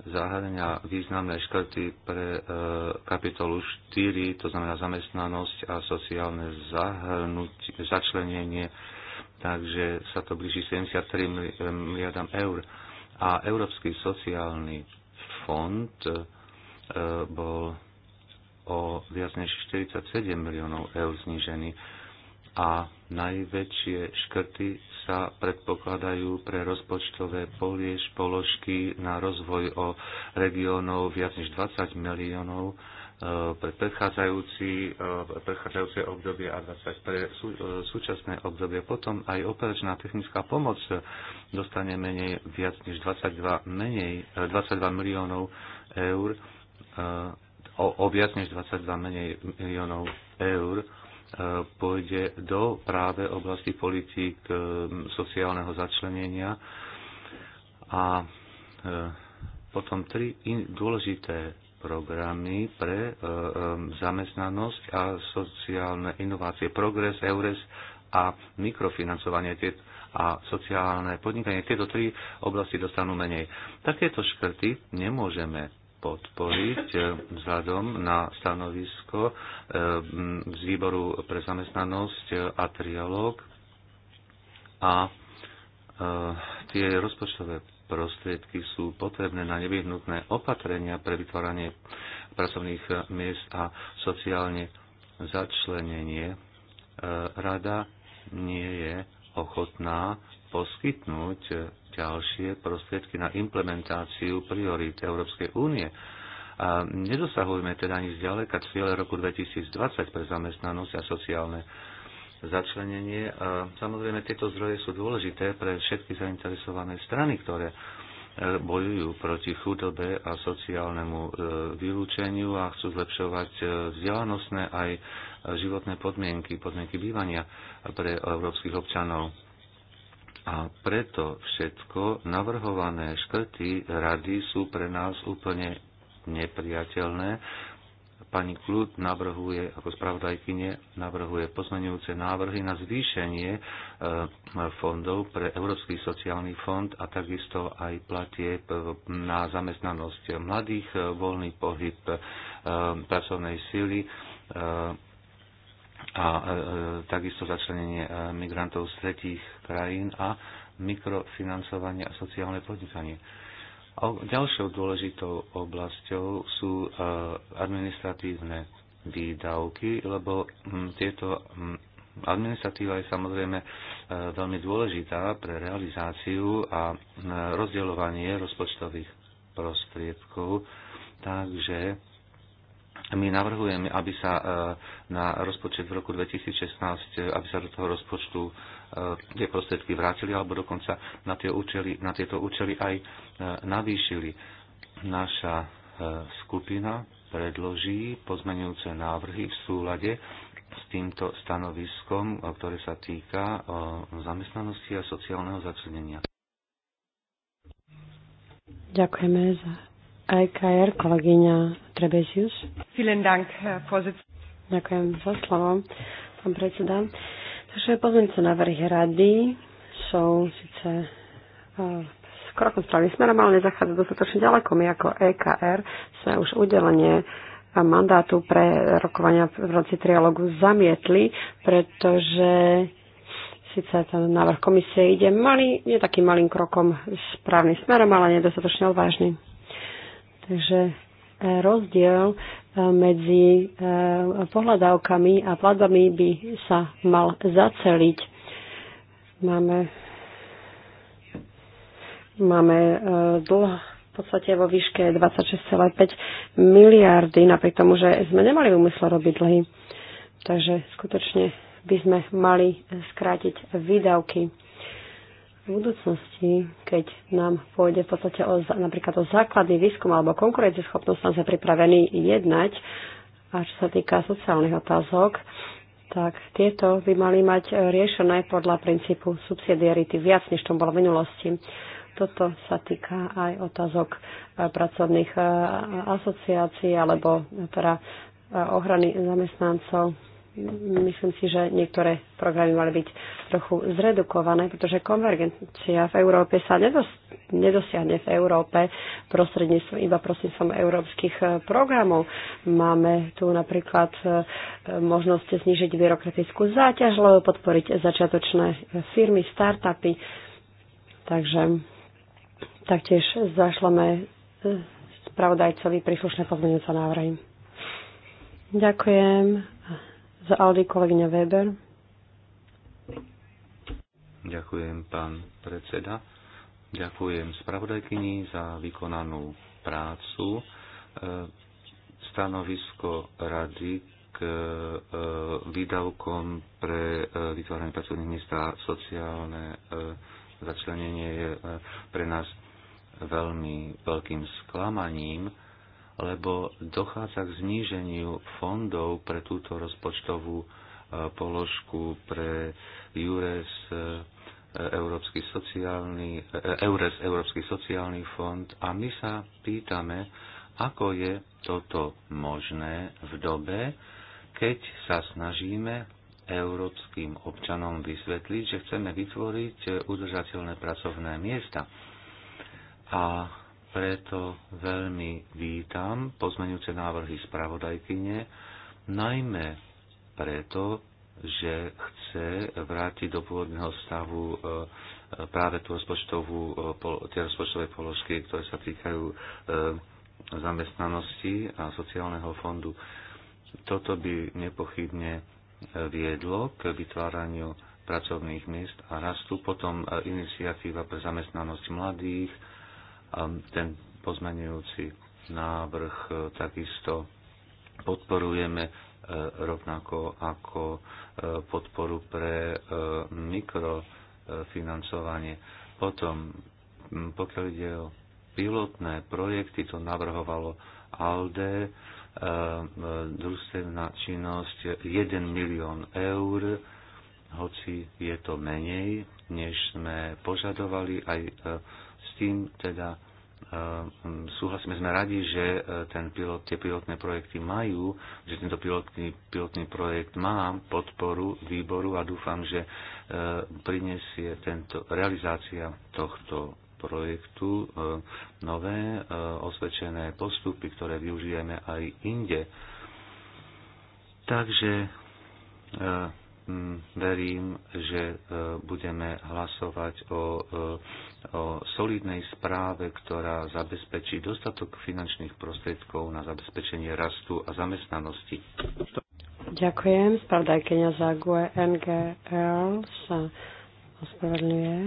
zahrania významné škrty pre kapitolu 4, to znamená zamestnanosť a sociálne začlenenie, takže sa to blíži 73 miliardám eur a Európsky sociálny fond e, bol o viac než 47 miliónov eur znížený a najväčšie škrty sa predpokladajú pre rozpočtové položky na rozvoj o regiónov viac než 20 miliónov Eh, pre predchádzajúci, eh, predchádzajúce obdobie a pre sú, eh, súčasné obdobie. Potom aj operačná technická pomoc dostane menej, viac než 22, menej, 22 miliónov eur, o, o viac než 22 menej miliónov eur pôjde do práve oblasti politík sociálneho začlenenia a potom tri dôležité programy pre e, e, zamestnanosť a sociálne inovácie, progres, EURES a mikrofinancovanie a sociálne podnikanie. Tieto tri oblasti dostanú menej. Takéto škrty nemôžeme podporiť e, vzhľadom na stanovisko z výboru pre zamestnanosť a trialog a tie rozpočtové prostriedky sú potrebné na nevyhnutné opatrenia pre vytváranie pracovných miest a sociálne začlenenie. E, rada nie je ochotná poskytnúť ďalšie prostriedky na implementáciu priorít Európskej únie. A nedosahujeme teda ani zďaleka cieľe roku 2020 pre zamestnanosť a sociálne začlenenie. Samozrejme, tieto zdroje sú dôležité pre všetky zainteresované strany, ktoré e, bojujú proti chudobe a sociálnemu e, vylúčeniu a chcú zlepšovať e, vzdelanostné aj životné podmienky, podmienky bývania pre európskych občanov. A preto všetko navrhované škrty rady sú pre nás úplne nepriateľné, Pani Klut navrhuje, ako spravodajkyne, navrhuje pozmenujúce návrhy na zvýšenie e, fondov pre Európsky sociálny fond a takisto aj platie na zamestnanosť mladých, e, voľný pohyb e, pracovnej sily a takisto začlenenie migrantov z tretích krajín a mikrofinancovanie a sociálne podnikanie Ďalšou dôležitou oblasťou sú e, administratívne výdavky, lebo hm, tieto hm, administratíva je samozrejme e, veľmi dôležitá pre realizáciu a e, rozdeľovanie rozpočtových prostriedkov. Takže my navrhujeme, aby sa na rozpočet v roku 2016, aby sa do toho rozpočtu E, tie prostriedky vrátili alebo dokonca na, tie účely, na tieto účely aj e, navýšili. Naša e, skupina predloží pozmenujúce návrhy v súlade s týmto stanoviskom, ktoré sa týka zamestnanosti a sociálneho začlenenia. Ďakujeme za IKR, kolegyňa Trebezius. Vielen Dank, Herr Ďakujem za slovo, pán predseda. Uh, Takže na vrch rady sú síce e, s krokom správnym smerom, ale nezachádza dostatočne ďaleko. My ako EKR sme už udelenie mandátu pre rokovania v rámci trialogu zamietli, pretože síce ten návrh komisie ide malý, nie takým malým krokom správnym smerom, ale nedostatočne odvážny. Takže e, rozdiel medzi eh, pohľadávkami a platbami by sa mal zaceliť. Máme, máme eh, dlh v podstate vo výške 26,5 miliardy, napriek tomu, že sme nemali úmysel robiť dlhy. Takže skutočne by sme mali skrátiť výdavky v budúcnosti, keď nám pôjde v podstate o, napríklad o základný výskum alebo konkurencieschopnosť, tam sme pripravení jednať. A čo sa týka sociálnych otázok, tak tieto by mali mať riešené podľa princípu subsidiarity viac, než to bolo v minulosti. Toto sa týka aj otázok e, pracovných e, asociácií alebo e, teda ochrany zamestnancov myslím si, že niektoré programy mali byť trochu zredukované, pretože konvergencia v Európe sa nedos- nedosiahne v Európe prostredníctvom iba prostredníctvom európskych e, programov. Máme tu napríklad e, možnosť znižiť byrokratickú záťaž, lebo podporiť začiatočné firmy, startupy. Takže taktiež zašleme e, spravodajcovi príslušné pozmeňujúce návrhy. Ďakujem z Aldi kolegyňa Weber. Ďakujem, pán predseda. Ďakujem spravodajkyni za vykonanú prácu. E, stanovisko rady k e, výdavkom pre e, vytváranie pracovných miest a sociálne začlenenie je pre nás veľmi veľkým sklamaním lebo dochádza k zníženiu fondov pre túto rozpočtovú e, položku pre EURES, e, Európsky sociálny, e, EURES, Európsky sociálny fond a my sa pýtame, ako je toto možné v dobe, keď sa snažíme európskym občanom vysvetliť, že chceme vytvoriť udržateľné pracovné miesta. A preto veľmi vítam pozmenujúce návrhy spravodajkyne, najmä preto, že chce vrátiť do pôvodného stavu e, e, práve tú rozpočtovú, e, tie rozpočtové položky, ktoré sa týkajú zamestnanosti a sociálneho fondu. Toto by nepochybne viedlo k vytváraniu pracovných miest a rastu, potom iniciatíva pre zamestnanosť mladých, ten pozmenujúci návrh e, takisto podporujeme e, rovnako ako e, podporu pre mikrofinancovanie. Potom, pokiaľ ide o pilotné projekty, to navrhovalo ALDE, družstevná činnosť 1 milión eur, hoci je to menej, než sme požadovali aj s tým teda Ehm, súhlasíme, sme radi, že e, ten pilot, tie pilotné projekty majú, že tento pilotný, pilotný projekt má podporu výboru a dúfam, že e, prinesie tento, realizácia tohto projektu e, nové osvedčené postupy, ktoré využijeme aj inde. Takže Mm, verím, že e, budeme hlasovať o, e, o solidnej správe, ktorá zabezpečí dostatok finančných prostriedkov na zabezpečenie rastu a zamestnanosti. Ďakujem. Spravodajkenia za GUE NGL sa ospravedlňuje,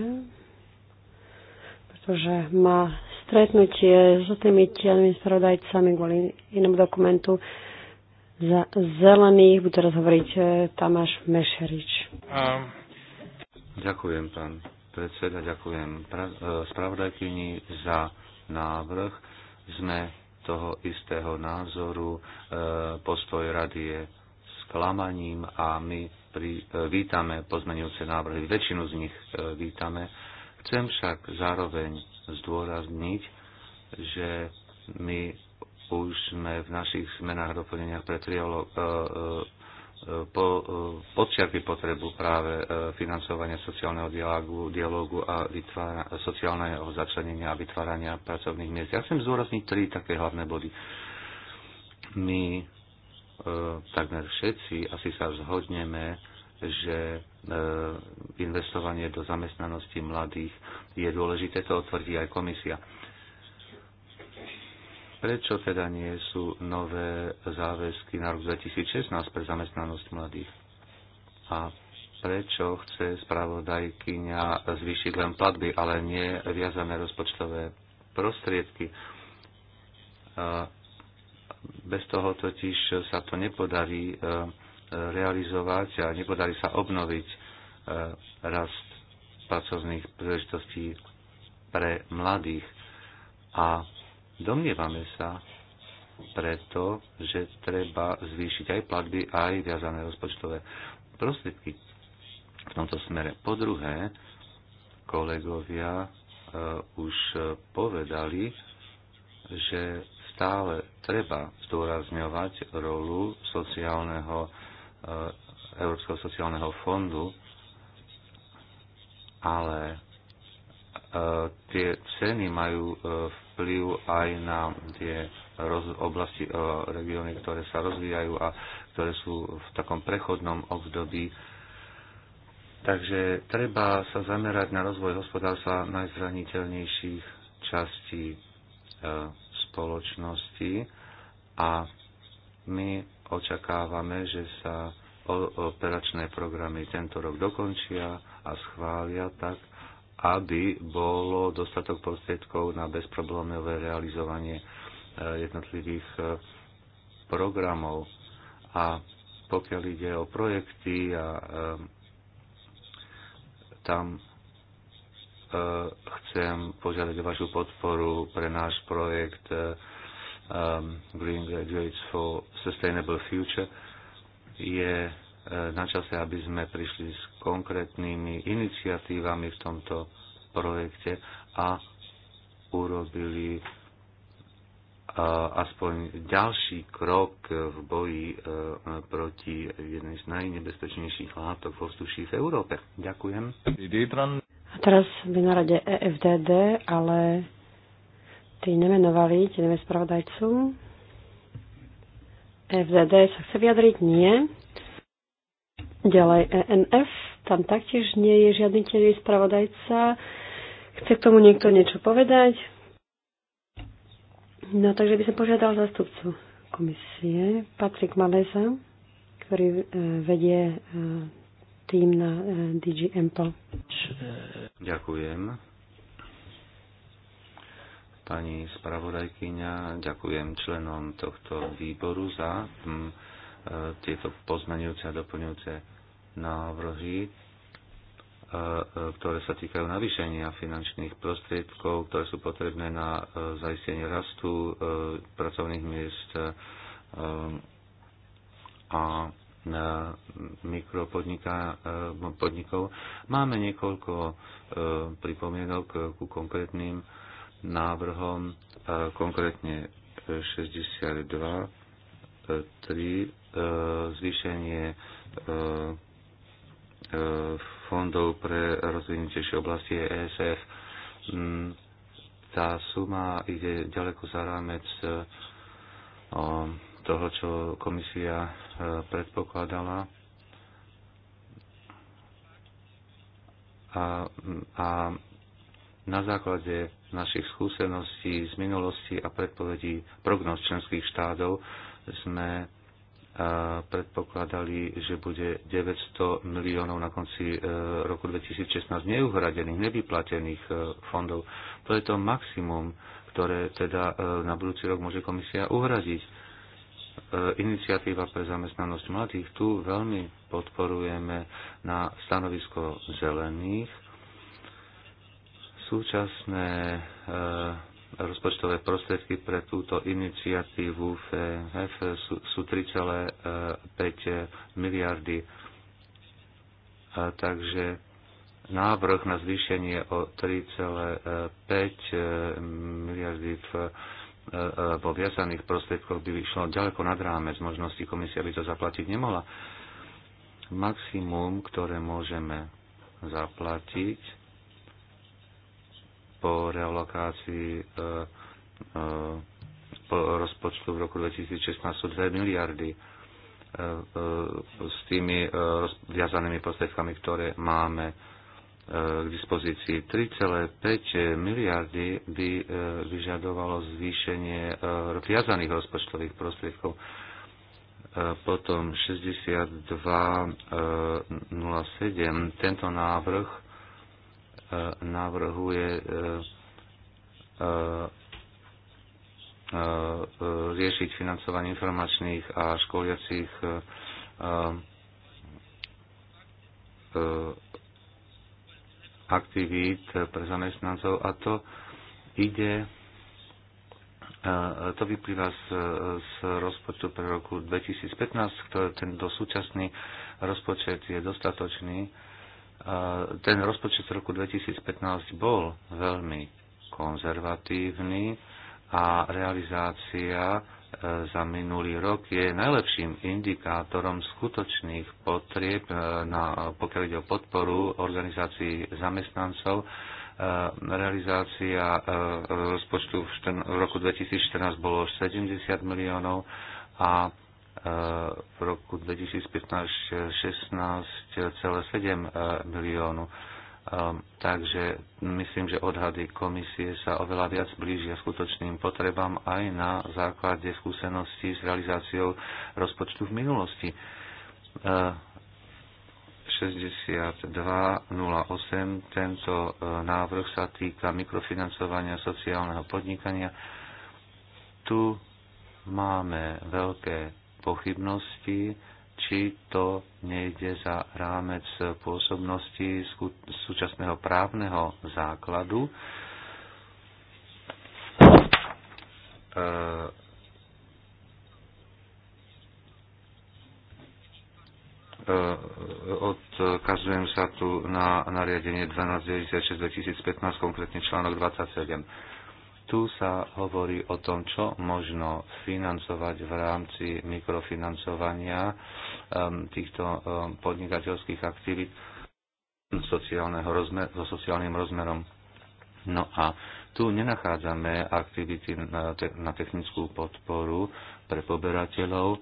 pretože má stretnutie s tými spravodajcami kvôli inému dokumentu. Za zelených bude teraz hovoriť e, Tamáš Mešerič. Um. Ďakujem, pán predseda, ďakujem pra- e, spravodajkyni za návrh. Sme toho istého názoru. E, Postoj rady je sklamaním a my pri, e, vítame pozmenujúce návrhy. Väčšinu z nich e, vítame. Chcem však zároveň zdôrazniť, že my už sme v našich zmenách doplneniach pre triolo e, e, e, po, podčiarky potrebu práve financovania sociálneho dialogu, dialogu a vytvára, sociálneho začlenenia a vytvárania pracovných miest. Ja chcem zúrazniť tri také hlavné body. My e, takmer všetci asi sa zhodneme, že investovanie do zamestnanosti mladých je dôležité, to otvrdí aj komisia. Prečo teda nie sú nové záväzky na rok 2016 pre zamestnanosť mladých? A prečo chce spravodajkyňa zvýšiť len platby, ale nie viazané rozpočtové prostriedky? Bez toho totiž sa to nepodarí e, realizovať a nepodarí sa obnoviť e, rast pracovných príležitostí pre mladých. A Domnievame sa preto, že treba zvýšiť aj platby, aj viazané rozpočtové prostriedky v tomto smere. Po druhé, kolegovia e, už povedali, že stále treba zdôrazňovať rolu sociálneho, e, Európskeho sociálneho fondu, ale e, tie ceny majú e, vplyv aj na tie roz, oblasti, e, regióny, ktoré sa rozvíjajú a ktoré sú v takom prechodnom období. Takže treba sa zamerať na rozvoj hospodárstva najzraniteľnejších častí e, spoločnosti a my očakávame, že sa operačné programy tento rok dokončia a schvália tak, aby bolo dostatok prostriedkov na bezproblémové realizovanie e, jednotlivých e, programov. A pokiaľ ide o projekty, a, e, tam chcem požiadať o vašu podporu pre náš projekt Green Graduates for Sustainable Future. Je na čase, aby sme prišli s konkrétnymi iniciatívami v tomto projekte a urobili aspoň ďalší krok v boji e, proti jednej z najnebezpečnejších látok v ovzduší v Európe. Ďakujem. A teraz by na rade EFDD, ale tí nemenovali, tí neviem spravodajcu. EFDD sa chce vyjadriť? Nie. Ďalej ENF, tam taktiež nie je žiadny tieňový spravodajca. Chce k tomu niekto niečo povedať? No takže by som požiadal zastupcu komisie, Patrik Maleza, ktorý e, vedie e, tým na e, DG Empo. Ďakujem. Pani spravodajkyňa, ďakujem členom tohto výboru za E, tieto pozmenujúce a doplňujúce návrhy, e, e, ktoré sa týkajú navýšenia finančných prostriedkov, ktoré sú potrebné na zaistenie rastu pracovných miest a mikropodnikov. Máme niekoľko pripomienok ku konkrétnym návrhom, konkrétne 62 E, zvýšenie e, e, fondov pre rozvinutejšie oblasti ESF. Mm, tá suma ide ďaleko za rámec toho, čo komisia predpokladala. A, a na základe našich skúseností z minulosti a predpovedí prognoz členských štátov sme e, predpokladali, že bude 900 miliónov na konci e, roku 2016 neuhradených, nevyplatených e, fondov. To je to maximum, ktoré teda na budúci rok môže komisia uhradiť. Iniciatíva pre zamestnanosť mladých tu veľmi podporujeme na stanovisko zelených. Súčasné rozpočtové prostriedky pre túto iniciatívu v sú, sú 3,5 e, e, miliardy. takže návrh na zvýšenie o 3,5 e, miliardy v vo viazaných prostriedkoch by vyšlo ďaleko nad rámec možnosti komisia by to zaplatiť nemohla. Maximum, ktoré môžeme zaplatiť, po realokácii e, e, rozpočtu v roku 2016 sú 2 miliardy e, s tými viazanými prostriedkami, ktoré máme k dispozícii. 3,5 miliardy by vyžadovalo zvýšenie viazaných rozpočtových prostriedkov. Potom 62.07. Tento návrh navrhuje e, e, e, riešiť financovanie informačných a školiacich aktivít pre zamestnancov a to ide to vyplýva z, z rozpočtu pre roku 2015, ktorý ten súčasný rozpočet je dostatočný ten rozpočet z roku 2015 bol veľmi konzervatívny a realizácia e, za minulý rok je najlepším indikátorom skutočných potrieb, e, na, pokiaľ ide o podporu organizácií zamestnancov. E, realizácia rozpočtu v roku 2014 bolo 70 miliónov a v roku 2015-16,7 e, miliónu. Takže myslím, že odhady komisie sa oveľa viac blížia skutočným potrebám aj na základe skúseností s realizáciou rozpočtu v minulosti. 6208. E, tento e, návrh sa týka mikrofinancovania sociálneho podnikania. Tu máme veľké pochybnosti, či to nejde za rámec pôsobnosti súčasného právneho základu. E, e, odkazujem sa tu na nariadenie 1296-2015, konkrétne článok 27 tu sa hovorí o tom, čo možno financovať v rámci mikrofinancovania ehm, týchto ehm, podnikateľských aktivít sociálneho rozmer, so sociálnym rozmerom. No a tu nenachádzame aktivity na, te, na technickú podporu pre poberateľov. E,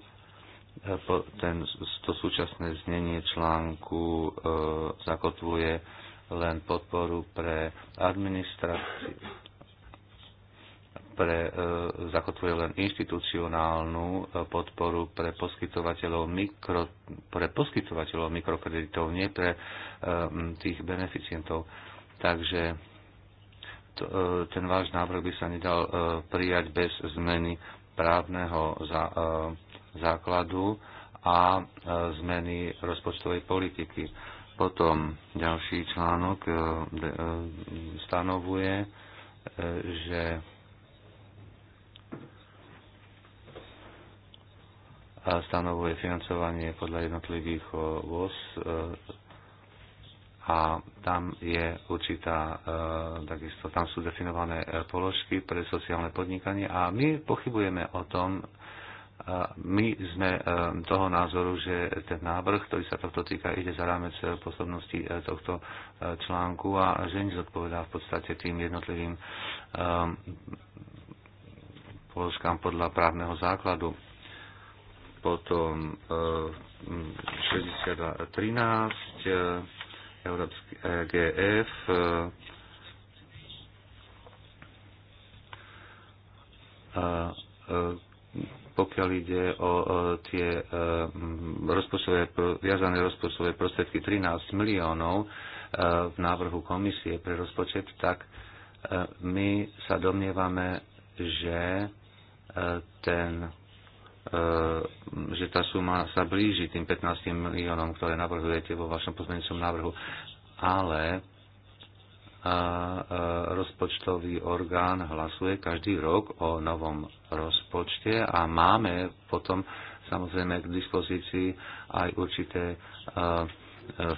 ten, to súčasné znenie článku e, zakotvuje len podporu pre administráciu pre, e, zakotvuje len inštitucionálnu e, podporu pre poskytovateľov, mikro, pre poskytovateľov mikrokreditov, nie pre e, tých beneficientov. Takže to, ten váš návrh by sa nedal prijať bez zmeny právneho základu a zmeny rozpočtovej politiky. Potom ďalší článok stanovuje, že stanovuje financovanie podľa jednotlivých voz e, a tam je určitá, e, takisto tam sú definované e, položky pre sociálne podnikanie a my pochybujeme o tom, my sme toho názoru, že ten návrh, ktorý sa tohto týka, ide za rámec posobnosti tohto článku a že nezodpovedá v podstate tým jednotlivým položkám podľa právneho základu potom 62.13 eh, eh, Európsky EGF a eh, pokiaľ ide o tie rozpočtové, viazané rozpočtové prostriedky 13 miliónov v návrhu komisie pre rozpočet, tak my sa domnievame, že ten E, že tá suma sa blíži tým 15 miliónom, ktoré navrhujete vo vašom pozmeňujúcom návrhu, ale a e, e, rozpočtový orgán hlasuje každý rok o novom rozpočte a máme potom samozrejme k dispozícii aj určité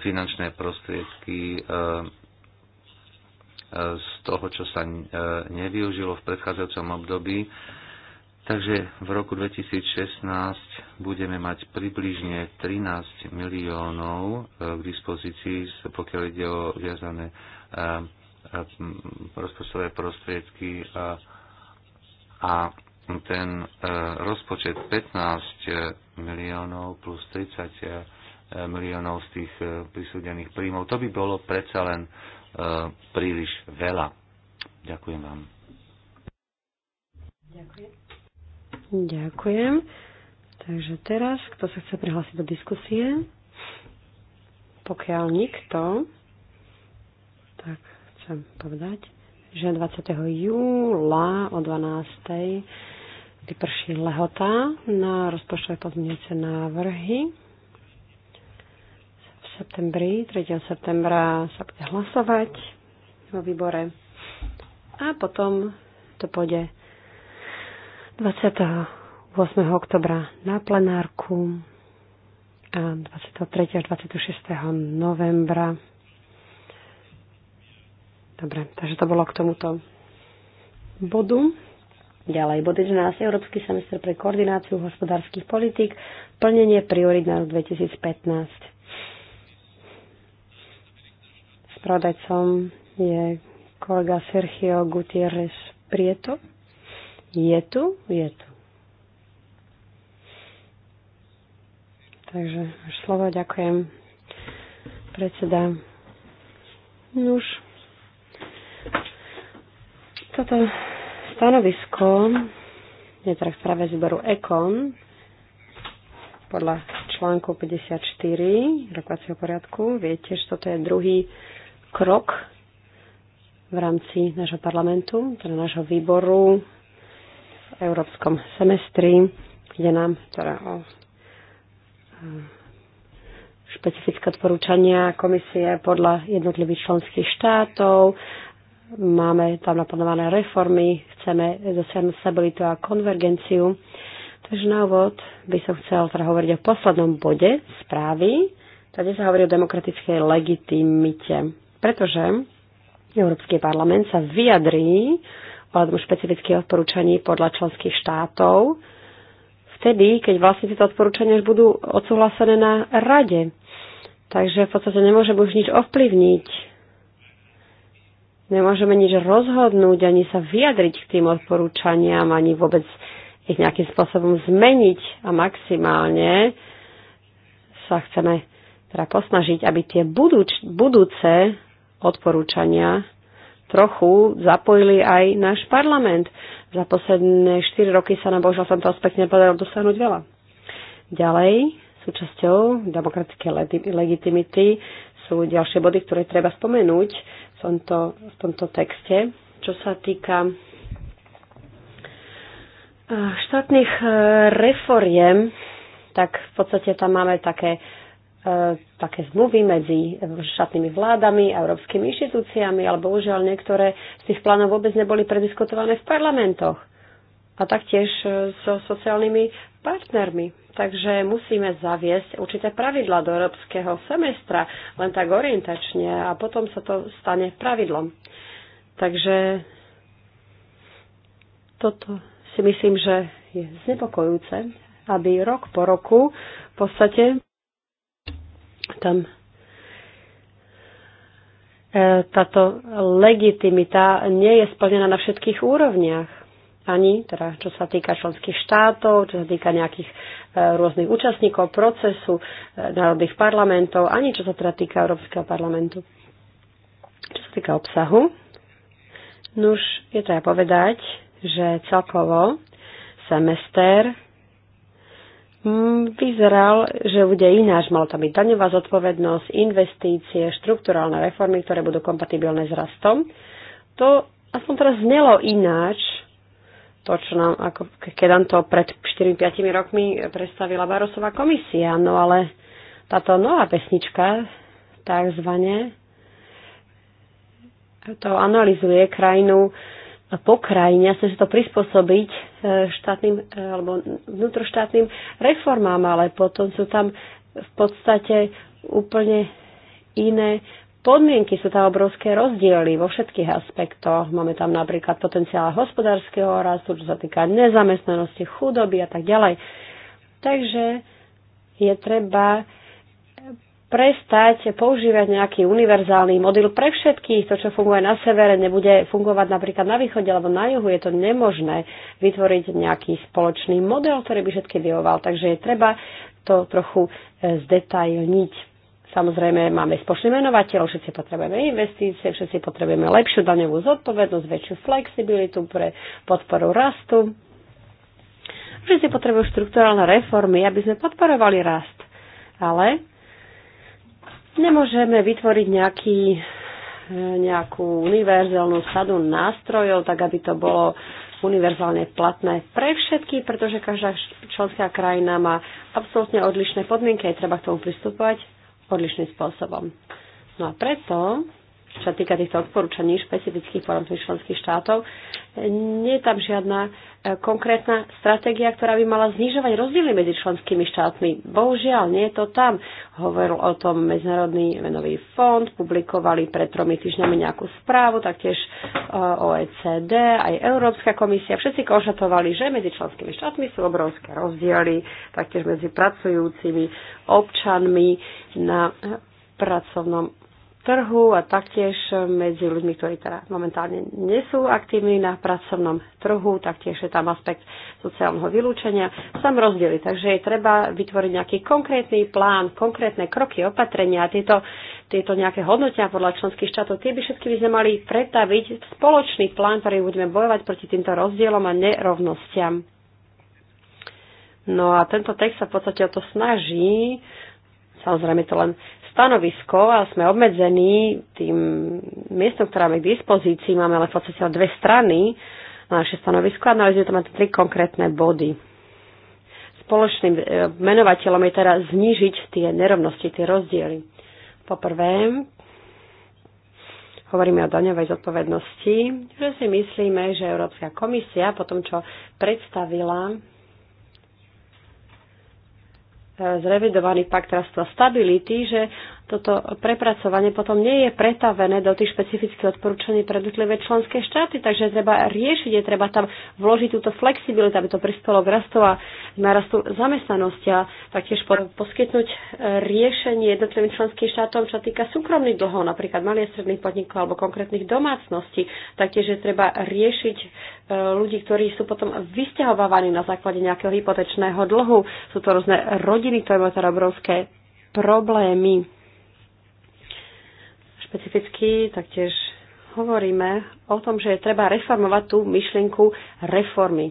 finančné prostriedky z toho, čo sa nevyužilo v predchádzajúcom období Takže v roku 2016 budeme mať približne 13 miliónov e, k dispozícii, pokiaľ ide o viazané e, e, rozpočtové prostriedky a, a ten rozpočet 15 miliónov plus 30 miliónov z tých prisúdených príjmov, to by bolo predsa len príliš veľa. Ďakujem vám. Ďakujem. Ďakujem. Takže teraz, kto sa chce prihlásiť do diskusie? Pokiaľ nikto, tak chcem povedať, že 20. júla o 12. vyprší lehota na rozpočtové pozmeňujúce návrhy. V septembri, 3. septembra sa bude hlasovať vo výbore a potom to pôjde 28. oktobra na plenárku a 23. až 26. novembra. Dobre, takže to bolo k tomuto bodu. Ďalej, bod 11. Európsky semestr pre koordináciu hospodárskych politík, plnenie priorit na rok 2015. Spravodajcom je kolega Sergio Gutierrez Prieto. Je tu? Je tu. Takže až slovo ďakujem. Predseda. Nuž. Toto stanovisko je teraz práve zboru EKON podľa článku 54 rokovacieho poriadku. Viete, že toto je druhý krok v rámci nášho parlamentu, teda nášho výboru európskom semestri. Ide nám teda o e, špecifické odporúčania komisie podľa jednotlivých členských štátov. Máme tam naplánované reformy, chceme zasiahnuť stabilitu a konvergenciu. Takže na úvod by som chcel teda hovoriť o poslednom bode správy, Tady sa hovorí o demokratickej legitimite. Pretože Európsky parlament sa vyjadrí alebo špecifických odporúčaní podľa členských štátov, vtedy, keď vlastne tieto odporúčania už budú odsúhlasené na rade. Takže v podstate nemôžeme už nič ovplyvniť. Nemôžeme nič rozhodnúť, ani sa vyjadriť k tým odporúčaniam, ani vôbec ich nejakým spôsobom zmeniť a maximálne sa chceme teda posnažiť, aby tie budúč, budúce odporúčania trochu zapojili aj náš parlament. Za posledné 4 roky sa nám bohužiaľ som to aspekte podarilo dosiahnuť veľa. Ďalej, súčasťou demokratické legitimity sú ďalšie body, ktoré treba spomenúť v tomto, v tomto texte. Čo sa týka eh, štátnych eh, reforiem, tak v podstate tam máme také E, také zmluvy medzi štátnymi vládami a európskymi inštitúciami, ale bohužiaľ niektoré z tých plánov vôbec neboli prediskutované v parlamentoch a taktiež e, so sociálnymi partnermi. Takže musíme zaviesť určité pravidla do európskeho semestra, len tak orientačne a potom sa to stane pravidlom. Takže toto si myslím, že je znepokojúce, aby rok po roku v podstate tam e, táto legitimita nie je splnená na všetkých úrovniach. Ani, teda čo sa týka členských štátov, čo sa týka nejakých e, rôznych účastníkov procesu e, národných parlamentov, ani čo sa teda týka Európskeho parlamentu. Čo sa týka obsahu, nuž je treba povedať, že celkovo semester Mm, vyzeral, že bude ináč. mal tam byť daňová zodpovednosť, investície, štrukturálne reformy, ktoré budú kompatibilné s rastom. To aspoň teraz znelo ináč, to, čo nám, ako, keď nám to pred 4-5 rokmi predstavila Barosová komisia. No ale táto nová pesnička, takzvané, to analizuje krajinu pokrajine, krajine, sa to prispôsobiť e, štátnym e, alebo vnútroštátnym reformám, ale potom sú tam v podstate úplne iné podmienky. Sú tam obrovské rozdiely vo všetkých aspektoch. Máme tam napríklad potenciál hospodárskeho rastu, čo sa týka nezamestnanosti, chudoby a tak ďalej. Takže je treba prestať používať nejaký univerzálny model pre všetkých. To, čo funguje na severe, nebude fungovať napríklad na východe alebo na juhu. Je to nemožné vytvoriť nejaký spoločný model, ktorý by všetky vyhoval. Takže je treba to trochu e, zdetailniť. Samozrejme, máme spoločný menovateľ, všetci potrebujeme investície, všetci potrebujeme lepšiu daňovú zodpovednosť, väčšiu flexibilitu pre podporu rastu. Všetci potrebujú štrukturálne reformy, aby sme podporovali rast. Ale Nemôžeme vytvoriť nejaký, e, nejakú univerzálnu sadu nástrojov, tak aby to bolo univerzálne platné pre všetky, pretože každá členská krajina má absolútne odlišné podmienky a treba k tomu pristupovať odlišným spôsobom. No a preto čo sa týka týchto odporúčaní špecifických poradných členských štátov, nie je tam žiadna e, konkrétna stratégia, ktorá by mala znižovať rozdiely medzi členskými štátmi. Bohužiaľ, nie je to tam. Hovoril o tom Medzinárodný menový fond, publikovali pred tromi týždňami nejakú správu, taktiež e, OECD, aj Európska komisia. Všetci konštatovali, že medzi členskými štátmi sú obrovské rozdiely, taktiež medzi pracujúcimi občanmi na e, pracovnom trhu a taktiež medzi ľuďmi, ktorí teda momentálne nie sú aktívni na pracovnom trhu, taktiež je tam aspekt sociálneho vylúčenia, Sam tam rozdiely. Takže je treba vytvoriť nejaký konkrétny plán, konkrétne kroky, opatrenia, tieto, tieto nejaké hodnotia podľa členských štátov, tie by všetky by sme mali pretaviť spoločný plán, ktorý budeme bojovať proti týmto rozdielom a nerovnostiam. No a tento text sa v podstate o to snaží, samozrejme to len stanovisko a sme obmedzení tým miestom, ktoré máme k dispozícii. Máme ale v podstate dve strany na naše stanovisko a naozaj tam tri konkrétne body. Spoločným e, menovateľom je teda znižiť tie nerovnosti, tie rozdiely. Poprvé, hovoríme o daňovej zodpovednosti, že si myslíme, že Európska komisia po tom, čo predstavila zrevidovaný pakt rastu a stability, že toto prepracovanie potom nie je pretavené do tých špecifických odporúčaní pre jednotlivé členské štáty, takže treba riešiť, je treba tam vložiť túto flexibilitu, aby to prispelo k rastu a narastu zamestnanosti a taktiež poskytnúť e, riešenie jednotlivým členským štátom, čo týka súkromných dlhov, napríklad malých stredných podnikov alebo konkrétnych domácností. Taktiež je treba riešiť e, ľudí, ktorí sú potom vysťahovávaní na základe nejakého hypotečného dlhu. Sú to rôzne rodiny, ktoré majú teda obrovské problémy špecificky taktiež hovoríme o tom, že je treba reformovať tú myšlienku reformy.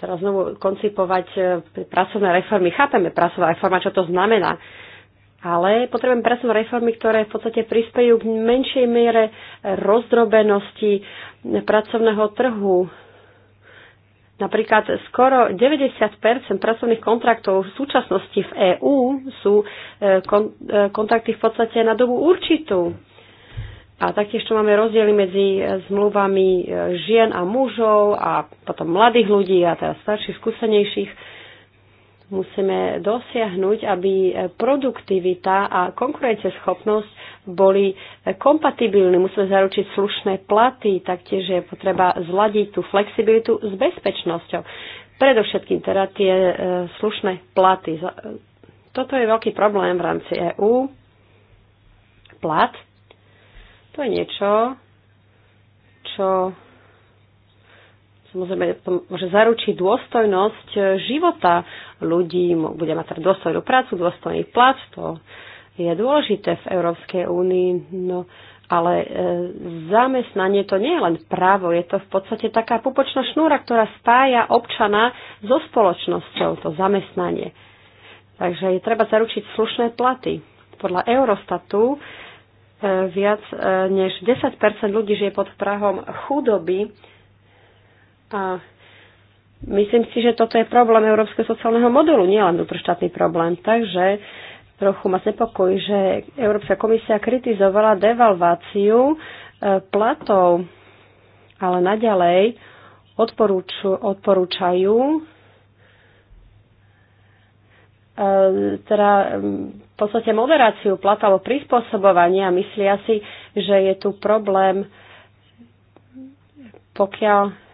Teraz znovu koncipovať e, pracovné reformy. Chápeme pracovná reforma, čo to znamená. Ale potrebujeme pracovné reformy, ktoré v podstate prispejú k menšej miere rozdrobenosti pracovného trhu, Napríklad skoro 90 pracovných kontraktov v súčasnosti v EÚ sú e, kon, e, kontrakty v podstate na dobu určitú. A taktiež tu máme rozdiely medzi e, zmluvami žien a mužov a potom mladých ľudí a teraz starších, skúsenejších musíme dosiahnuť, aby produktivita a konkurenceschopnosť boli kompatibilní. Musíme zaručiť slušné platy, taktiež je potreba zladiť tú flexibilitu s bezpečnosťou. Predovšetkým teda tie e, slušné platy. Toto je veľký problém v rámci EÚ. Plat. To je niečo, čo samozrejme to môže zaručiť dôstojnosť e, života ľudí, bude mať teda dôstojnú prácu, dôstojný plat, to je dôležité v Európskej únii, no ale e, zamestnanie to nie je len právo, je to v podstate taká pupočná šnúra, ktorá spája občana so spoločnosťou, to zamestnanie. Takže je treba zaručiť slušné platy. Podľa Eurostatu e, viac e, než 10 ľudí žije pod prahom chudoby a myslím si, že toto je problém európskeho sociálneho modelu, len vnútroštátny problém. Takže trochu ma znepokojí, že Európska komisia kritizovala devalváciu e, platov, ale naďalej odporúčajú e, teda v podstate moderáciu plata alebo prispôsobovanie a myslia si, že je tu problém, pokiaľ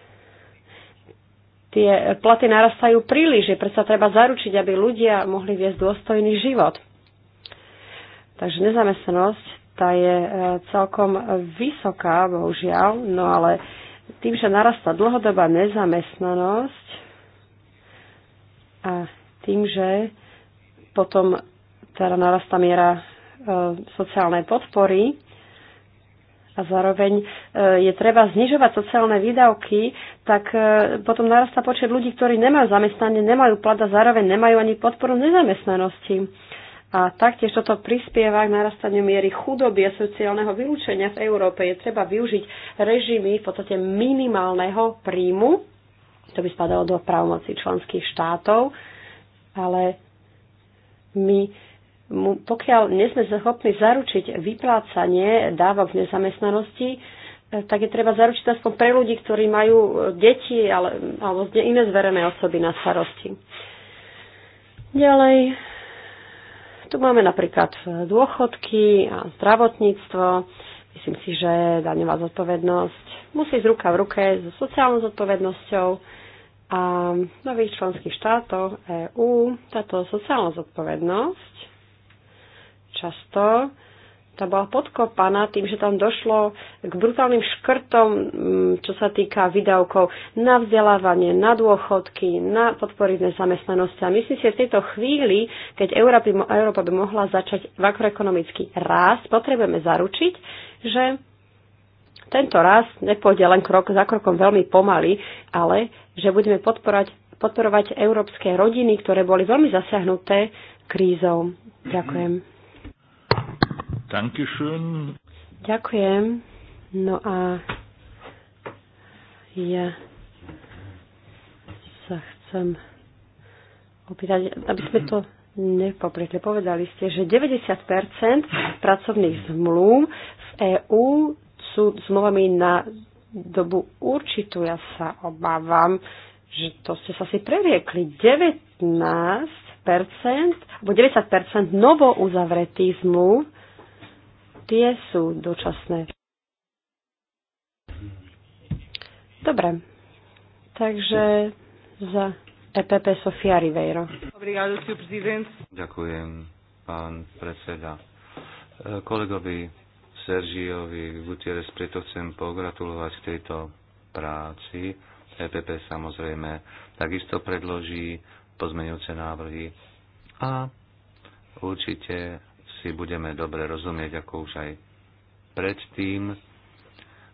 tie platy narastajú príliš, že predsa treba zaručiť, aby ľudia mohli viesť dôstojný život. Takže nezamestnanosť tá je e, celkom vysoká, bohužiaľ, no ale tým, že narastá dlhodobá nezamestnanosť a tým, že potom teda narastá miera e, sociálnej podpory, a zároveň e, je treba znižovať sociálne výdavky, tak e, potom narastá počet ľudí, ktorí nemajú zamestnanie, nemajú plat a zároveň nemajú ani podporu nezamestnanosti. A taktiež toto prispieva k narastaniu miery chudoby a sociálneho vylúčenia v Európe. Je treba využiť režimy v podstate minimálneho príjmu, to by spadalo do pravomocí členských štátov, ale my pokiaľ nesme schopní zaručiť vyplácanie dávok v nezamestnanosti, e, tak je treba zaručiť aspoň pre ľudí, ktorí majú deti ale, alebo iné zverené osoby na starosti. Ďalej, tu máme napríklad dôchodky a zdravotníctvo. Myslím si, že daňová zodpovednosť musí ísť ruka v ruke so sociálnou zodpovednosťou a nových členských štátov EÚ táto sociálna zodpovednosť často tá bola podkopaná tým, že tam došlo k brutálnym škrtom, mm, čo sa týka výdavkov na vzdelávanie, na dôchodky, na podpory nezamestnanosti. A myslím si, že v tejto chvíli, keď Európa by, Európa by mohla začať makroekonomický ráz, potrebujeme zaručiť, že tento rast nepôjde len krok za krokom veľmi pomaly, ale že budeme podporať podporovať európske rodiny, ktoré boli veľmi zasiahnuté krízou. Ďakujem. Dankeschön. Ďakujem. No a ja sa chcem opýtať, aby sme to nepopletli. Povedali ste, že 90 pracovných zmluv v EÚ sú zmluvami na dobu určitú. Ja sa obávam, že to ste sa si preriekli. 19 alebo 90 novo uzavretých zmluv tie sú dočasné. Dobre. Takže za EPP Sofia Ribeiro. Ďakujem, pán predseda. Kolegovi Sergiovi Gutierrez, preto chcem pogratulovať k tejto práci. EPP samozrejme takisto predloží pozmeňujúce návrhy a určite si budeme dobre rozumieť, ako už aj predtým,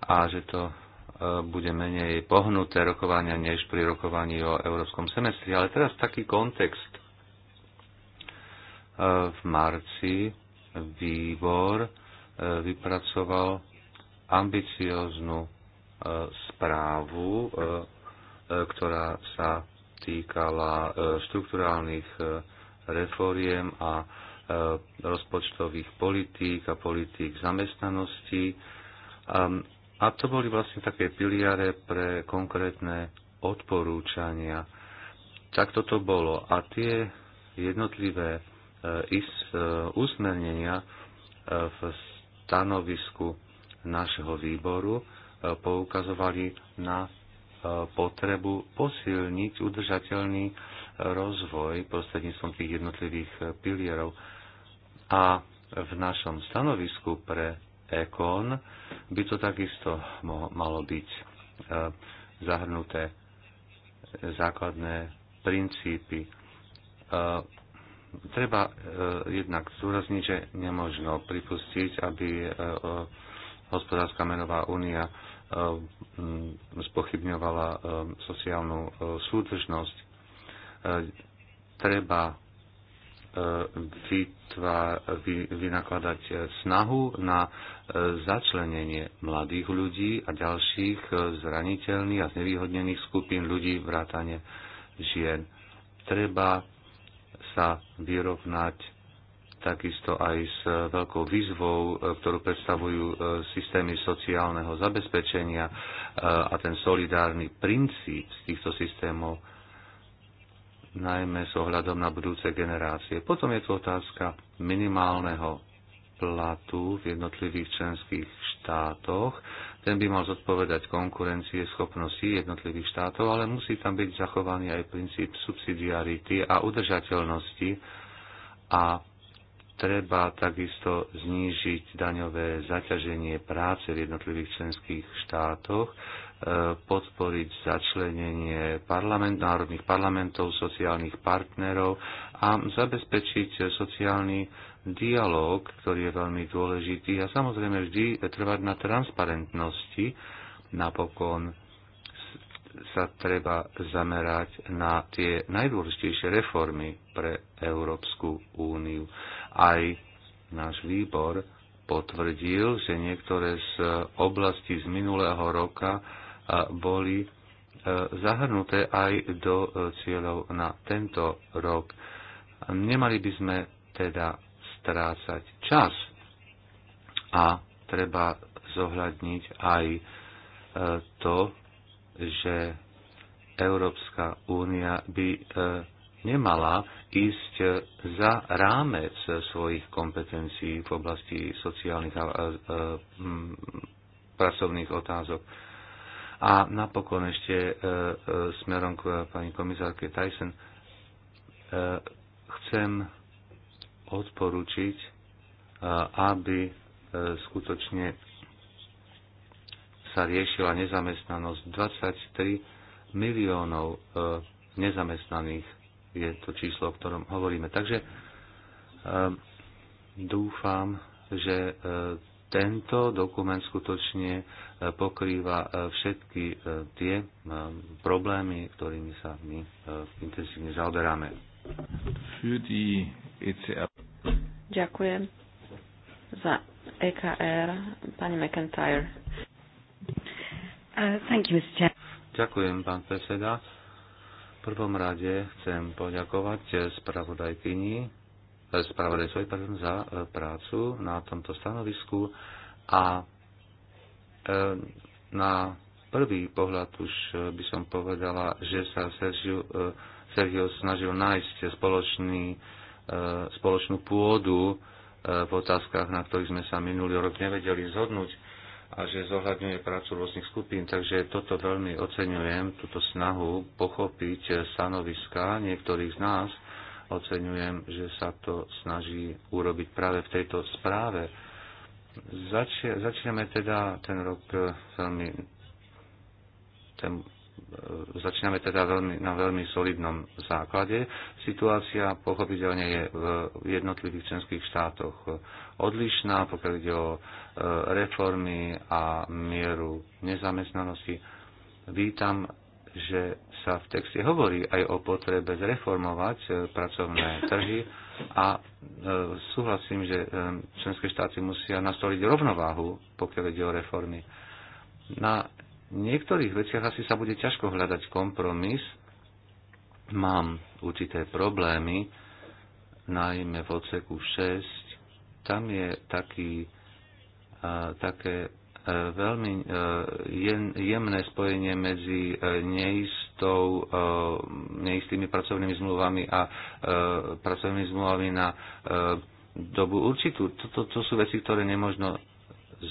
a že to e, bude menej pohnuté rokovania než pri rokovaní o európskom semestri. Ale teraz taký kontext. E, v marci výbor e, vypracoval ambicióznu správu, ktorá sa týkala štruktúrálnych reforiem a Eh, rozpočtových politík a politík zamestnanosti. A to boli vlastne také piliare pre konkrétne odporúčania. Tak toto bolo. A tie jednotlivé eh, eh, usmernenia v stanovisku našeho výboru poukazovali na potrebu posilniť udržateľný rozvoj prostredníctvom tých jednotlivých pilierov. A v našom stanovisku pre EKON by to takisto malo byť e, zahrnuté základné princípy. E, treba e, jednak zúrazniť, že nemožno pripustiť, aby hospodárska menová únia spochybňovala sociálnu súdržnosť. Treba vytvá, vy, vynakladať snahu na e, začlenenie mladých ľudí a ďalších e, zraniteľných a znevýhodnených skupín ľudí vrátane žien. Treba sa vyrovnať takisto aj s veľkou výzvou, e, ktorú predstavujú systémy sociálneho zabezpečenia a ten solidárny princíp z týchto systémov najmä s ohľadom na budúce generácie. Potom je tu otázka minimálneho platu v jednotlivých členských štátoch. Ten by mal zodpovedať konkurencie schopnosti jednotlivých štátov, ale musí tam byť zachovaný aj princíp subsidiarity a udržateľnosti a treba takisto znížiť daňové zaťaženie práce v jednotlivých členských štátoch podporiť začlenenie parlament, národných parlamentov, sociálnych partnerov a zabezpečiť sociálny dialog, ktorý je veľmi dôležitý a samozrejme vždy trvať na transparentnosti. Napokon sa treba zamerať na tie najdôležitejšie reformy pre Európsku úniu. Aj náš výbor potvrdil, že niektoré z oblastí z minulého roka boli e, zahrnuté aj do e, cieľov na tento rok. Nemali by sme teda strácať čas a treba zohľadniť aj e, to, že Európska únia by nemala ísť za rámec svojich kompetencií v oblasti sociálnych a pracovných otázok a napokon ešte e, e, smerom k pani komisárke Tyson e, chcem odporučiť, aby skutočne sa riešila nezamestnanosť. 23 miliónov nezamestnaných je to číslo, o ktorom hovoríme. Takže dúfam, že tento dokument skutočne e, pokrýva e, všetky e, tie problémy, ktorými sa my intenzívne zaoberáme. Ďakujem za EKR, pani McIntyre. Uh, thank you, Mr. Ďakujem, pán predseda. V prvom rade chcem poďakovať spravodajkyni spravodajcovi pardon, za e, prácu na tomto stanovisku a e, na prvý pohľad už e, by som povedala, že sa Sergio, Sergio snažil nájsť spoločný, spoločnú pôdu v otázkach, na ktorých sme sa minulý rok nevedeli zhodnúť a že zohľadňuje prácu rôznych skupín. Takže toto veľmi oceňujem, túto snahu pochopiť stanoviska niektorých z nás Oceňujem, že sa to snaží urobiť práve v tejto správe. Začia, začíname teda ten rok veľmi ten, e, začíname teda veľmi, na veľmi solidnom základe. Situácia pochopiteľne je v jednotlivých členských štátoch odlišná, pokiaľ ide o e, reformy a mieru nezamestnanosti. Vítam že sa v texte hovorí aj o potrebe zreformovať e, pracovné trhy a e, súhlasím, že e, členské štáty musia nastoliť rovnováhu, pokiaľ ide o reformy. Na niektorých veciach asi sa bude ťažko hľadať kompromis. Mám určité problémy, najmä v odseku 6. Tam je taký, také E, veľmi e, jemné spojenie medzi e, neistou, neistými pracovnými zmluvami a pracovnými zmluvami na dobu určitú. Toto to sú veci, ktoré nemôžno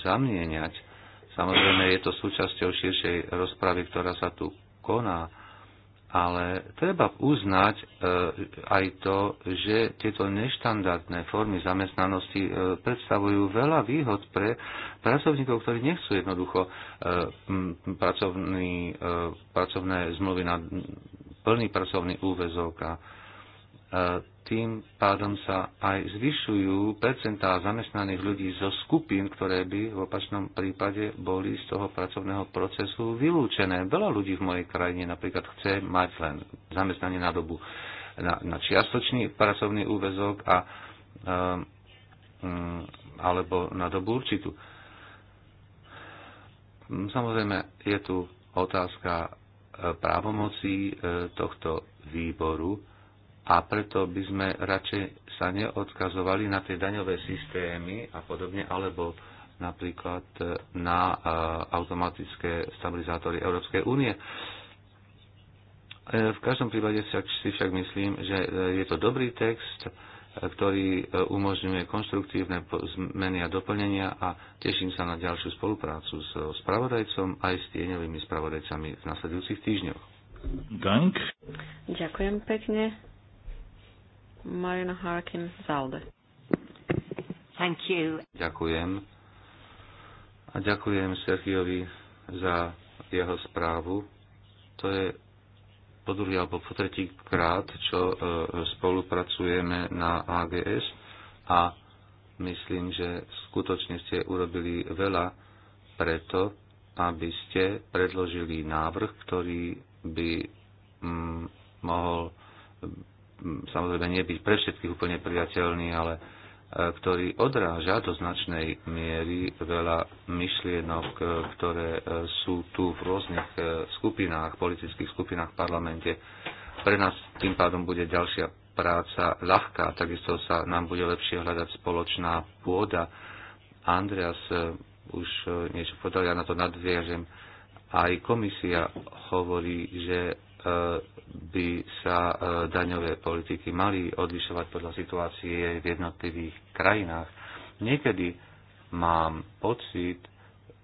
zamieňať. Samozrejme, je to súčasťou širšej rozpravy, ktorá sa tu koná ale treba uznať e, aj to, že tieto neštandardné formy zamestnanosti e, predstavujú veľa výhod pre pracovníkov, ktorí nechcú jednoducho e, pracovný, pracovné zmluvy na plný pracovný úvezok a tým pádom sa aj zvyšujú percentá zamestnaných ľudí zo skupín, ktoré by v opačnom prípade boli z toho pracovného procesu vylúčené. Veľa ľudí v mojej krajine napríklad chce mať len zamestnanie na dobu na, na čiastočný pracovný úvezok a, um, alebo na dobu určitú. Samozrejme, je tu otázka e, právomocí e, tohto výboru a preto by sme radšej sa neodkazovali na tie daňové systémy a podobne, alebo napríklad na e, automatické stabilizátory Európskej únie. E, v každom prípade si však myslím, že e, je to dobrý text, ktorý umožňuje konštruktívne zmeny a doplnenia a teším sa na ďalšiu spoluprácu s so spravodajcom aj s tieňovými spravodajcami v nasledujúcich týždňoch. Dank. Ďakujem pekne. Mariana Harkin Zalde. Thank you. Ďakujem. A ďakujem Sergiovi za jeho správu. To je po druhý alebo po tretí krát, čo e, spolupracujeme na AGS a myslím, že skutočne ste urobili veľa preto, aby ste predložili návrh, ktorý by mm, mohol samozrejme nie byť pre všetkých úplne priateľný, ale e, ktorý odráža do značnej miery veľa myšlienok, e, ktoré e, sú tu v rôznych skupinách, politických skupinách v parlamente. Pre nás tým pádom bude ďalšia práca ľahká, takisto sa nám bude lepšie hľadať spoločná pôda. Andreas už niečo povedal, ja na to nadviažem. Aj komisia hovorí, že by sa e, daňové politiky mali odlišovať podľa situácie v jednotlivých krajinách. Niekedy mám pocit,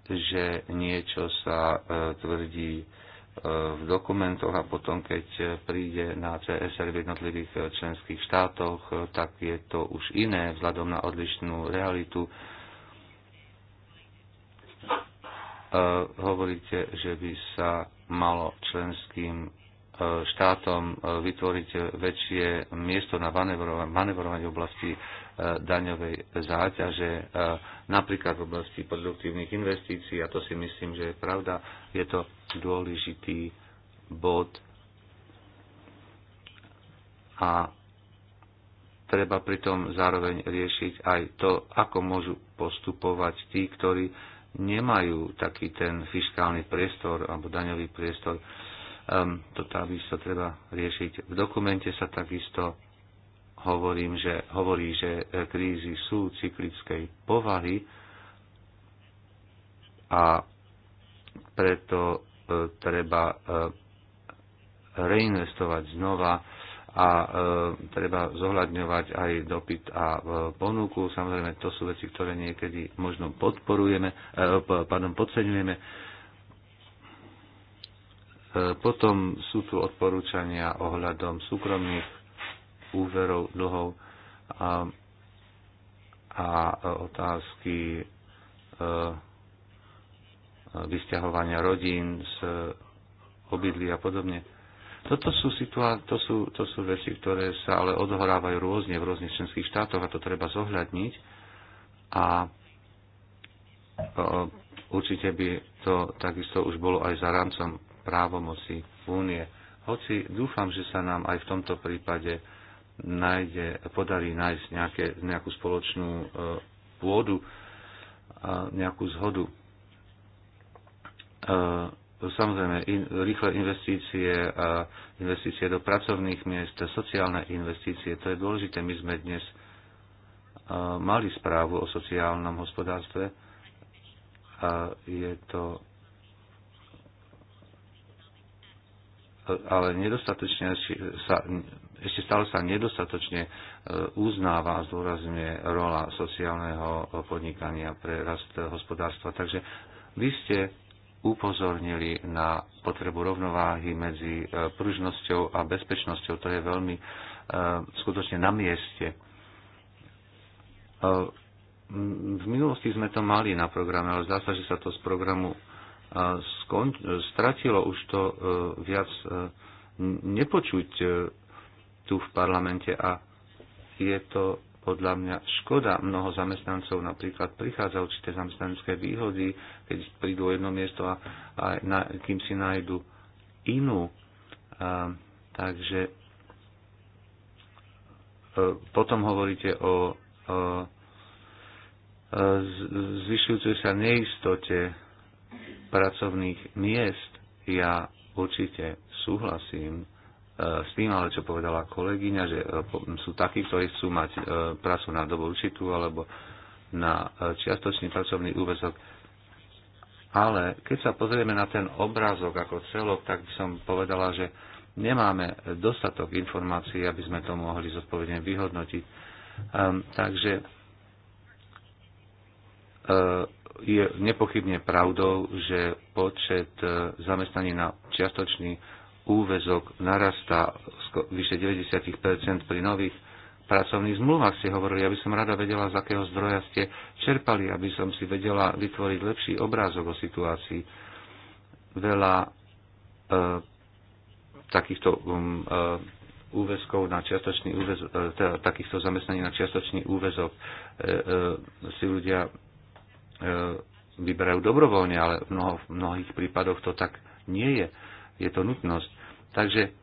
že niečo sa e, tvrdí e, v dokumentoch a potom, keď príde na CSR v jednotlivých členských štátoch, tak je to už iné vzhľadom na odlišnú realitu. Hovoríte, že by sa malo členským štátom e, vytvoriť väčšie miesto na manevrovanie v oblasti e, daňovej záťaže, e, napríklad v oblasti produktívnych investícií, a to si myslím, že je pravda, je to dôležitý bod a treba pritom zároveň riešiť aj to, ako môžu postupovať tí, ktorí nemajú taký ten fiskálny priestor alebo daňový priestor Ehm, toto takisto treba riešiť. V dokumente sa takisto hovorím, že, hovorí, že e, krízy sú cyklickej povahy a preto e, treba e, reinvestovať znova a treba zohľadňovať aj dopyt a ponuku. Samozrejme, to sú veci, ktoré niekedy možno podporujeme, pardon, podceňujeme E, potom sú tu odporúčania ohľadom súkromných úverov, dlhov a, a otázky e, vysťahovania rodín z obydlí a podobne. Toto sú, situá- to sú, to sú veci, ktoré sa ale odohrávajú rôzne v rôznych členských štátoch a to treba zohľadniť. A e, určite by to takisto už bolo aj za rámcom právomoci únie. Hoci dúfam, že sa nám aj v tomto prípade nájde, podarí nájsť nejaké, nejakú spoločnú e, pôdu, a nejakú zhodu. E, samozrejme, in, rýchle investície, investície do pracovných miest, sociálne investície, to je dôležité. My sme dnes e, mali správu o sociálnom hospodárstve. Je to ale nedostatočne sa, ešte stále sa nedostatočne e, uznáva a zdôrazňuje rola sociálneho podnikania pre rast hospodárstva. Takže vy ste upozornili na potrebu rovnováhy medzi e, pružnosťou a bezpečnosťou. To je veľmi e, skutočne na mieste. V minulosti sme to mali na programe, ale zdá sa, že sa to z programu skon, stratilo už to e, viac e, nepočuť e, tu v parlamente a je to podľa mňa škoda. Mnoho zamestnancov napríklad prichádza určité zamestnanecké výhody, keď prídu o jedno miesto a, a na, kým si nájdu inú. A, takže e, potom hovoríte o, o zvyšujúcej sa neistote pracovných miest. Ja určite súhlasím e, s tým, ale čo povedala kolegyňa, že e, sú takí, ktorí chcú mať e, prácu na dobu určitú alebo na čiastočný pracovný úvezok. Ale keď sa pozrieme na ten obrázok ako celok, tak by som povedala, že nemáme dostatok informácií, aby sme to mohli zodpovedne vyhodnotiť. Um, takže je nepochybne pravdou, že počet e, zamestnaní na čiastočný úvezok narastá vyše 90 pri nových pracovných zmluvách ste hovorili. Ja by som rada vedela, z akého zdroja ste čerpali, aby som si vedela vytvoriť lepší obrázok o situácii. Veľa e, takýchto um, e, úväzkov na čiastočný úväzok, e, teda takýchto zamestnaní na čiastočný úväzok e, e, si ľudia E, vyberajú dobrovoľne, ale v, mnoho, v mnohých prípadoch to tak nie je. Je to nutnosť. Takže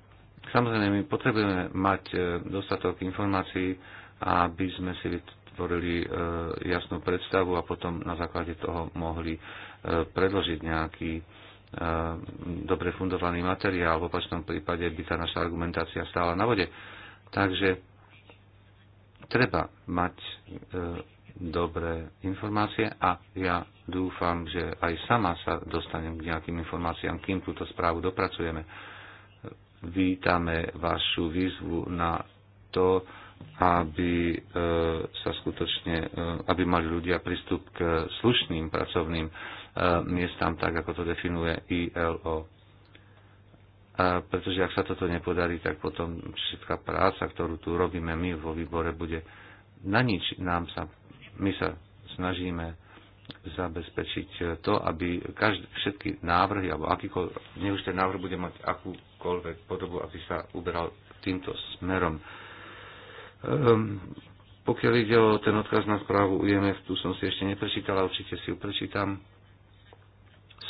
samozrejme my potrebujeme mať e, dostatok informácií, aby sme si vytvorili e, jasnú predstavu a potom na základe toho mohli predložiť nejaký dobre fundovaný materiál. V opačnom prípade by tá naša argumentácia stála na vode. Takže treba mať dobré informácie a ja dúfam, že aj sama sa dostanem k nejakým informáciám, kým túto správu dopracujeme. Vítame vašu výzvu na to, aby e, sa skutočne, e, aby mali ľudia prístup k slušným pracovným e, miestam, tak ako to definuje ILO. A pretože ak sa toto nepodarí, tak potom všetká práca, ktorú tu robíme my vo výbore, bude na nič nám sa my sa snažíme zabezpečiť to, aby každý, všetky návrhy, alebo akýkoľvek, nech už ten návrh bude mať akúkoľvek podobu, aby sa uberal týmto smerom. Um, pokiaľ ide o ten odkaz na správu UMF, tu som si ešte neprečítal, ale určite si ju prečítam.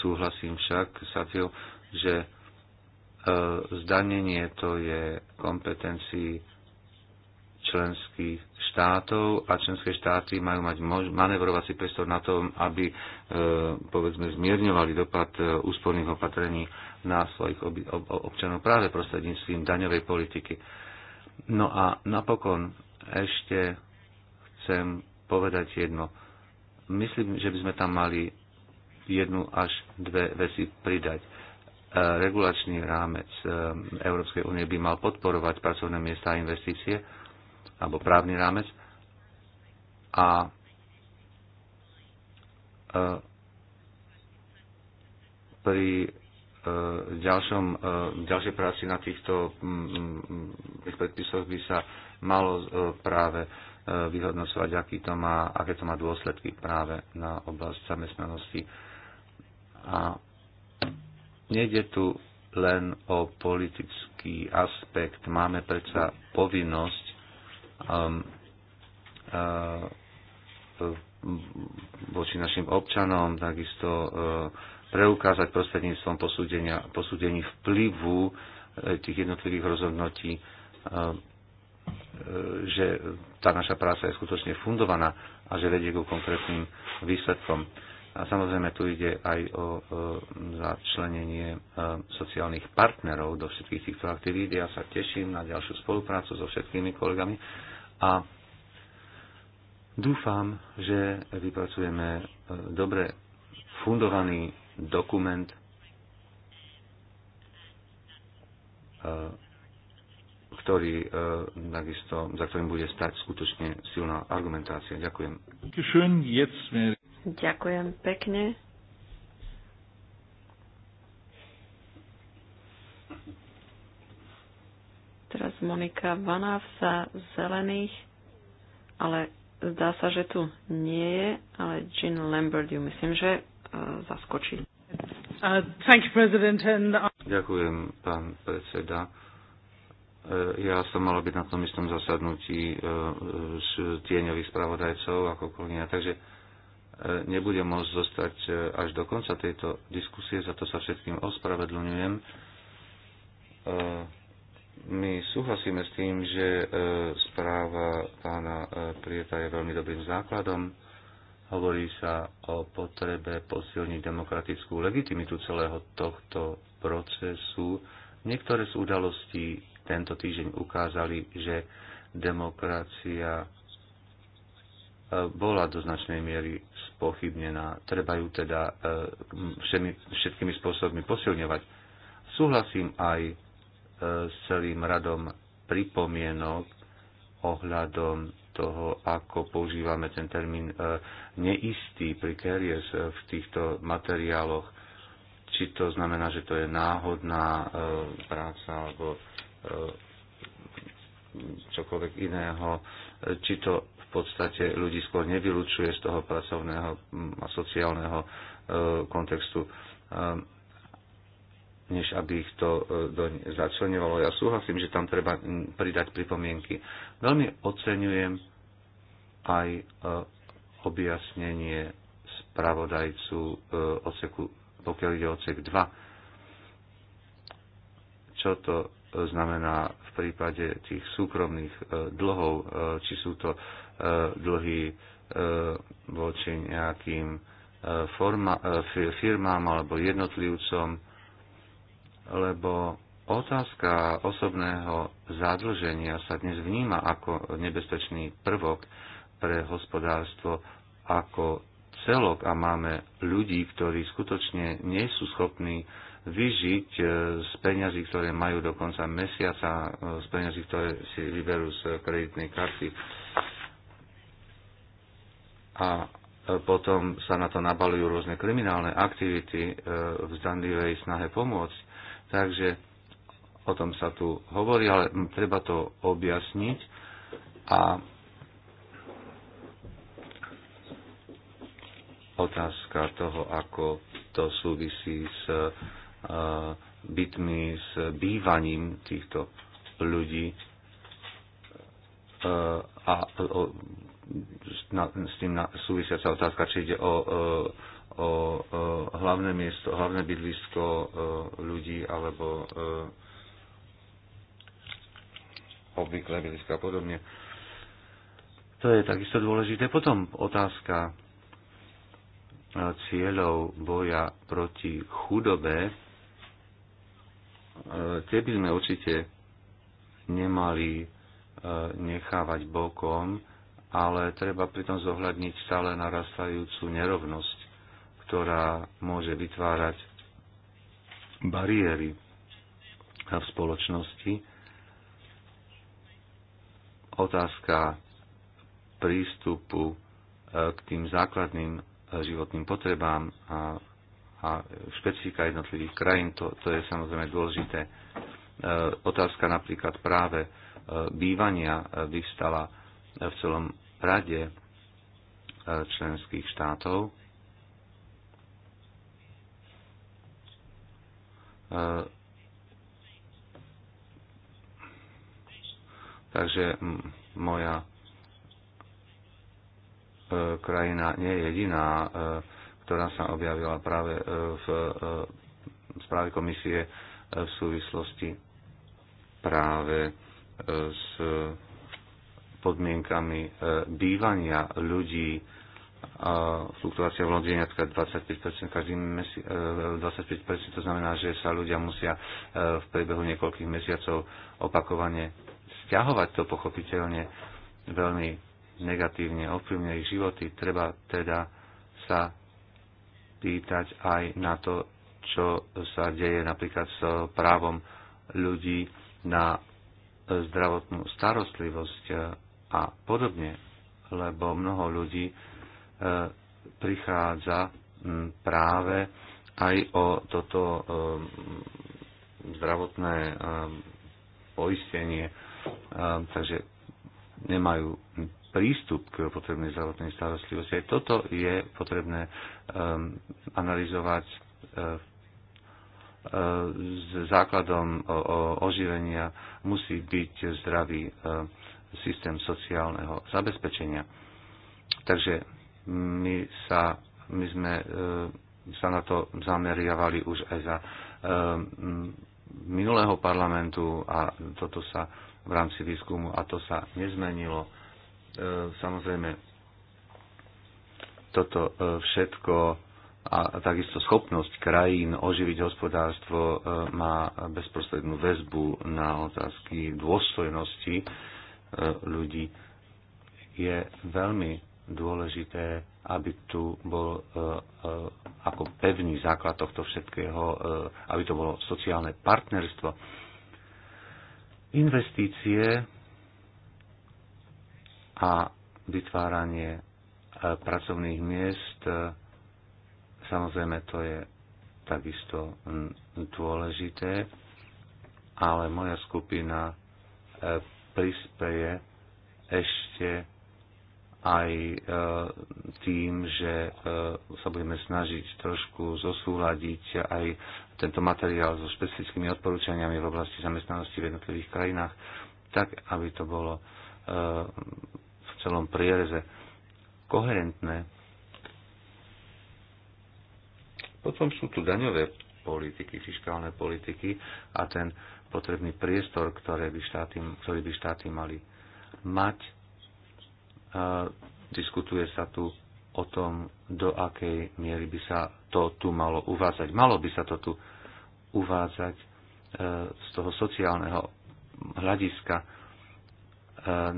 Súhlasím však Satio, že e, zdanenie to je kompetencii členských štátov a členské štáty majú mať manevrovací priestor na tom, aby e, povedzme zmierňovali dopad e, úsporných opatrení na svojich občanov práve prostredníctvom daňovej politiky. No a napokon ešte chcem povedať jedno. Myslím, že by sme tam mali jednu až dve veci pridať e, regulačný rámec Európskej únie by mal podporovať pracovné miesta a investície alebo právny rámec. A e, pri e, ďalšom, e, ďalšej práci na týchto predpisoch by sa malo práve vyhodnocovať, aký to má, aké to má dôsledky práve na oblasť zamestnanosti. A nejde tu len o politický aspekt. Máme predsa povinnosť Um, uh, voči našim občanom, takisto uh, preukázať prostredníctvom posúdenia, posúdení vplyvu uh, tých jednotlivých rozhodnotí, že tá naša práca je skutočne fundovaná a že vedie ku konkrétnym výsledkom. A samozrejme tu ide aj o e, začlenenie e, sociálnych partnerov do všetkých týchto aktivít. Ja sa teším na ďalšiu spoluprácu so všetkými kolegami a dúfam, že vypracujeme e, dobre fundovaný dokument e, ktorý takisto, e, za ktorým bude stať skutočne silná argumentácia. Ďakujem. Ďakujem pekne. Teraz Monika Vanáv sa zelených, ale zdá sa, že tu nie je, ale Jean Lambert ju myslím, že e, zaskočí. Uh, thank you, President. And... Uh, Ďakujem, pán predseda. E, ja som mal byť na tom istom zasadnutí e, s tieňových spravodajcov ako kolegyňa, takže nebude môcť zostať e, až do konca tejto diskusie, za to sa všetkým ospravedlňujem. E, my súhlasíme s tým, že e, správa pána Prieta je veľmi dobrým základom. Hovorí sa o potrebe posilniť demokratickú legitimitu celého tohto procesu. Niektoré z udalostí tento týždeň ukázali, že demokracia bola do značnej miery spochybnená. Treba ju teda e, všemi, všetkými spôsobmi posilňovať. Súhlasím aj e, s celým radom pripomienok ohľadom toho, ako používame ten termín e, neistý, precarious v týchto materiáloch. Či to znamená, že to je náhodná práca alebo čokoľvek iného, či to podstate ľudí skôr nevylučuje z toho pracovného a sociálneho e, kontextu, e, než aby ich to e, začlenovalo. Ja súhlasím, že tam treba pridať pripomienky. Veľmi oceňujem aj objasnenie spravodajcu oceku, pokiaľ ide ocek 2. Čo to znamená v prípade tých súkromných dlhov, či sú to E, dlhy e, voči nejakým e, forma, firmám alebo jednotlivcom, lebo otázka osobného zadlženia sa dnes vníma ako nebezpečný prvok pre hospodárstvo ako celok a máme ľudí, ktorí skutočne nie sú schopní vyžiť z peňazí, ktoré majú do konca mesiaca, z peňazí, ktoré si vyberú z kreditnej karty a e, potom sa na to nabalujú rôzne kriminálne aktivity e, v zdanlivej snahe pomôcť. Takže o tom sa tu hovorí, ale treba to objasniť a otázka toho, ako to súvisí s e, bytmi, s bývaním týchto ľudí a s tým súvisiaca otázka, či ide o, o, o hlavné miesto, hlavné bydlisko ľudí alebo obvyklé bydlisko a podobne. To je takisto dôležité. Potom otázka e, cieľov boja proti chudobe. E, tie by sme určite nemali e, nechávať bokom ale treba pritom zohľadniť stále narastajúcu nerovnosť, ktorá môže vytvárať bariéry v spoločnosti. Otázka prístupu e, k tým základným e, životným potrebám a, a špecifika jednotlivých krajín, to, to je samozrejme dôležité. E, otázka napríklad práve bývania vyvstala v celom Rade e, členských štátov e, Takže moja e, krajina nie je jediná, ktorá sa objavila práve v správe komisie v súvislosti práve s podmienkami e, bývania ľudí, e, fluktuácia v Londýne napríklad 25%, každý mesi, 25%, e, to znamená, že sa ľudia musia v priebehu niekoľkých mesiacov opakovane stiahovať, to pochopiteľne veľmi negatívne ovplyvňuje ich životy. Treba teda sa pýtať aj na to, čo sa deje napríklad s právom ľudí na zdravotnú starostlivosť a podobne, lebo mnoho ľudí e, prichádza práve aj o toto e, zdravotné e, poistenie, takže nemajú prístup k potrebnej zdravotnej starostlivosti. Aj toto je potrebné analyzovať s základom oživenia musí byť zdravý systém sociálneho zabezpečenia. Takže my, sa, my sme e, sa na to zameriavali už aj za e, minulého parlamentu a toto sa v rámci výskumu a to sa nezmenilo. E, samozrejme, toto e, všetko a takisto schopnosť krajín oživiť hospodárstvo e, má bezprostrednú väzbu na otázky dôstojnosti ľudí. Je veľmi dôležité, aby tu bol e, e, ako pevný základ tohto všetkého, e, aby to bolo sociálne partnerstvo. Investície a vytváranie pracovných miest, samozrejme to je takisto dôležité, ale moja skupina prispeje ešte aj e, tým, že e, sa budeme snažiť trošku zosúľadiť aj tento materiál so špecifickými odporúčaniami v oblasti zamestnanosti v jednotlivých krajinách, tak aby to bolo e, v celom priereze koherentné. Potom sú tu daňové politiky, fiskálne politiky a ten potrebný priestor, ktoré by štáty, ktorý by štáty mali mať. Diskutuje sa tu o tom, do akej miery by sa to tu malo uvádzať. Malo by sa to tu uvádzať e, z toho sociálneho hľadiska, e,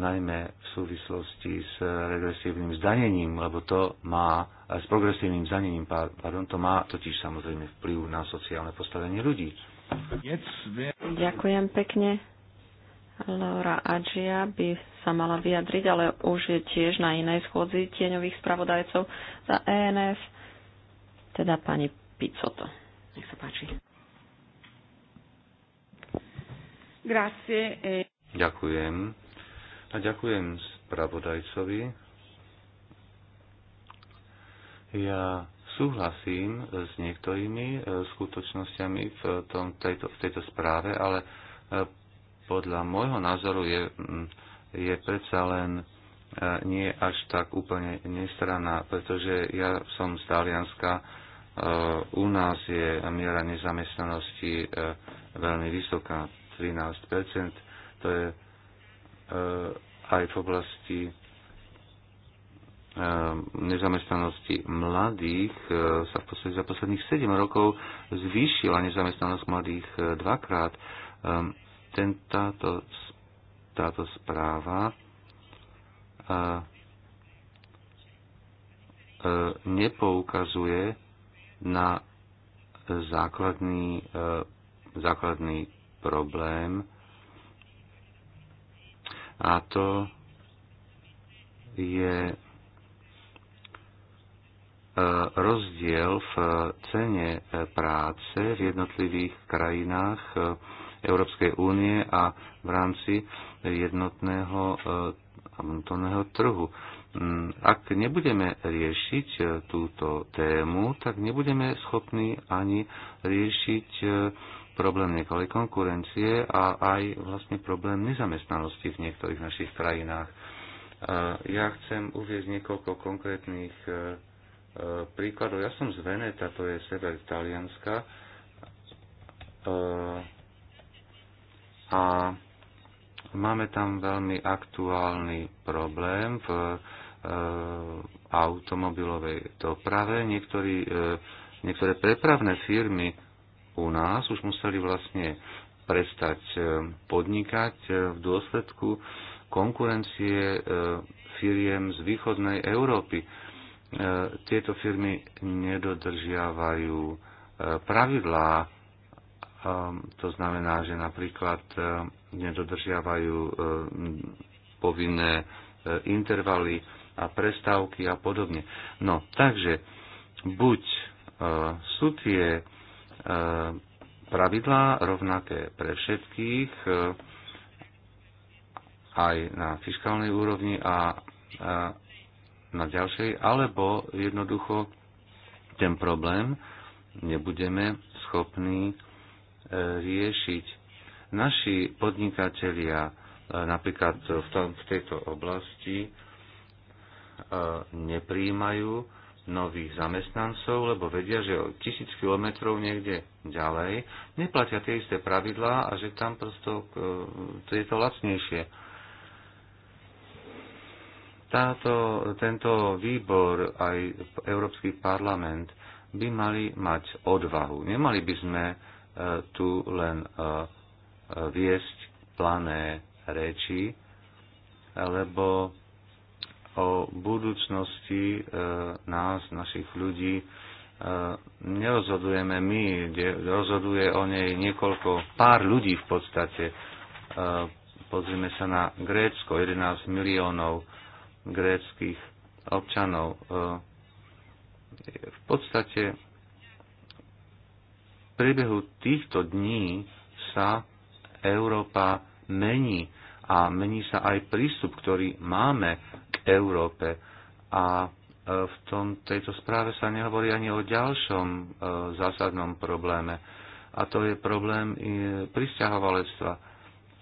najmä v súvislosti s regresívnym zdanením, lebo to má, s progresívnym zdanením, pardon, to má totiž samozrejme vplyv na sociálne postavenie ľudí. Ďakujem pekne. Laura Adžia by sa mala vyjadriť, ale už je tiež na inej schôdzi tieňových spravodajcov za ENF, teda pani Picoto. Nech sa páči. Grazie. E- ďakujem. A ďakujem spravodajcovi. Ja Súhlasím s niektorými e, skutočnosťami v, tom, tejto, v tejto správe, ale e, podľa môjho názoru je, je predsa len e, nie až tak úplne nestranná, pretože ja som z Talianska, u nás je miera nezamestnanosti veľmi vysoká, 13%, to je aj v oblasti Ehm, nezamestnanosti mladých e, sa v podstate za posledných 7 rokov zvýšila nezamestnanosť mladých e, dvakrát. Ehm, ten, táto, táto správa e, nepoukazuje na základný, základný problém a to je rozdiel v e, cene e, práce v jednotlivých krajinách e, Európskej únie a v rámci jednotného vnútorného trhu. Mm, ak nebudeme riešiť túto tému, tak nebudeme schopní ani riešiť problém nekalej konkurencie a aj vlastne problém nezamestnanosti v niektorých našich krajinách. Ja chcem uvieť niekoľko konkrétnych príkladov. Ja som z Veneta, to je sever Talianska. A máme tam veľmi aktuálny problém v eh, automobilovej doprave. Niektorí, eh, niektoré prepravné firmy u nás už museli vlastne prestať eh, podnikať v dôsledku konkurencie firiem z východnej Európy E, tieto firmy nedodržiavajú e, pravidlá, e, to znamená, že napríklad nedodržiavajú povinné intervaly a prestávky a podobne. No, takže buď sú tie pravidlá rovnaké pre všetkých, aj na fiskálnej úrovni a na ďalšej, alebo jednoducho ten problém nebudeme schopní e, riešiť. Naši podnikatelia e, napríklad v, tom, v tejto oblasti e, nepríjmajú nových zamestnancov, lebo vedia, že o tisíc kilometrov niekde ďalej neplatia tie isté pravidlá a že tam prosto je to lacnejšie. Táto, tento výbor aj Európsky parlament by mali mať odvahu. Nemali by sme e, tu len e, e, viesť plané reči, lebo o budúcnosti nás, našich ľudí, nerozhodujeme my, rozhoduje o nej niekoľko, pár ľudí v podstate. Pozrime sa na Grécko, 11 miliónov gréckých občanov. E, v podstate v priebehu týchto dní sa Európa mení a mení sa aj prístup, ktorý máme k Európe. A e, v tom, tejto správe sa nehovorí ani o ďalšom e, zásadnom probléme. A to je problém pristahovalectva.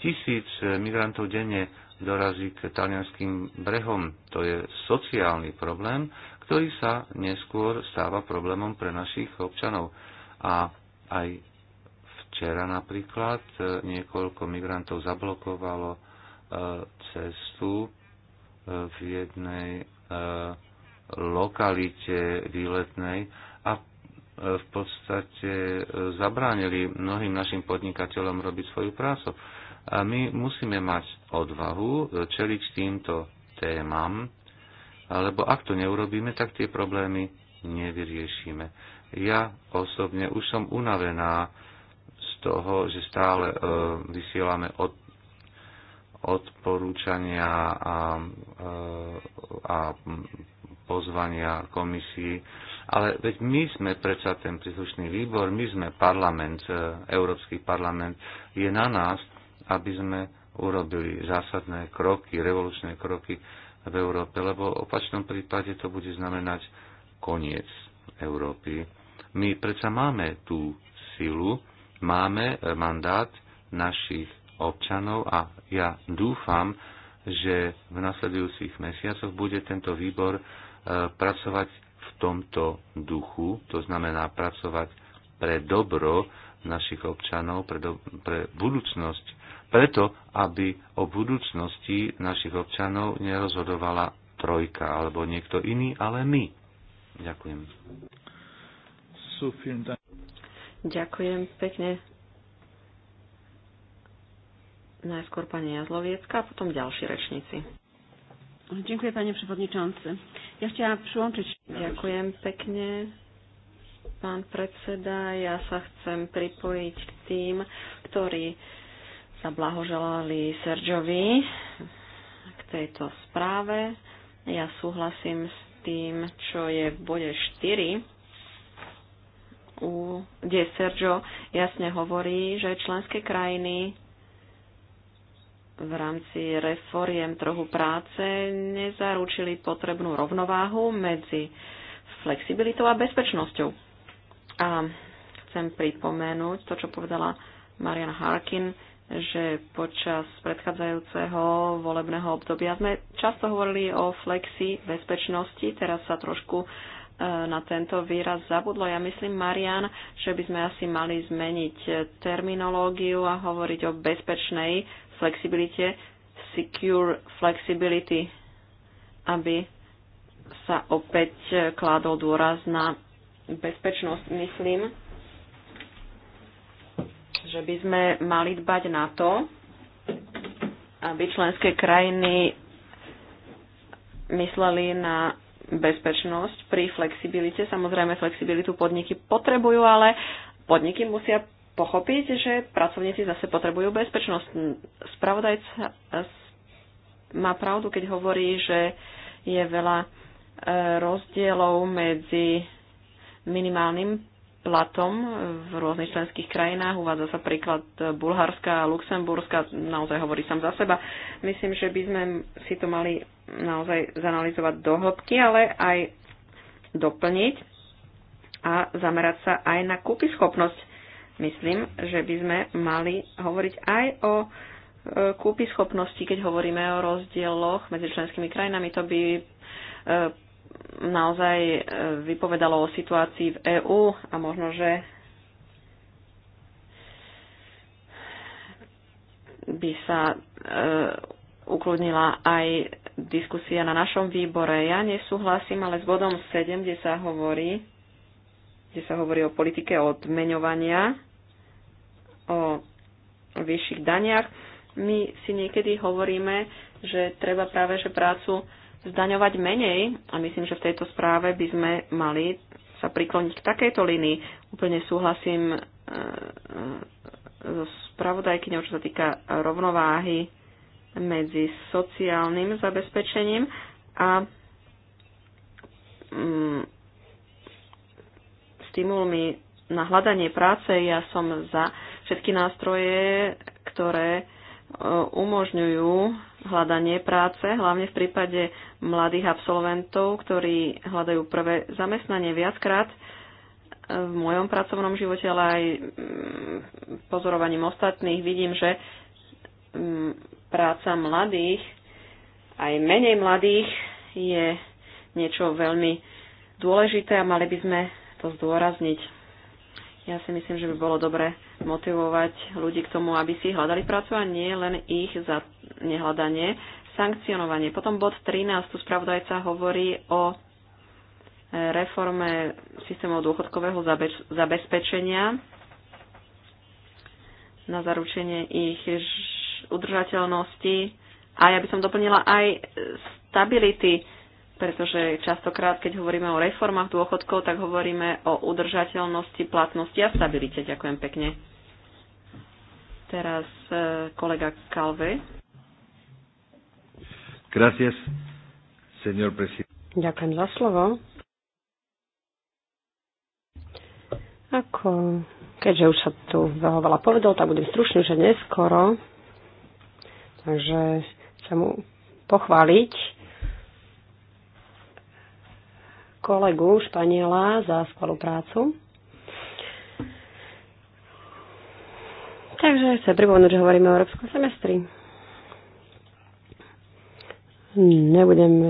Tisíc migrantov denne dorazí k talianským brehom. To je sociálny problém, ktorý sa neskôr stáva problémom pre našich občanov. A aj včera napríklad e, niekoľko migrantov zablokovalo e, cestu e, v jednej lokalite výletnej a v podstate zabránili mnohým našim podnikateľom robiť svoju prácu. A my musíme mať odvahu e, čeliť týmto témam, lebo ak to neurobíme, tak tie problémy nevyriešime. Ja osobne už som unavená z toho, že stále e, vysielame od, odporúčania a, a, e, a pozvania komisii. Ale veď my sme predsa ten príslušný výbor, my sme parlament, e, Európsky parlament. Je na nás, aby sme urobili zásadné kroky, revolučné kroky v Európe, lebo v opačnom prípade to bude znamenať koniec Európy. My predsa máme tú silu, máme mandát našich občanov a ja dúfam, že v nasledujúcich mesiacoch bude tento výbor e, pracovať v tomto duchu, to znamená pracovať pre dobro našich občanov, pre, do, pre budúcnosť preto, aby o budúcnosti našich občanov nerozhodovala trojka alebo niekto iný, ale my. Ďakujem. Ďakujem pekne. Najskôr pani Jazloviecka a potom ďalší rečníci. Ďakujem, pani przewodniczący. Ja chciałam przyłączyć Ďakujem pekne, pán predseda. Ja sa chcem pripojiť k tým, ktorí blahoželali Sergiovi k tejto správe. Ja súhlasím s tým, čo je v bode 4, kde Sergio jasne hovorí, že členské krajiny v rámci reforiem trhu práce nezaručili potrebnú rovnováhu medzi flexibilitou a bezpečnosťou. A chcem pripomenúť to, čo povedala Marian Harkin, že počas predchádzajúceho volebného obdobia sme často hovorili o flexi bezpečnosti, teraz sa trošku e, na tento výraz zabudlo. Ja myslím, Marian, že by sme asi mali zmeniť terminológiu a hovoriť o bezpečnej flexibilite, secure flexibility, aby sa opäť kládol dôraz na bezpečnosť, myslím že by sme mali dbať na to, aby členské krajiny mysleli na bezpečnosť pri flexibilite. Samozrejme, flexibilitu podniky potrebujú, ale podniky musia pochopiť, že pracovníci zase potrebujú bezpečnosť. Spravodajca má pravdu, keď hovorí, že je veľa e, rozdielov medzi minimálnym platom v rôznych členských krajinách. Uvádza sa príklad Bulharska a Luxemburska, naozaj hovorí sám za seba. Myslím, že by sme si to mali naozaj zanalizovať do hĺbky, ale aj doplniť a zamerať sa aj na kúpyschopnosť. Myslím, že by sme mali hovoriť aj o e, kúpyschopnosti, keď hovoríme o rozdieloch medzi členskými krajinami. To by e, naozaj e, vypovedalo o situácii v EÚ a možno, že by sa e, ukludnila aj diskusia na našom výbore. Ja nesúhlasím, ale s bodom 7, kde sa hovorí, kde sa hovorí o politike odmeňovania, o vyšších daniach. My si niekedy hovoríme, že treba práve že prácu zdaňovať menej a myslím, že v tejto správe by sme mali sa prikloniť k takejto línii. Úplne súhlasím e, e, so spravodajkyňou, čo sa týka rovnováhy medzi sociálnym zabezpečením a mm, stimulmi na hľadanie práce. Ja som za všetky nástroje, ktoré e, umožňujú hľadanie práce, hlavne v prípade mladých absolventov, ktorí hľadajú prvé zamestnanie viackrát v mojom pracovnom živote, ale aj mm, pozorovaním ostatných vidím, že mm, práca mladých, aj menej mladých, je niečo veľmi dôležité a mali by sme to zdôrazniť. Ja si myslím, že by bolo dobre motivovať ľudí k tomu, aby si hľadali prácu a nie len ich za nehľadanie sankcionovanie. Potom bod 13, tu spravodajca hovorí o e, reforme systémov dôchodkového zabezpečenia na zaručenie ich udržateľnosti. A ja by som doplnila aj stability, pretože častokrát, keď hovoríme o reformách dôchodkov, tak hovoríme o udržateľnosti, platnosti a stabilite. Ďakujem pekne. Teraz e, kolega Kalvy. Gracias, señor presidente. Ďakujem za slovo. Ako, keďže už sa tu veľa, veľa povedal, tak budem stručný, že neskoro. Takže chcem mu pochváliť kolegu Španiela za skvelú prácu. Takže chcem pripomenúť, že hovoríme o európskom semestri. Nebudem e,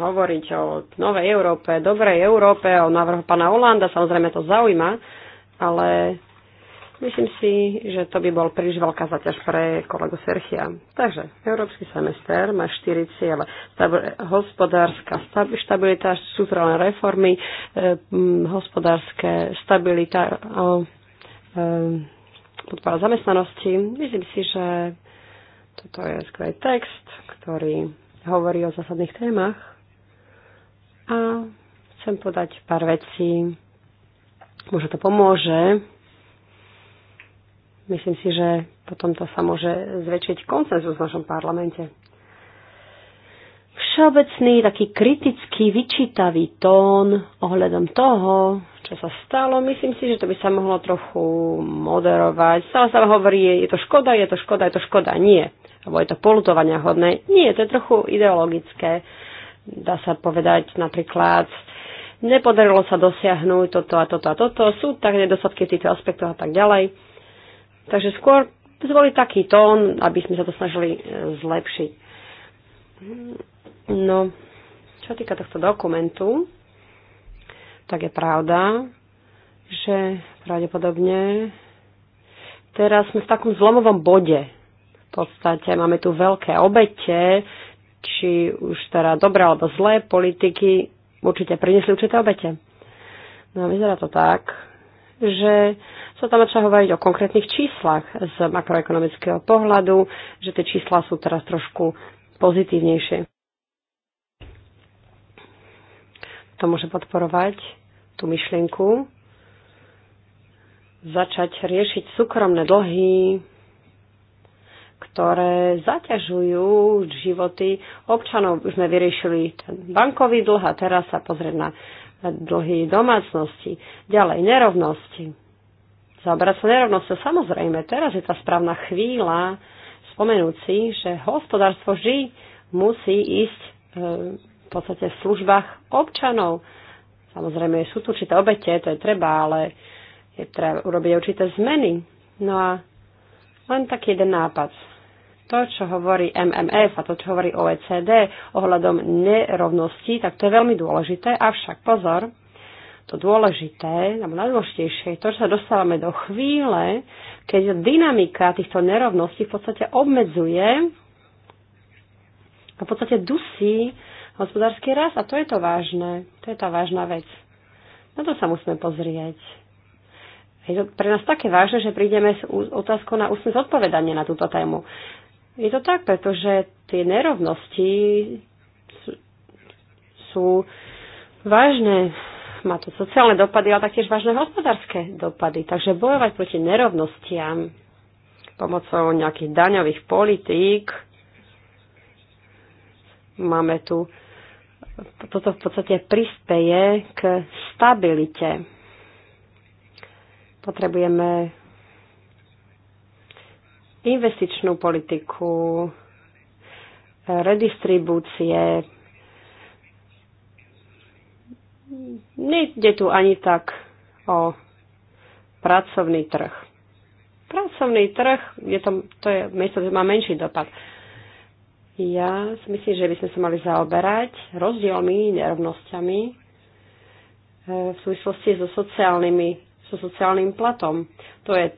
hovoriť o novej Európe, dobrej Európe, o návrhu pána Holanda, samozrejme to zaujíma, ale myslím si, že to by bol príliš veľká zaťaž pre kolegu Serchia. Takže, Európsky semester má štyri ciele. hospodárska stabilita, štruktúrálne reformy, e, hospodárske stabilita, e, podpora zamestnanosti. Myslím si, že toto je skvelý text, ktorý hovorí o zásadných témach. A chcem podať pár vecí. Možno to pomôže. Myslím si, že potom to sa môže zväčšiť koncenzus v našom parlamente. Všeobecný, taký kritický, vyčítavý tón ohľadom toho, čo sa stalo. Myslím si, že to by sa mohlo trochu moderovať. Stále sa hovorí, je to škoda, je to škoda, je to škoda. Nie alebo je to polutovania hodné. Nie, to je trochu ideologické. Dá sa povedať napríklad, nepodarilo sa dosiahnuť toto a toto a toto, sú tak nedostatky v týchto aspektoch a tak ďalej. Takže skôr zvoli taký tón, aby sme sa to snažili e, zlepšiť. No, čo týka tohto dokumentu, tak je pravda, že pravdepodobne teraz sme v takom zlomovom bode podstate máme tu veľké obete, či už teda dobré alebo zlé politiky určite priniesli určité obete. No a vyzerá to tak, že sa tam začal hovoriť o konkrétnych číslach z makroekonomického pohľadu, že tie čísla sú teraz trošku pozitívnejšie. To môže podporovať tú myšlienku, začať riešiť súkromné dlhy ktoré zaťažujú životy občanov. Už sme vyriešili ten bankový dlh a teraz sa pozrieť na dlhy domácnosti. Ďalej, nerovnosti. Zabrať sa nerovnosti. Samozrejme, teraz je tá správna chvíľa spomenúť si, že hospodárstvo vždy musí ísť e, v podstate v službách občanov. Samozrejme, sú tu určité obete, to je treba, ale je treba urobiť určité zmeny. No a len taký jeden nápad. To, čo hovorí MMF a to, čo hovorí OECD ohľadom nerovností, tak to je veľmi dôležité. Avšak pozor, to dôležité, alebo najdôležitejšie je to, že sa dostávame do chvíle, keď dynamika týchto nerovností v podstate obmedzuje a v podstate dusí hospodársky rast a to je to vážne, to je tá vážna vec. Na to sa musíme pozrieť je to pre nás také vážne, že prídeme s otázkou na ústne zodpovedanie na túto tému. Je to tak, pretože tie nerovnosti sú, sú vážne. Má to sociálne dopady, ale taktiež vážne hospodárske dopady. Takže bojovať proti nerovnostiam pomocou nejakých daňových politík. Máme tu, toto v podstate prispeje k stabilite Potrebujeme investičnú politiku, redistribúcie. Nejde tu ani tak o pracovný trh. Pracovný trh, je to, to je miesto, kde má menší dopad. Ja si myslím, že by sme sa mali zaoberať rozdielmi, nerovnosťami e, v súvislosti so sociálnymi so sociálnym platom. To je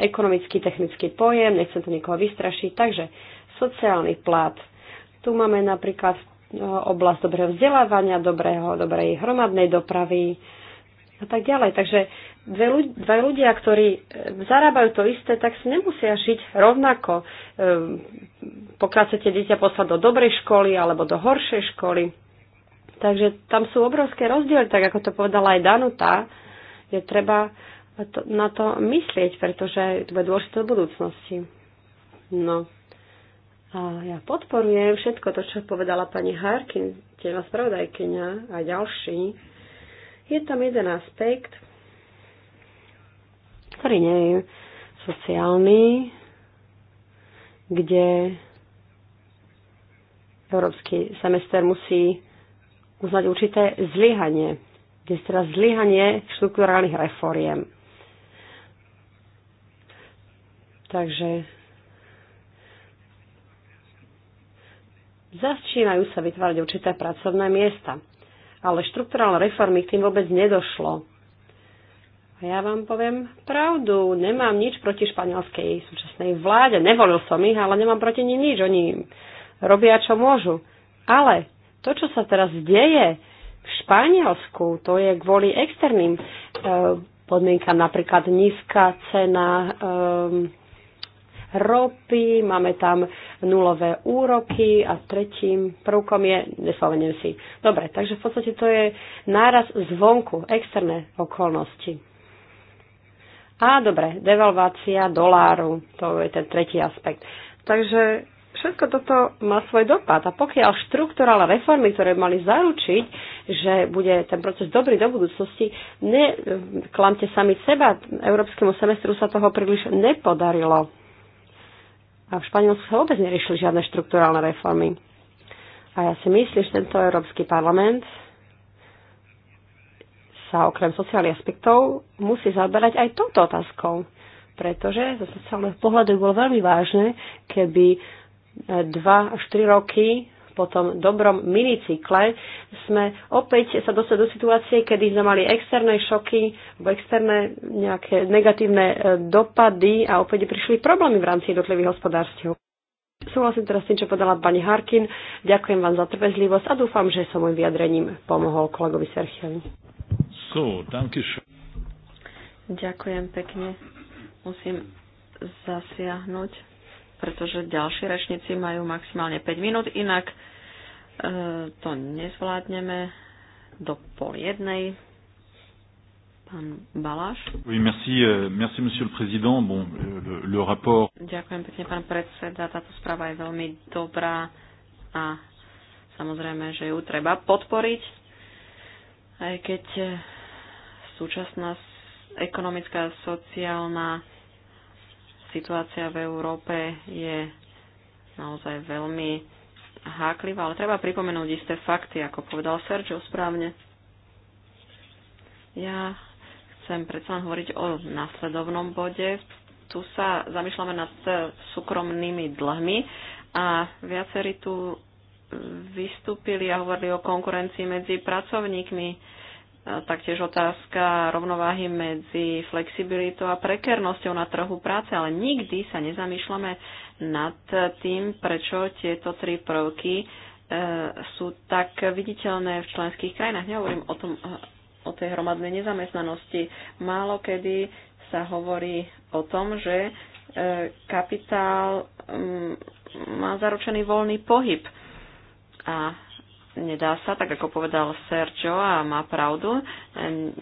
ekonomický, technický pojem, nechcem to nikoho vystrašiť. Takže sociálny plat. Tu máme napríklad e, oblasť dobrého vzdelávania, dobrého, dobrej hromadnej dopravy a tak ďalej. Takže dve, ľudia, dva ľudia, ktorí e, zarábajú to isté, tak si nemusia žiť rovnako. E, pokiaľ chcete dieťa poslať do dobrej školy alebo do horšej školy. Takže tam sú obrovské rozdiely, tak ako to povedala aj Danuta je treba to, na to myslieť, pretože to bude dôležité v budúcnosti. No. A ja podporujem všetko to, čo povedala pani Harkin, tieľa spravodajkyňa a ďalší. Je tam jeden aspekt, ktorý nie je sociálny, kde európsky semester musí uznať určité zlyhanie je teraz zlyhanie štruktúrálnych reforiem. Takže začínajú sa vytvárať určité pracovné miesta. Ale štruktúrálne reformy k tým vôbec nedošlo. A ja vám poviem pravdu, nemám nič proti španielskej súčasnej vláde. Nevolil som ich, ale nemám proti nim nič. Oni robia, čo môžu. Ale to, čo sa teraz deje, v Španielsku. To je kvôli externým e, podmienkam, napríklad nízka cena e, ropy, máme tam nulové úroky a tretím prvkom je, neslovením si. Dobre, takže v podstate to je náraz zvonku, externé okolnosti. A dobre, devalvácia doláru, to je ten tretí aspekt. Takže všetko toto má svoj dopad. A pokiaľ štruktúrala reformy, ktoré mali zaručiť, že bude ten proces dobrý do budúcnosti, neklamte sami seba. Európskemu semestru sa toho príliš nepodarilo. A v Španielsku sa vôbec neriešili žiadne štruktúrálne reformy. A ja si myslím, že tento Európsky parlament sa okrem sociálnych aspektov musí zaberať aj touto otázkou pretože zo sociálneho pohľadu bolo veľmi vážne, keby 2 až 3 roky po tom dobrom minicykle sme opäť sa dostali do situácie, kedy sme mali externé šoky alebo externé nejaké negatívne e, dopady a opäť prišli problémy v rámci jednotlivých hospodárstiev. Súhlasím teraz s tým, čo podala pani Harkin. Ďakujem vám za trpezlivosť a dúfam, že som môj vyjadrením pomohol kolegovi Serchiovi. So, Ďakujem pekne. Musím zasiahnuť pretože ďalší rečníci majú maximálne 5 minút, inak e, to nezvládneme do pol jednej. Pán Baláš. Oui, merci, e, merci, monsieur le président. Bon, e, le, le rapport... Ďakujem pekne, pán predseda. Táto správa je veľmi dobrá a samozrejme, že ju treba podporiť, aj keď e, súčasná ekonomická sociálna Situácia v Európe je naozaj veľmi háklivá, ale treba pripomenúť isté fakty, ako povedal Sergio správne. Ja chcem predsa hovoriť o následovnom bode. Tu sa zamýšľame nad súkromnými dlhmi a viacerí tu vystúpili a hovorili o konkurencii medzi pracovníkmi taktiež otázka rovnováhy medzi flexibilitou a prekernosťou na trhu práce, ale nikdy sa nezamýšľame nad tým, prečo tieto tri prvky e, sú tak viditeľné v členských krajinách. Nehovorím o, tom, o tej hromadnej nezamestnanosti. Málo kedy sa hovorí o tom, že e, kapitál má zaručený voľný pohyb. A nedá sa, tak ako povedal Sergio a má pravdu,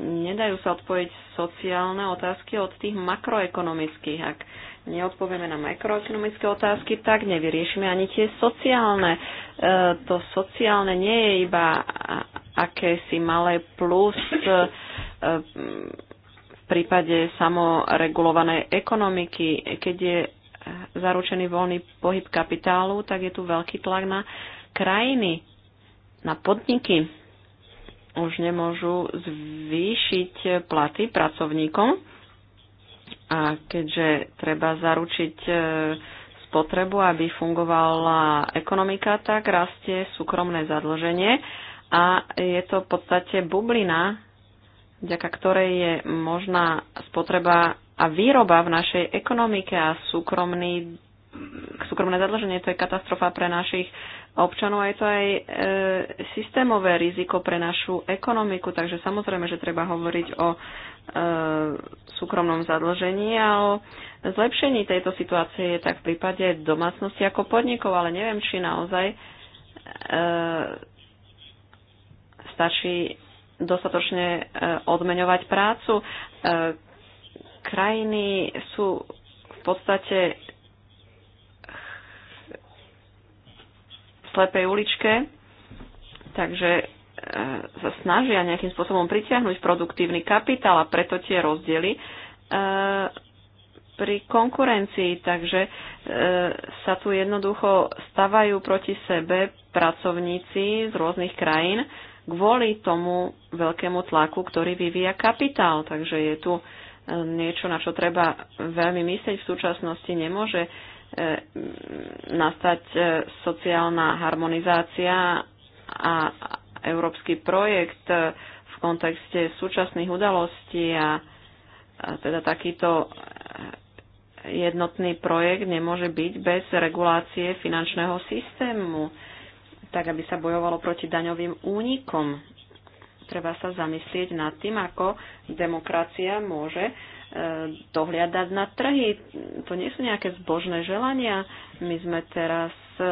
nedajú sa odpojiť sociálne otázky od tých makroekonomických. Ak neodpovieme na makroekonomické otázky, tak nevyriešime ani tie sociálne. E, to sociálne nie je iba akési malé plus e, v prípade samoregulovanej ekonomiky, keď je zaručený voľný pohyb kapitálu, tak je tu veľký tlak na krajiny na podniky. Už nemôžu zvýšiť platy pracovníkom a keďže treba zaručiť e, spotrebu, aby fungovala ekonomika, tak rastie súkromné zadlženie a je to v podstate bublina, vďaka ktorej je možná spotreba a výroba v našej ekonomike a súkromný súkromné zadlženie. To je katastrofa pre našich občanov a je to aj e, systémové riziko pre našu ekonomiku. Takže samozrejme, že treba hovoriť o e, súkromnom zadlžení a o zlepšení tejto situácie je tak v prípade domácnosti ako podnikov, ale neviem, či naozaj e, stačí dostatočne e, odmeňovať prácu. E, krajiny sú v podstate slepej uličke, takže e, sa snažia nejakým spôsobom pritiahnuť produktívny kapitál a preto tie rozdiely e, pri konkurencii, takže e, sa tu jednoducho stavajú proti sebe pracovníci z rôznych krajín kvôli tomu veľkému tlaku, ktorý vyvíja kapitál. Takže je tu niečo, na čo treba veľmi myslieť v súčasnosti. Nemôže E, nastať e, sociálna harmonizácia a európsky projekt e, v kontexte súčasných udalostí a, teda takýto jednotný projekt nemôže byť bez regulácie finančného systému, tak aby sa bojovalo proti daňovým únikom. Treba sa zamyslieť nad tým, ako demokracia môže dohliadať na trhy. To nie sú nejaké zbožné želania. My sme teraz e,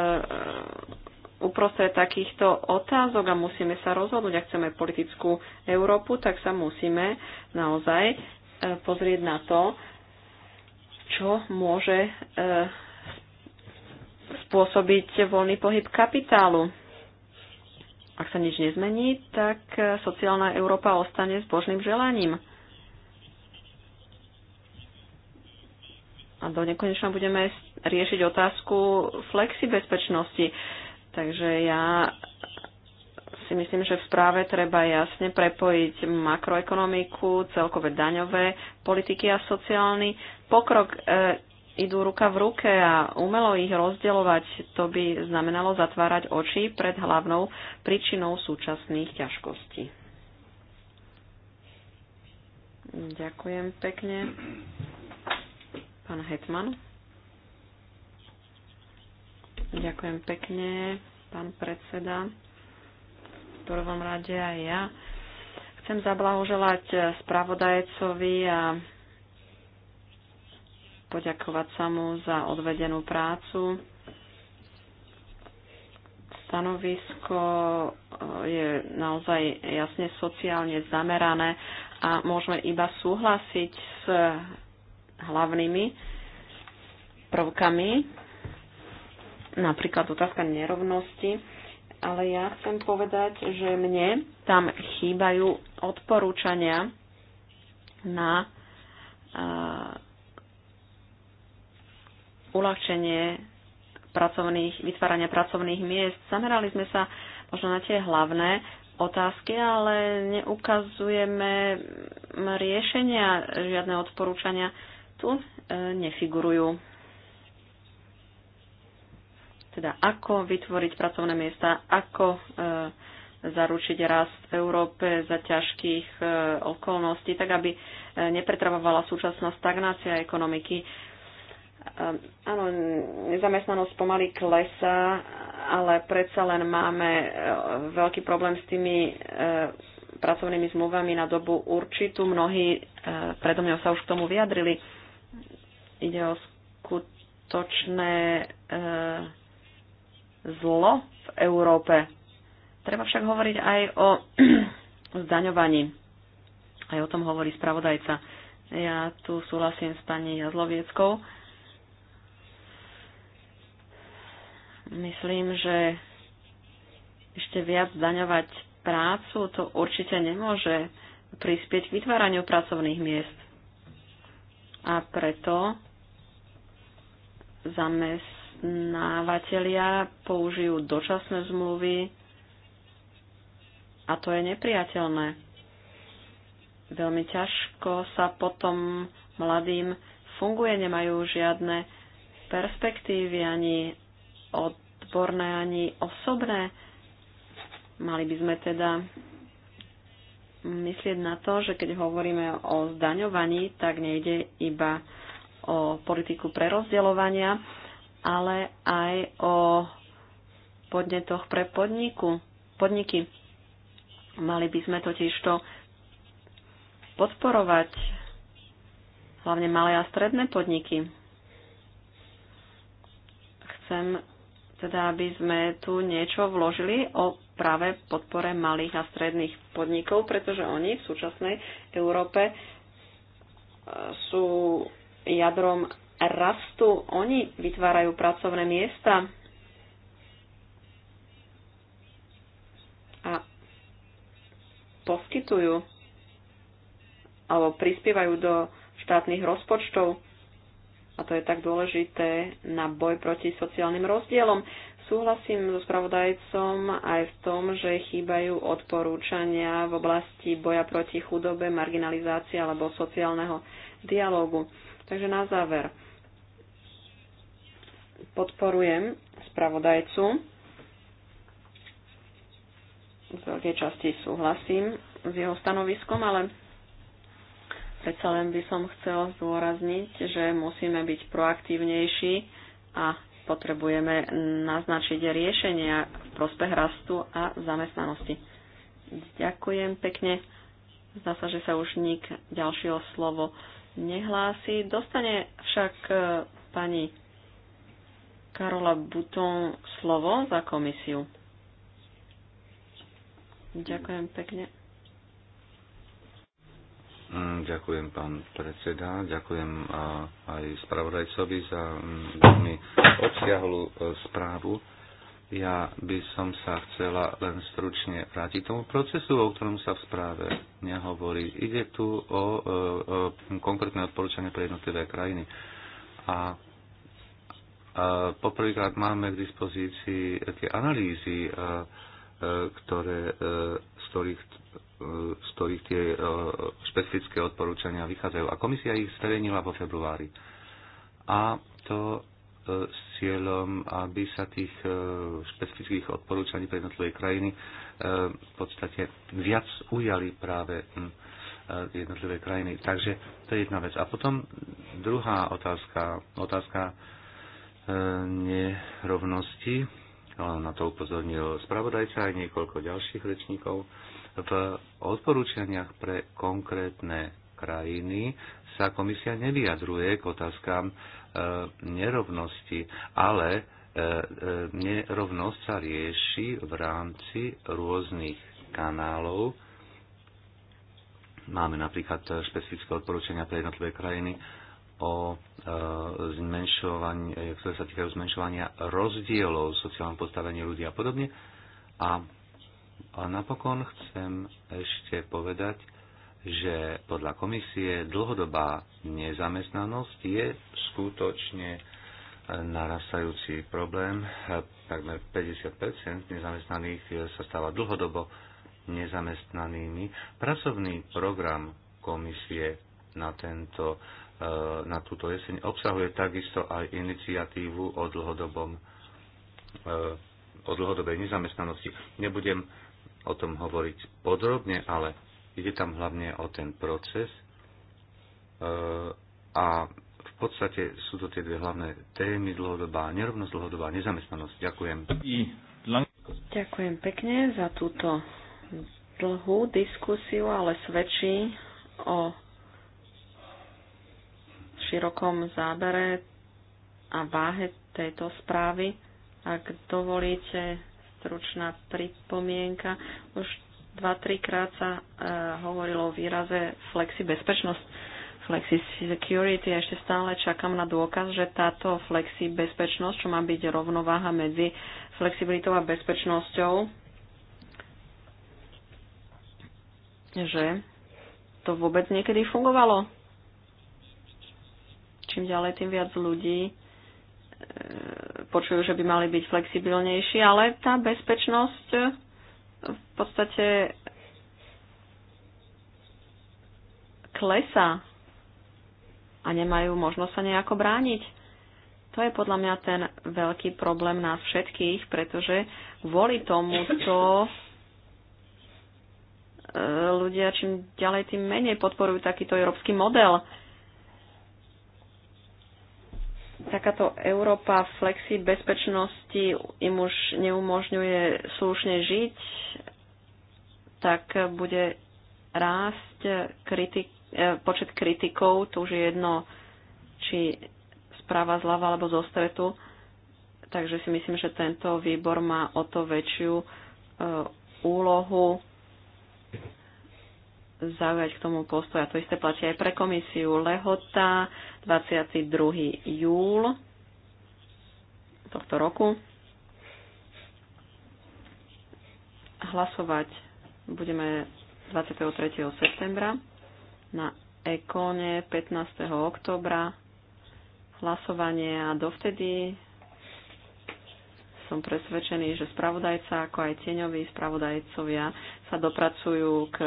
uprostred takýchto otázok a musíme sa rozhodnúť, ak chceme politickú Európu, tak sa musíme naozaj e, pozrieť na to, čo môže e, spôsobiť voľný pohyb kapitálu. Ak sa nič nezmení, tak sociálna Európa ostane s božným želaním. a do nekonečna budeme riešiť otázku flexibezpečnosti. Takže ja si myslím, že v správe treba jasne prepojiť makroekonomiku, celkové daňové politiky a sociálny pokrok. E, idú ruka v ruke a umelo ich rozdeľovať, to by znamenalo zatvárať oči pred hlavnou príčinou súčasných ťažkostí. Ďakujem pekne. Pán Hetman. Ďakujem pekne, pán predseda. V prvom rade aj ja. Chcem zablahoželať spravodajcovi a poďakovať sa mu za odvedenú prácu. Stanovisko eh, je naozaj jasne sociálne zamerané a môžeme iba súhlasiť s hlavnými prvkami, napríklad otázka nerovnosti, ale ja chcem povedať, že mne tam chýbajú odporúčania na uh, uľahčenie pracovných, vytvárania pracovných miest. Zamerali sme sa možno na tie hlavné otázky, ale neukazujeme riešenia, žiadne odporúčania tu e, nefigurujú. Teda ako vytvoriť pracovné miesta, ako e, zaručiť rast v Európe za ťažkých e, okolností, tak aby nepretrvovala súčasná stagnácia ekonomiky. Áno, nezamestnanosť pomaly klesá, ale predsa len máme veľký problém s tými pracovnými zmluvami na dobu určitú. Mnohí predo mňa sa už k tomu vyjadrili ide o skutočné e, zlo v Európe. Treba však hovoriť aj o zdaňovaní. Aj o tom hovorí spravodajca. Ja tu súhlasím s pani Jazlovieckou. Myslím, že ešte viac zdaňovať prácu to určite nemôže prispieť k vytváraniu pracovných miest a preto zamestnávateľia použijú dočasné zmluvy a to je nepriateľné. Veľmi ťažko sa potom mladým funguje, nemajú žiadne perspektívy ani odborné, ani osobné. Mali by sme teda myslieť na to, že keď hovoríme o zdaňovaní, tak nejde iba o politiku prerozdeľovania, ale aj o podnetoch pre podniku, podniky. Mali by sme to podporovať hlavne malé a stredné podniky. Chcem teda, aby sme tu niečo vložili o práve podpore malých a stredných podnikov, pretože oni v súčasnej Európe e, sú jadrom rastu. Oni vytvárajú pracovné miesta a poskytujú alebo prispievajú do štátnych rozpočtov. A to je tak dôležité na boj proti sociálnym rozdielom. Súhlasím so spravodajcom aj v tom, že chýbajú odporúčania v oblasti boja proti chudobe, marginalizácie alebo sociálneho dialógu. Takže na záver podporujem spravodajcu. Z veľkej časti súhlasím s jeho stanoviskom, ale predsa len by som chcel zdôrazniť, že musíme byť proaktívnejší a Potrebujeme naznačiť riešenia v prospech rastu a zamestnanosti. Ďakujem pekne. Zdá sa, že sa už nik ďalšieho slovo nehlási. Dostane však e, pani Karola Buton slovo za komisiu. Ďakujem pekne. Ďakujem, pán predseda. Ďakujem aj spravodajcovi za veľmi obsiahlu e, správu. Ja by som sa chcela len stručne vrátiť tomu procesu, o ktorom sa v správe nehovorí. Ide tu o, o, e, o konkrétne odporúčanie pre jednotlivé krajiny. A poprvýkrát máme k dispozícii tie analýzy, a, ktoré, e, z, ktorých, e, z ktorých tie e, špecifické odporúčania vychádzajú. A komisia ich zverejnila vo februári. A to s cieľom, aby sa tých špecifických odporúčaní pre jednotlivé krajiny v podstate viac ujali práve jednotlivé krajiny. Takže to je jedna vec. A potom druhá otázka, otázka nerovnosti na to upozornil spravodajca aj niekoľko ďalších rečníkov. V odporúčaniach pre konkrétne krajiny sa komisia nevyjadruje k otázkam e, nerovnosti, ale e, e, nerovnosť sa rieši v rámci rôznych kanálov. Máme napríklad špecifické odporúčania pre jednotlivé krajiny o e, zmenšovaní, e, ktoré sa týkajú zmenšovania rozdielov v sociálnom postavení ľudí a podobne. A, a napokon chcem ešte povedať, že podľa komisie dlhodobá nezamestnanosť je skutočne e, narastajúci problém. Takmer 50 nezamestnaných sa stáva dlhodobo nezamestnanými. Pracovný program komisie na tento E, na túto jeseň obsahuje takisto aj iniciatívu o, dlhodobom, e, o dlhodobej nezamestnanosti. Nebudem o tom hovoriť podrobne, ale ide tam hlavne o ten proces e, a v podstate sú to tie dve hlavné témy, dlhodobá nerovnosť, dlhodobá nezamestnanosť. Ďakujem. Ďakujem pekne za túto dlhú diskusiu, ale svedčí o širokom zábere a váhe tejto správy. Ak dovolíte, stručná pripomienka. Už 2-3 krát sa e, hovorilo o výraze flexi bezpečnosť, flexi security. a Ešte stále čakám na dôkaz, že táto flexi bezpečnosť, čo má byť rovnováha medzi flexibilitou a bezpečnosťou, že to vôbec niekedy fungovalo Čím ďalej, tým viac ľudí e, počujú, že by mali byť flexibilnejší, ale tá bezpečnosť e, v podstate klesa a nemajú možnosť sa nejako brániť. To je podľa mňa ten veľký problém nás všetkých, pretože kvôli tomuto e, ľudia čím ďalej tým menej podporujú takýto európsky model. takáto Európa flexi bezpečnosti im už neumožňuje slušne žiť, tak bude rásť kritik, e, počet kritikov, to už je jedno, či správa zľava alebo zo stretu. Takže si myslím, že tento výbor má o to väčšiu e, úlohu zaujať k tomu postoj. A to isté platí aj pre komisiu Lehota 22. júl tohto roku. Hlasovať budeme 23. septembra na ekone 15. oktobra hlasovanie a dovtedy som presvedčený, že spravodajca ako aj tieňoví spravodajcovia sa dopracujú k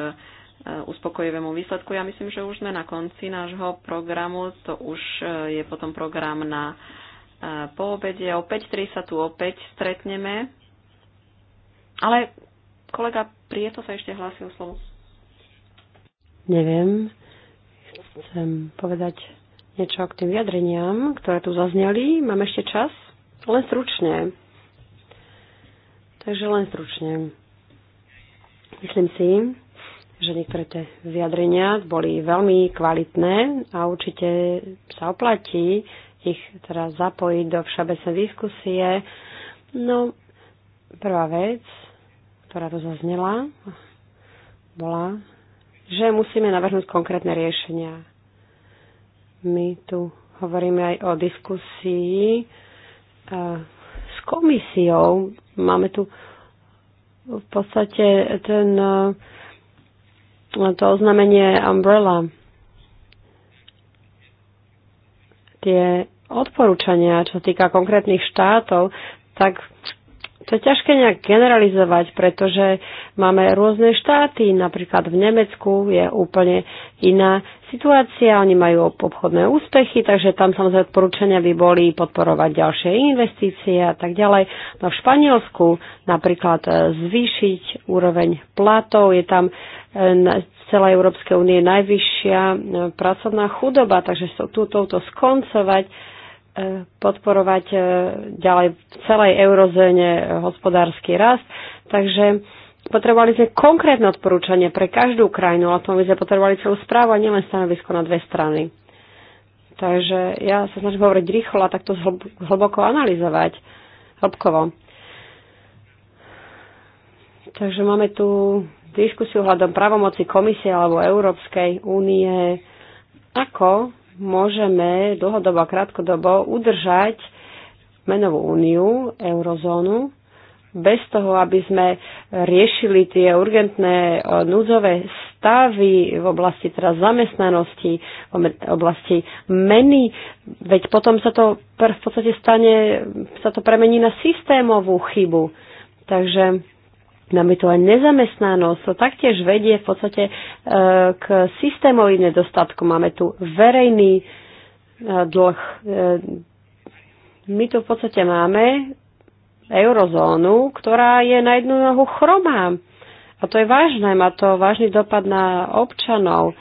Eh, uspokojivému výsledku. Ja myslím, že už sme na konci nášho programu. To už eh, je potom program na eh, poobede. O 5.30 sa tu opäť stretneme. Ale kolega Prieto sa ešte hlásil slovo. Neviem. Chcem povedať niečo k tým vyjadreniam, ktoré tu zazneli. Mám ešte čas? Len stručne. Takže len stručne. Myslím si, že niektoré tie vyjadrenia boli veľmi kvalitné a určite sa oplatí ich teda zapojiť do všeobecnej diskusie. No, prvá vec, ktorá tu zaznela, bola, že musíme navrhnúť konkrétne riešenia. My tu hovoríme aj o diskusii s komisiou. Máme tu v podstate ten to oznámenie Umbrella. Tie odporúčania, čo týka konkrétnych štátov, tak to je ťažké nejak generalizovať, pretože máme rôzne štáty. Napríklad v Nemecku je úplne iná situácia. Oni majú obchodné úspechy, takže tam samozrejme odporúčania by boli podporovať ďalšie investície a tak ďalej. No v Španielsku napríklad e, zvýšiť úroveň platov. Je tam e, z celej Európskej únie najvyššia e, pracovná chudoba, takže sú tu touto skoncovať podporovať e, ďalej v celej eurozóne e, hospodársky rast. Takže potrebovali sme konkrétne odporúčanie pre každú krajinu, A tom by sme potrebovali celú správu a nielen stanovisko na dve strany. Takže ja sa snažím hovoriť rýchlo a takto hlboko analyzovať. hlbkovo. Takže máme tu diskusiu hľadom pravomoci komisie alebo Európskej únie, ako môžeme dlhodobo a krátkodobo udržať menovú úniu, eurozónu, bez toho, aby sme riešili tie urgentné e, núdzové stavy v oblasti teraz zamestnanosti, v oblasti meny, veď potom sa to v podstate stane, sa to premení na systémovú chybu. Takže aj nezamestnanosť to taktiež vedie v podstate e, k systémovým nedostatkom. Máme tu verejný e, dlh. E, my tu v podstate máme eurozónu, ktorá je na jednu nohu chromá. A to je vážne, má to vážny dopad na občanov.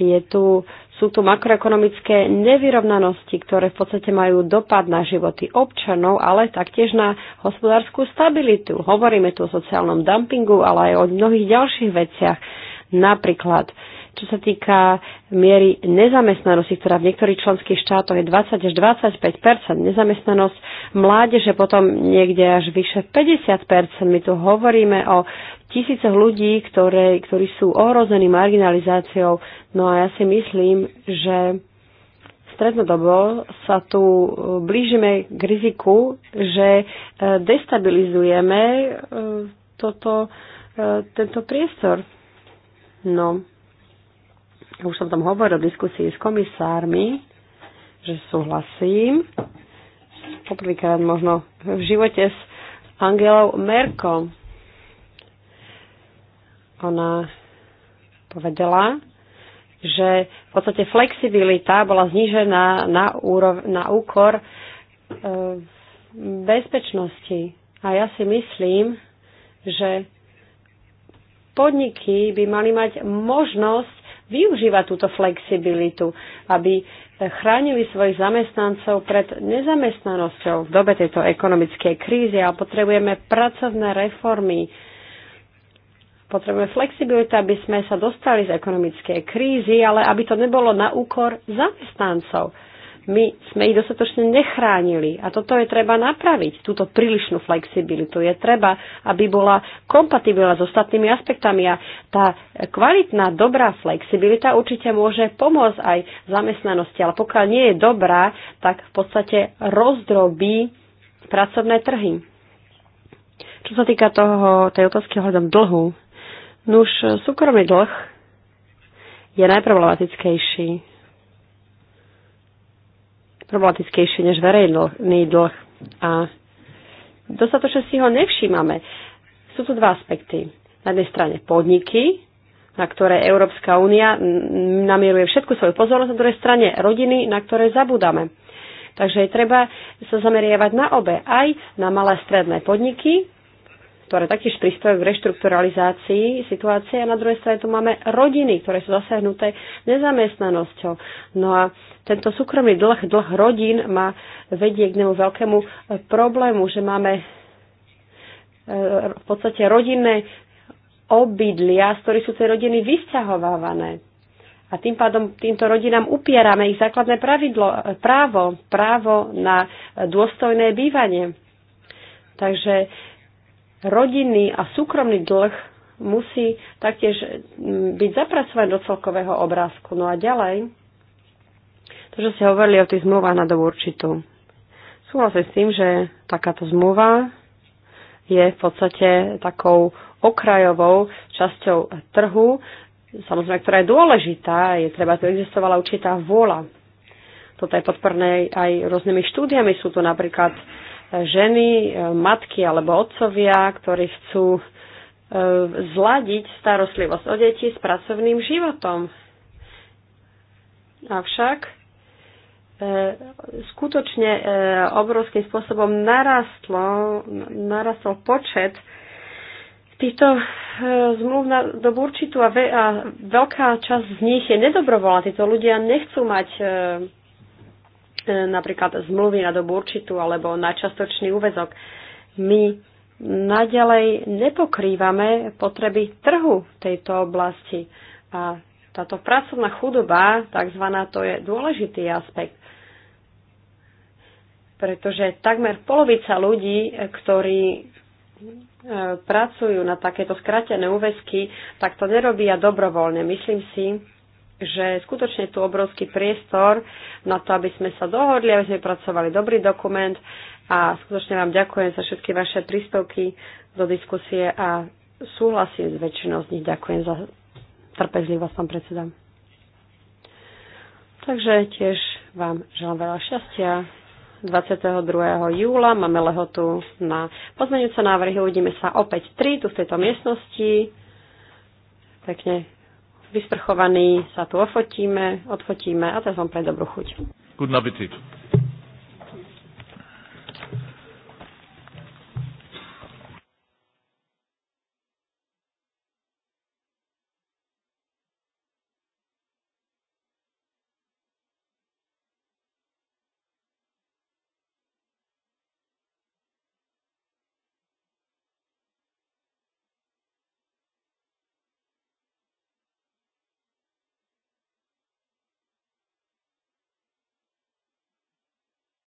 Je tu sú tu makroekonomické nevyrovnanosti, ktoré v podstate majú dopad na životy občanov, ale taktiež na hospodárskú stabilitu. Hovoríme tu o sociálnom dumpingu, ale aj o mnohých ďalších veciach. Napríklad čo sa týka miery nezamestnanosti, ktorá v niektorých členských štátoch je 20 až 25 nezamestnanosť mládeže potom niekde až vyše 50 My tu hovoríme o tisícoch ľudí, ktoré, ktorí sú ohrození marginalizáciou. No a ja si myslím, že strednodobo sa tu e, blížime k riziku, že e, destabilizujeme e, toto, tento priestor. No, už som tam hovoril v diskusii s komisármi, že súhlasím. Poprvýkrát možno v živote s Angelou Merkom. Ona povedala, že v podstate flexibilita bola znížená na, úrov, na úkor e, bezpečnosti. A ja si myslím, že podniky by mali mať možnosť využívať túto flexibilitu, aby chránili svojich zamestnancov pred nezamestnanosťou v dobe tejto ekonomickej krízy a potrebujeme pracovné reformy. Potrebujeme flexibilitu, aby sme sa dostali z ekonomickej krízy, ale aby to nebolo na úkor zamestnancov my sme ich dostatočne nechránili. A toto je treba napraviť, túto prílišnú flexibilitu. Je treba, aby bola kompatibilná s ostatnými aspektami a tá kvalitná, dobrá flexibilita určite môže pomôcť aj zamestnanosti, ale pokiaľ nie je dobrá, tak v podstate rozdrobí pracovné trhy. Čo sa týka toho, tej otázky ohľadom dlhu, nuž súkromný dlh je najproblematickejší problematickejšie než verejný dlh. A dostatočne si ho nevšímame. Sú tu dva aspekty. Na jednej strane podniky, na ktoré Európska únia namieruje všetku svoju pozornosť, na druhej strane rodiny, na ktoré zabudáme. Takže je treba sa zameriavať na obe, aj na malé stredné podniky, ktoré taktiež prispievajú k reštrukturalizácii situácie a na druhej strane tu máme rodiny, ktoré sú zasiahnuté nezamestnanosťou. No a tento súkromný dlh, dlh rodín má vedie k nemu veľkému e, problému, že máme e, v podstate rodinné obydlia, z ktorých sú tie rodiny vysťahovávané. A tým pádom týmto rodinám upierame ich základné pravidlo, e, právo, právo na dôstojné bývanie. Takže rodinný a súkromný dlh musí taktiež mm, byť zapracovaný do celkového obrázku. No a ďalej, to, že ste hovorili o tých zmluvách na dobu určitú. Súhlasím s tým, že takáto zmluva je v podstate takou okrajovou časťou trhu, samozrejme, ktorá je dôležitá, je treba tu existovala určitá vôľa. Toto je podporné aj rôznymi štúdiami. Sú tu napríklad ženy, e, matky alebo otcovia, ktorí chcú e, zladiť starostlivosť o deti s pracovným životom. Avšak e, skutočne obrovským spôsobom narastlo, narastol počet týchto zmluv na dobu určitú a, ve, a veľká časť z nich je nedobrovoľná. Títo ľudia nechcú mať E, napríklad zmluvy na dobu určitú alebo na častočný úvezok. My naďalej nepokrývame potreby trhu v tejto oblasti. A táto pracovná chudoba, takzvaná, to je dôležitý aspekt. Pretože takmer polovica ľudí, ktorí e, pracujú na takéto skratené úväzky, tak to nerobia dobrovoľne. Myslím si, že skutočne tu obrovský priestor na to, aby sme sa dohodli, aby sme pracovali dobrý dokument a skutočne vám ďakujem za všetky vaše príspevky do diskusie a súhlasím s väčšinou z nich. Ďakujem za trpezlivosť, pán predseda. Takže tiež vám želám veľa šťastia. 22. júla máme lehotu na pozmeňujúce návrhy. Uvidíme sa opäť tri tu v tejto miestnosti. Pekne vysprchovaní, sa tu ofotíme, odfotíme a teraz vám pre dobrú chuť. Good appetit.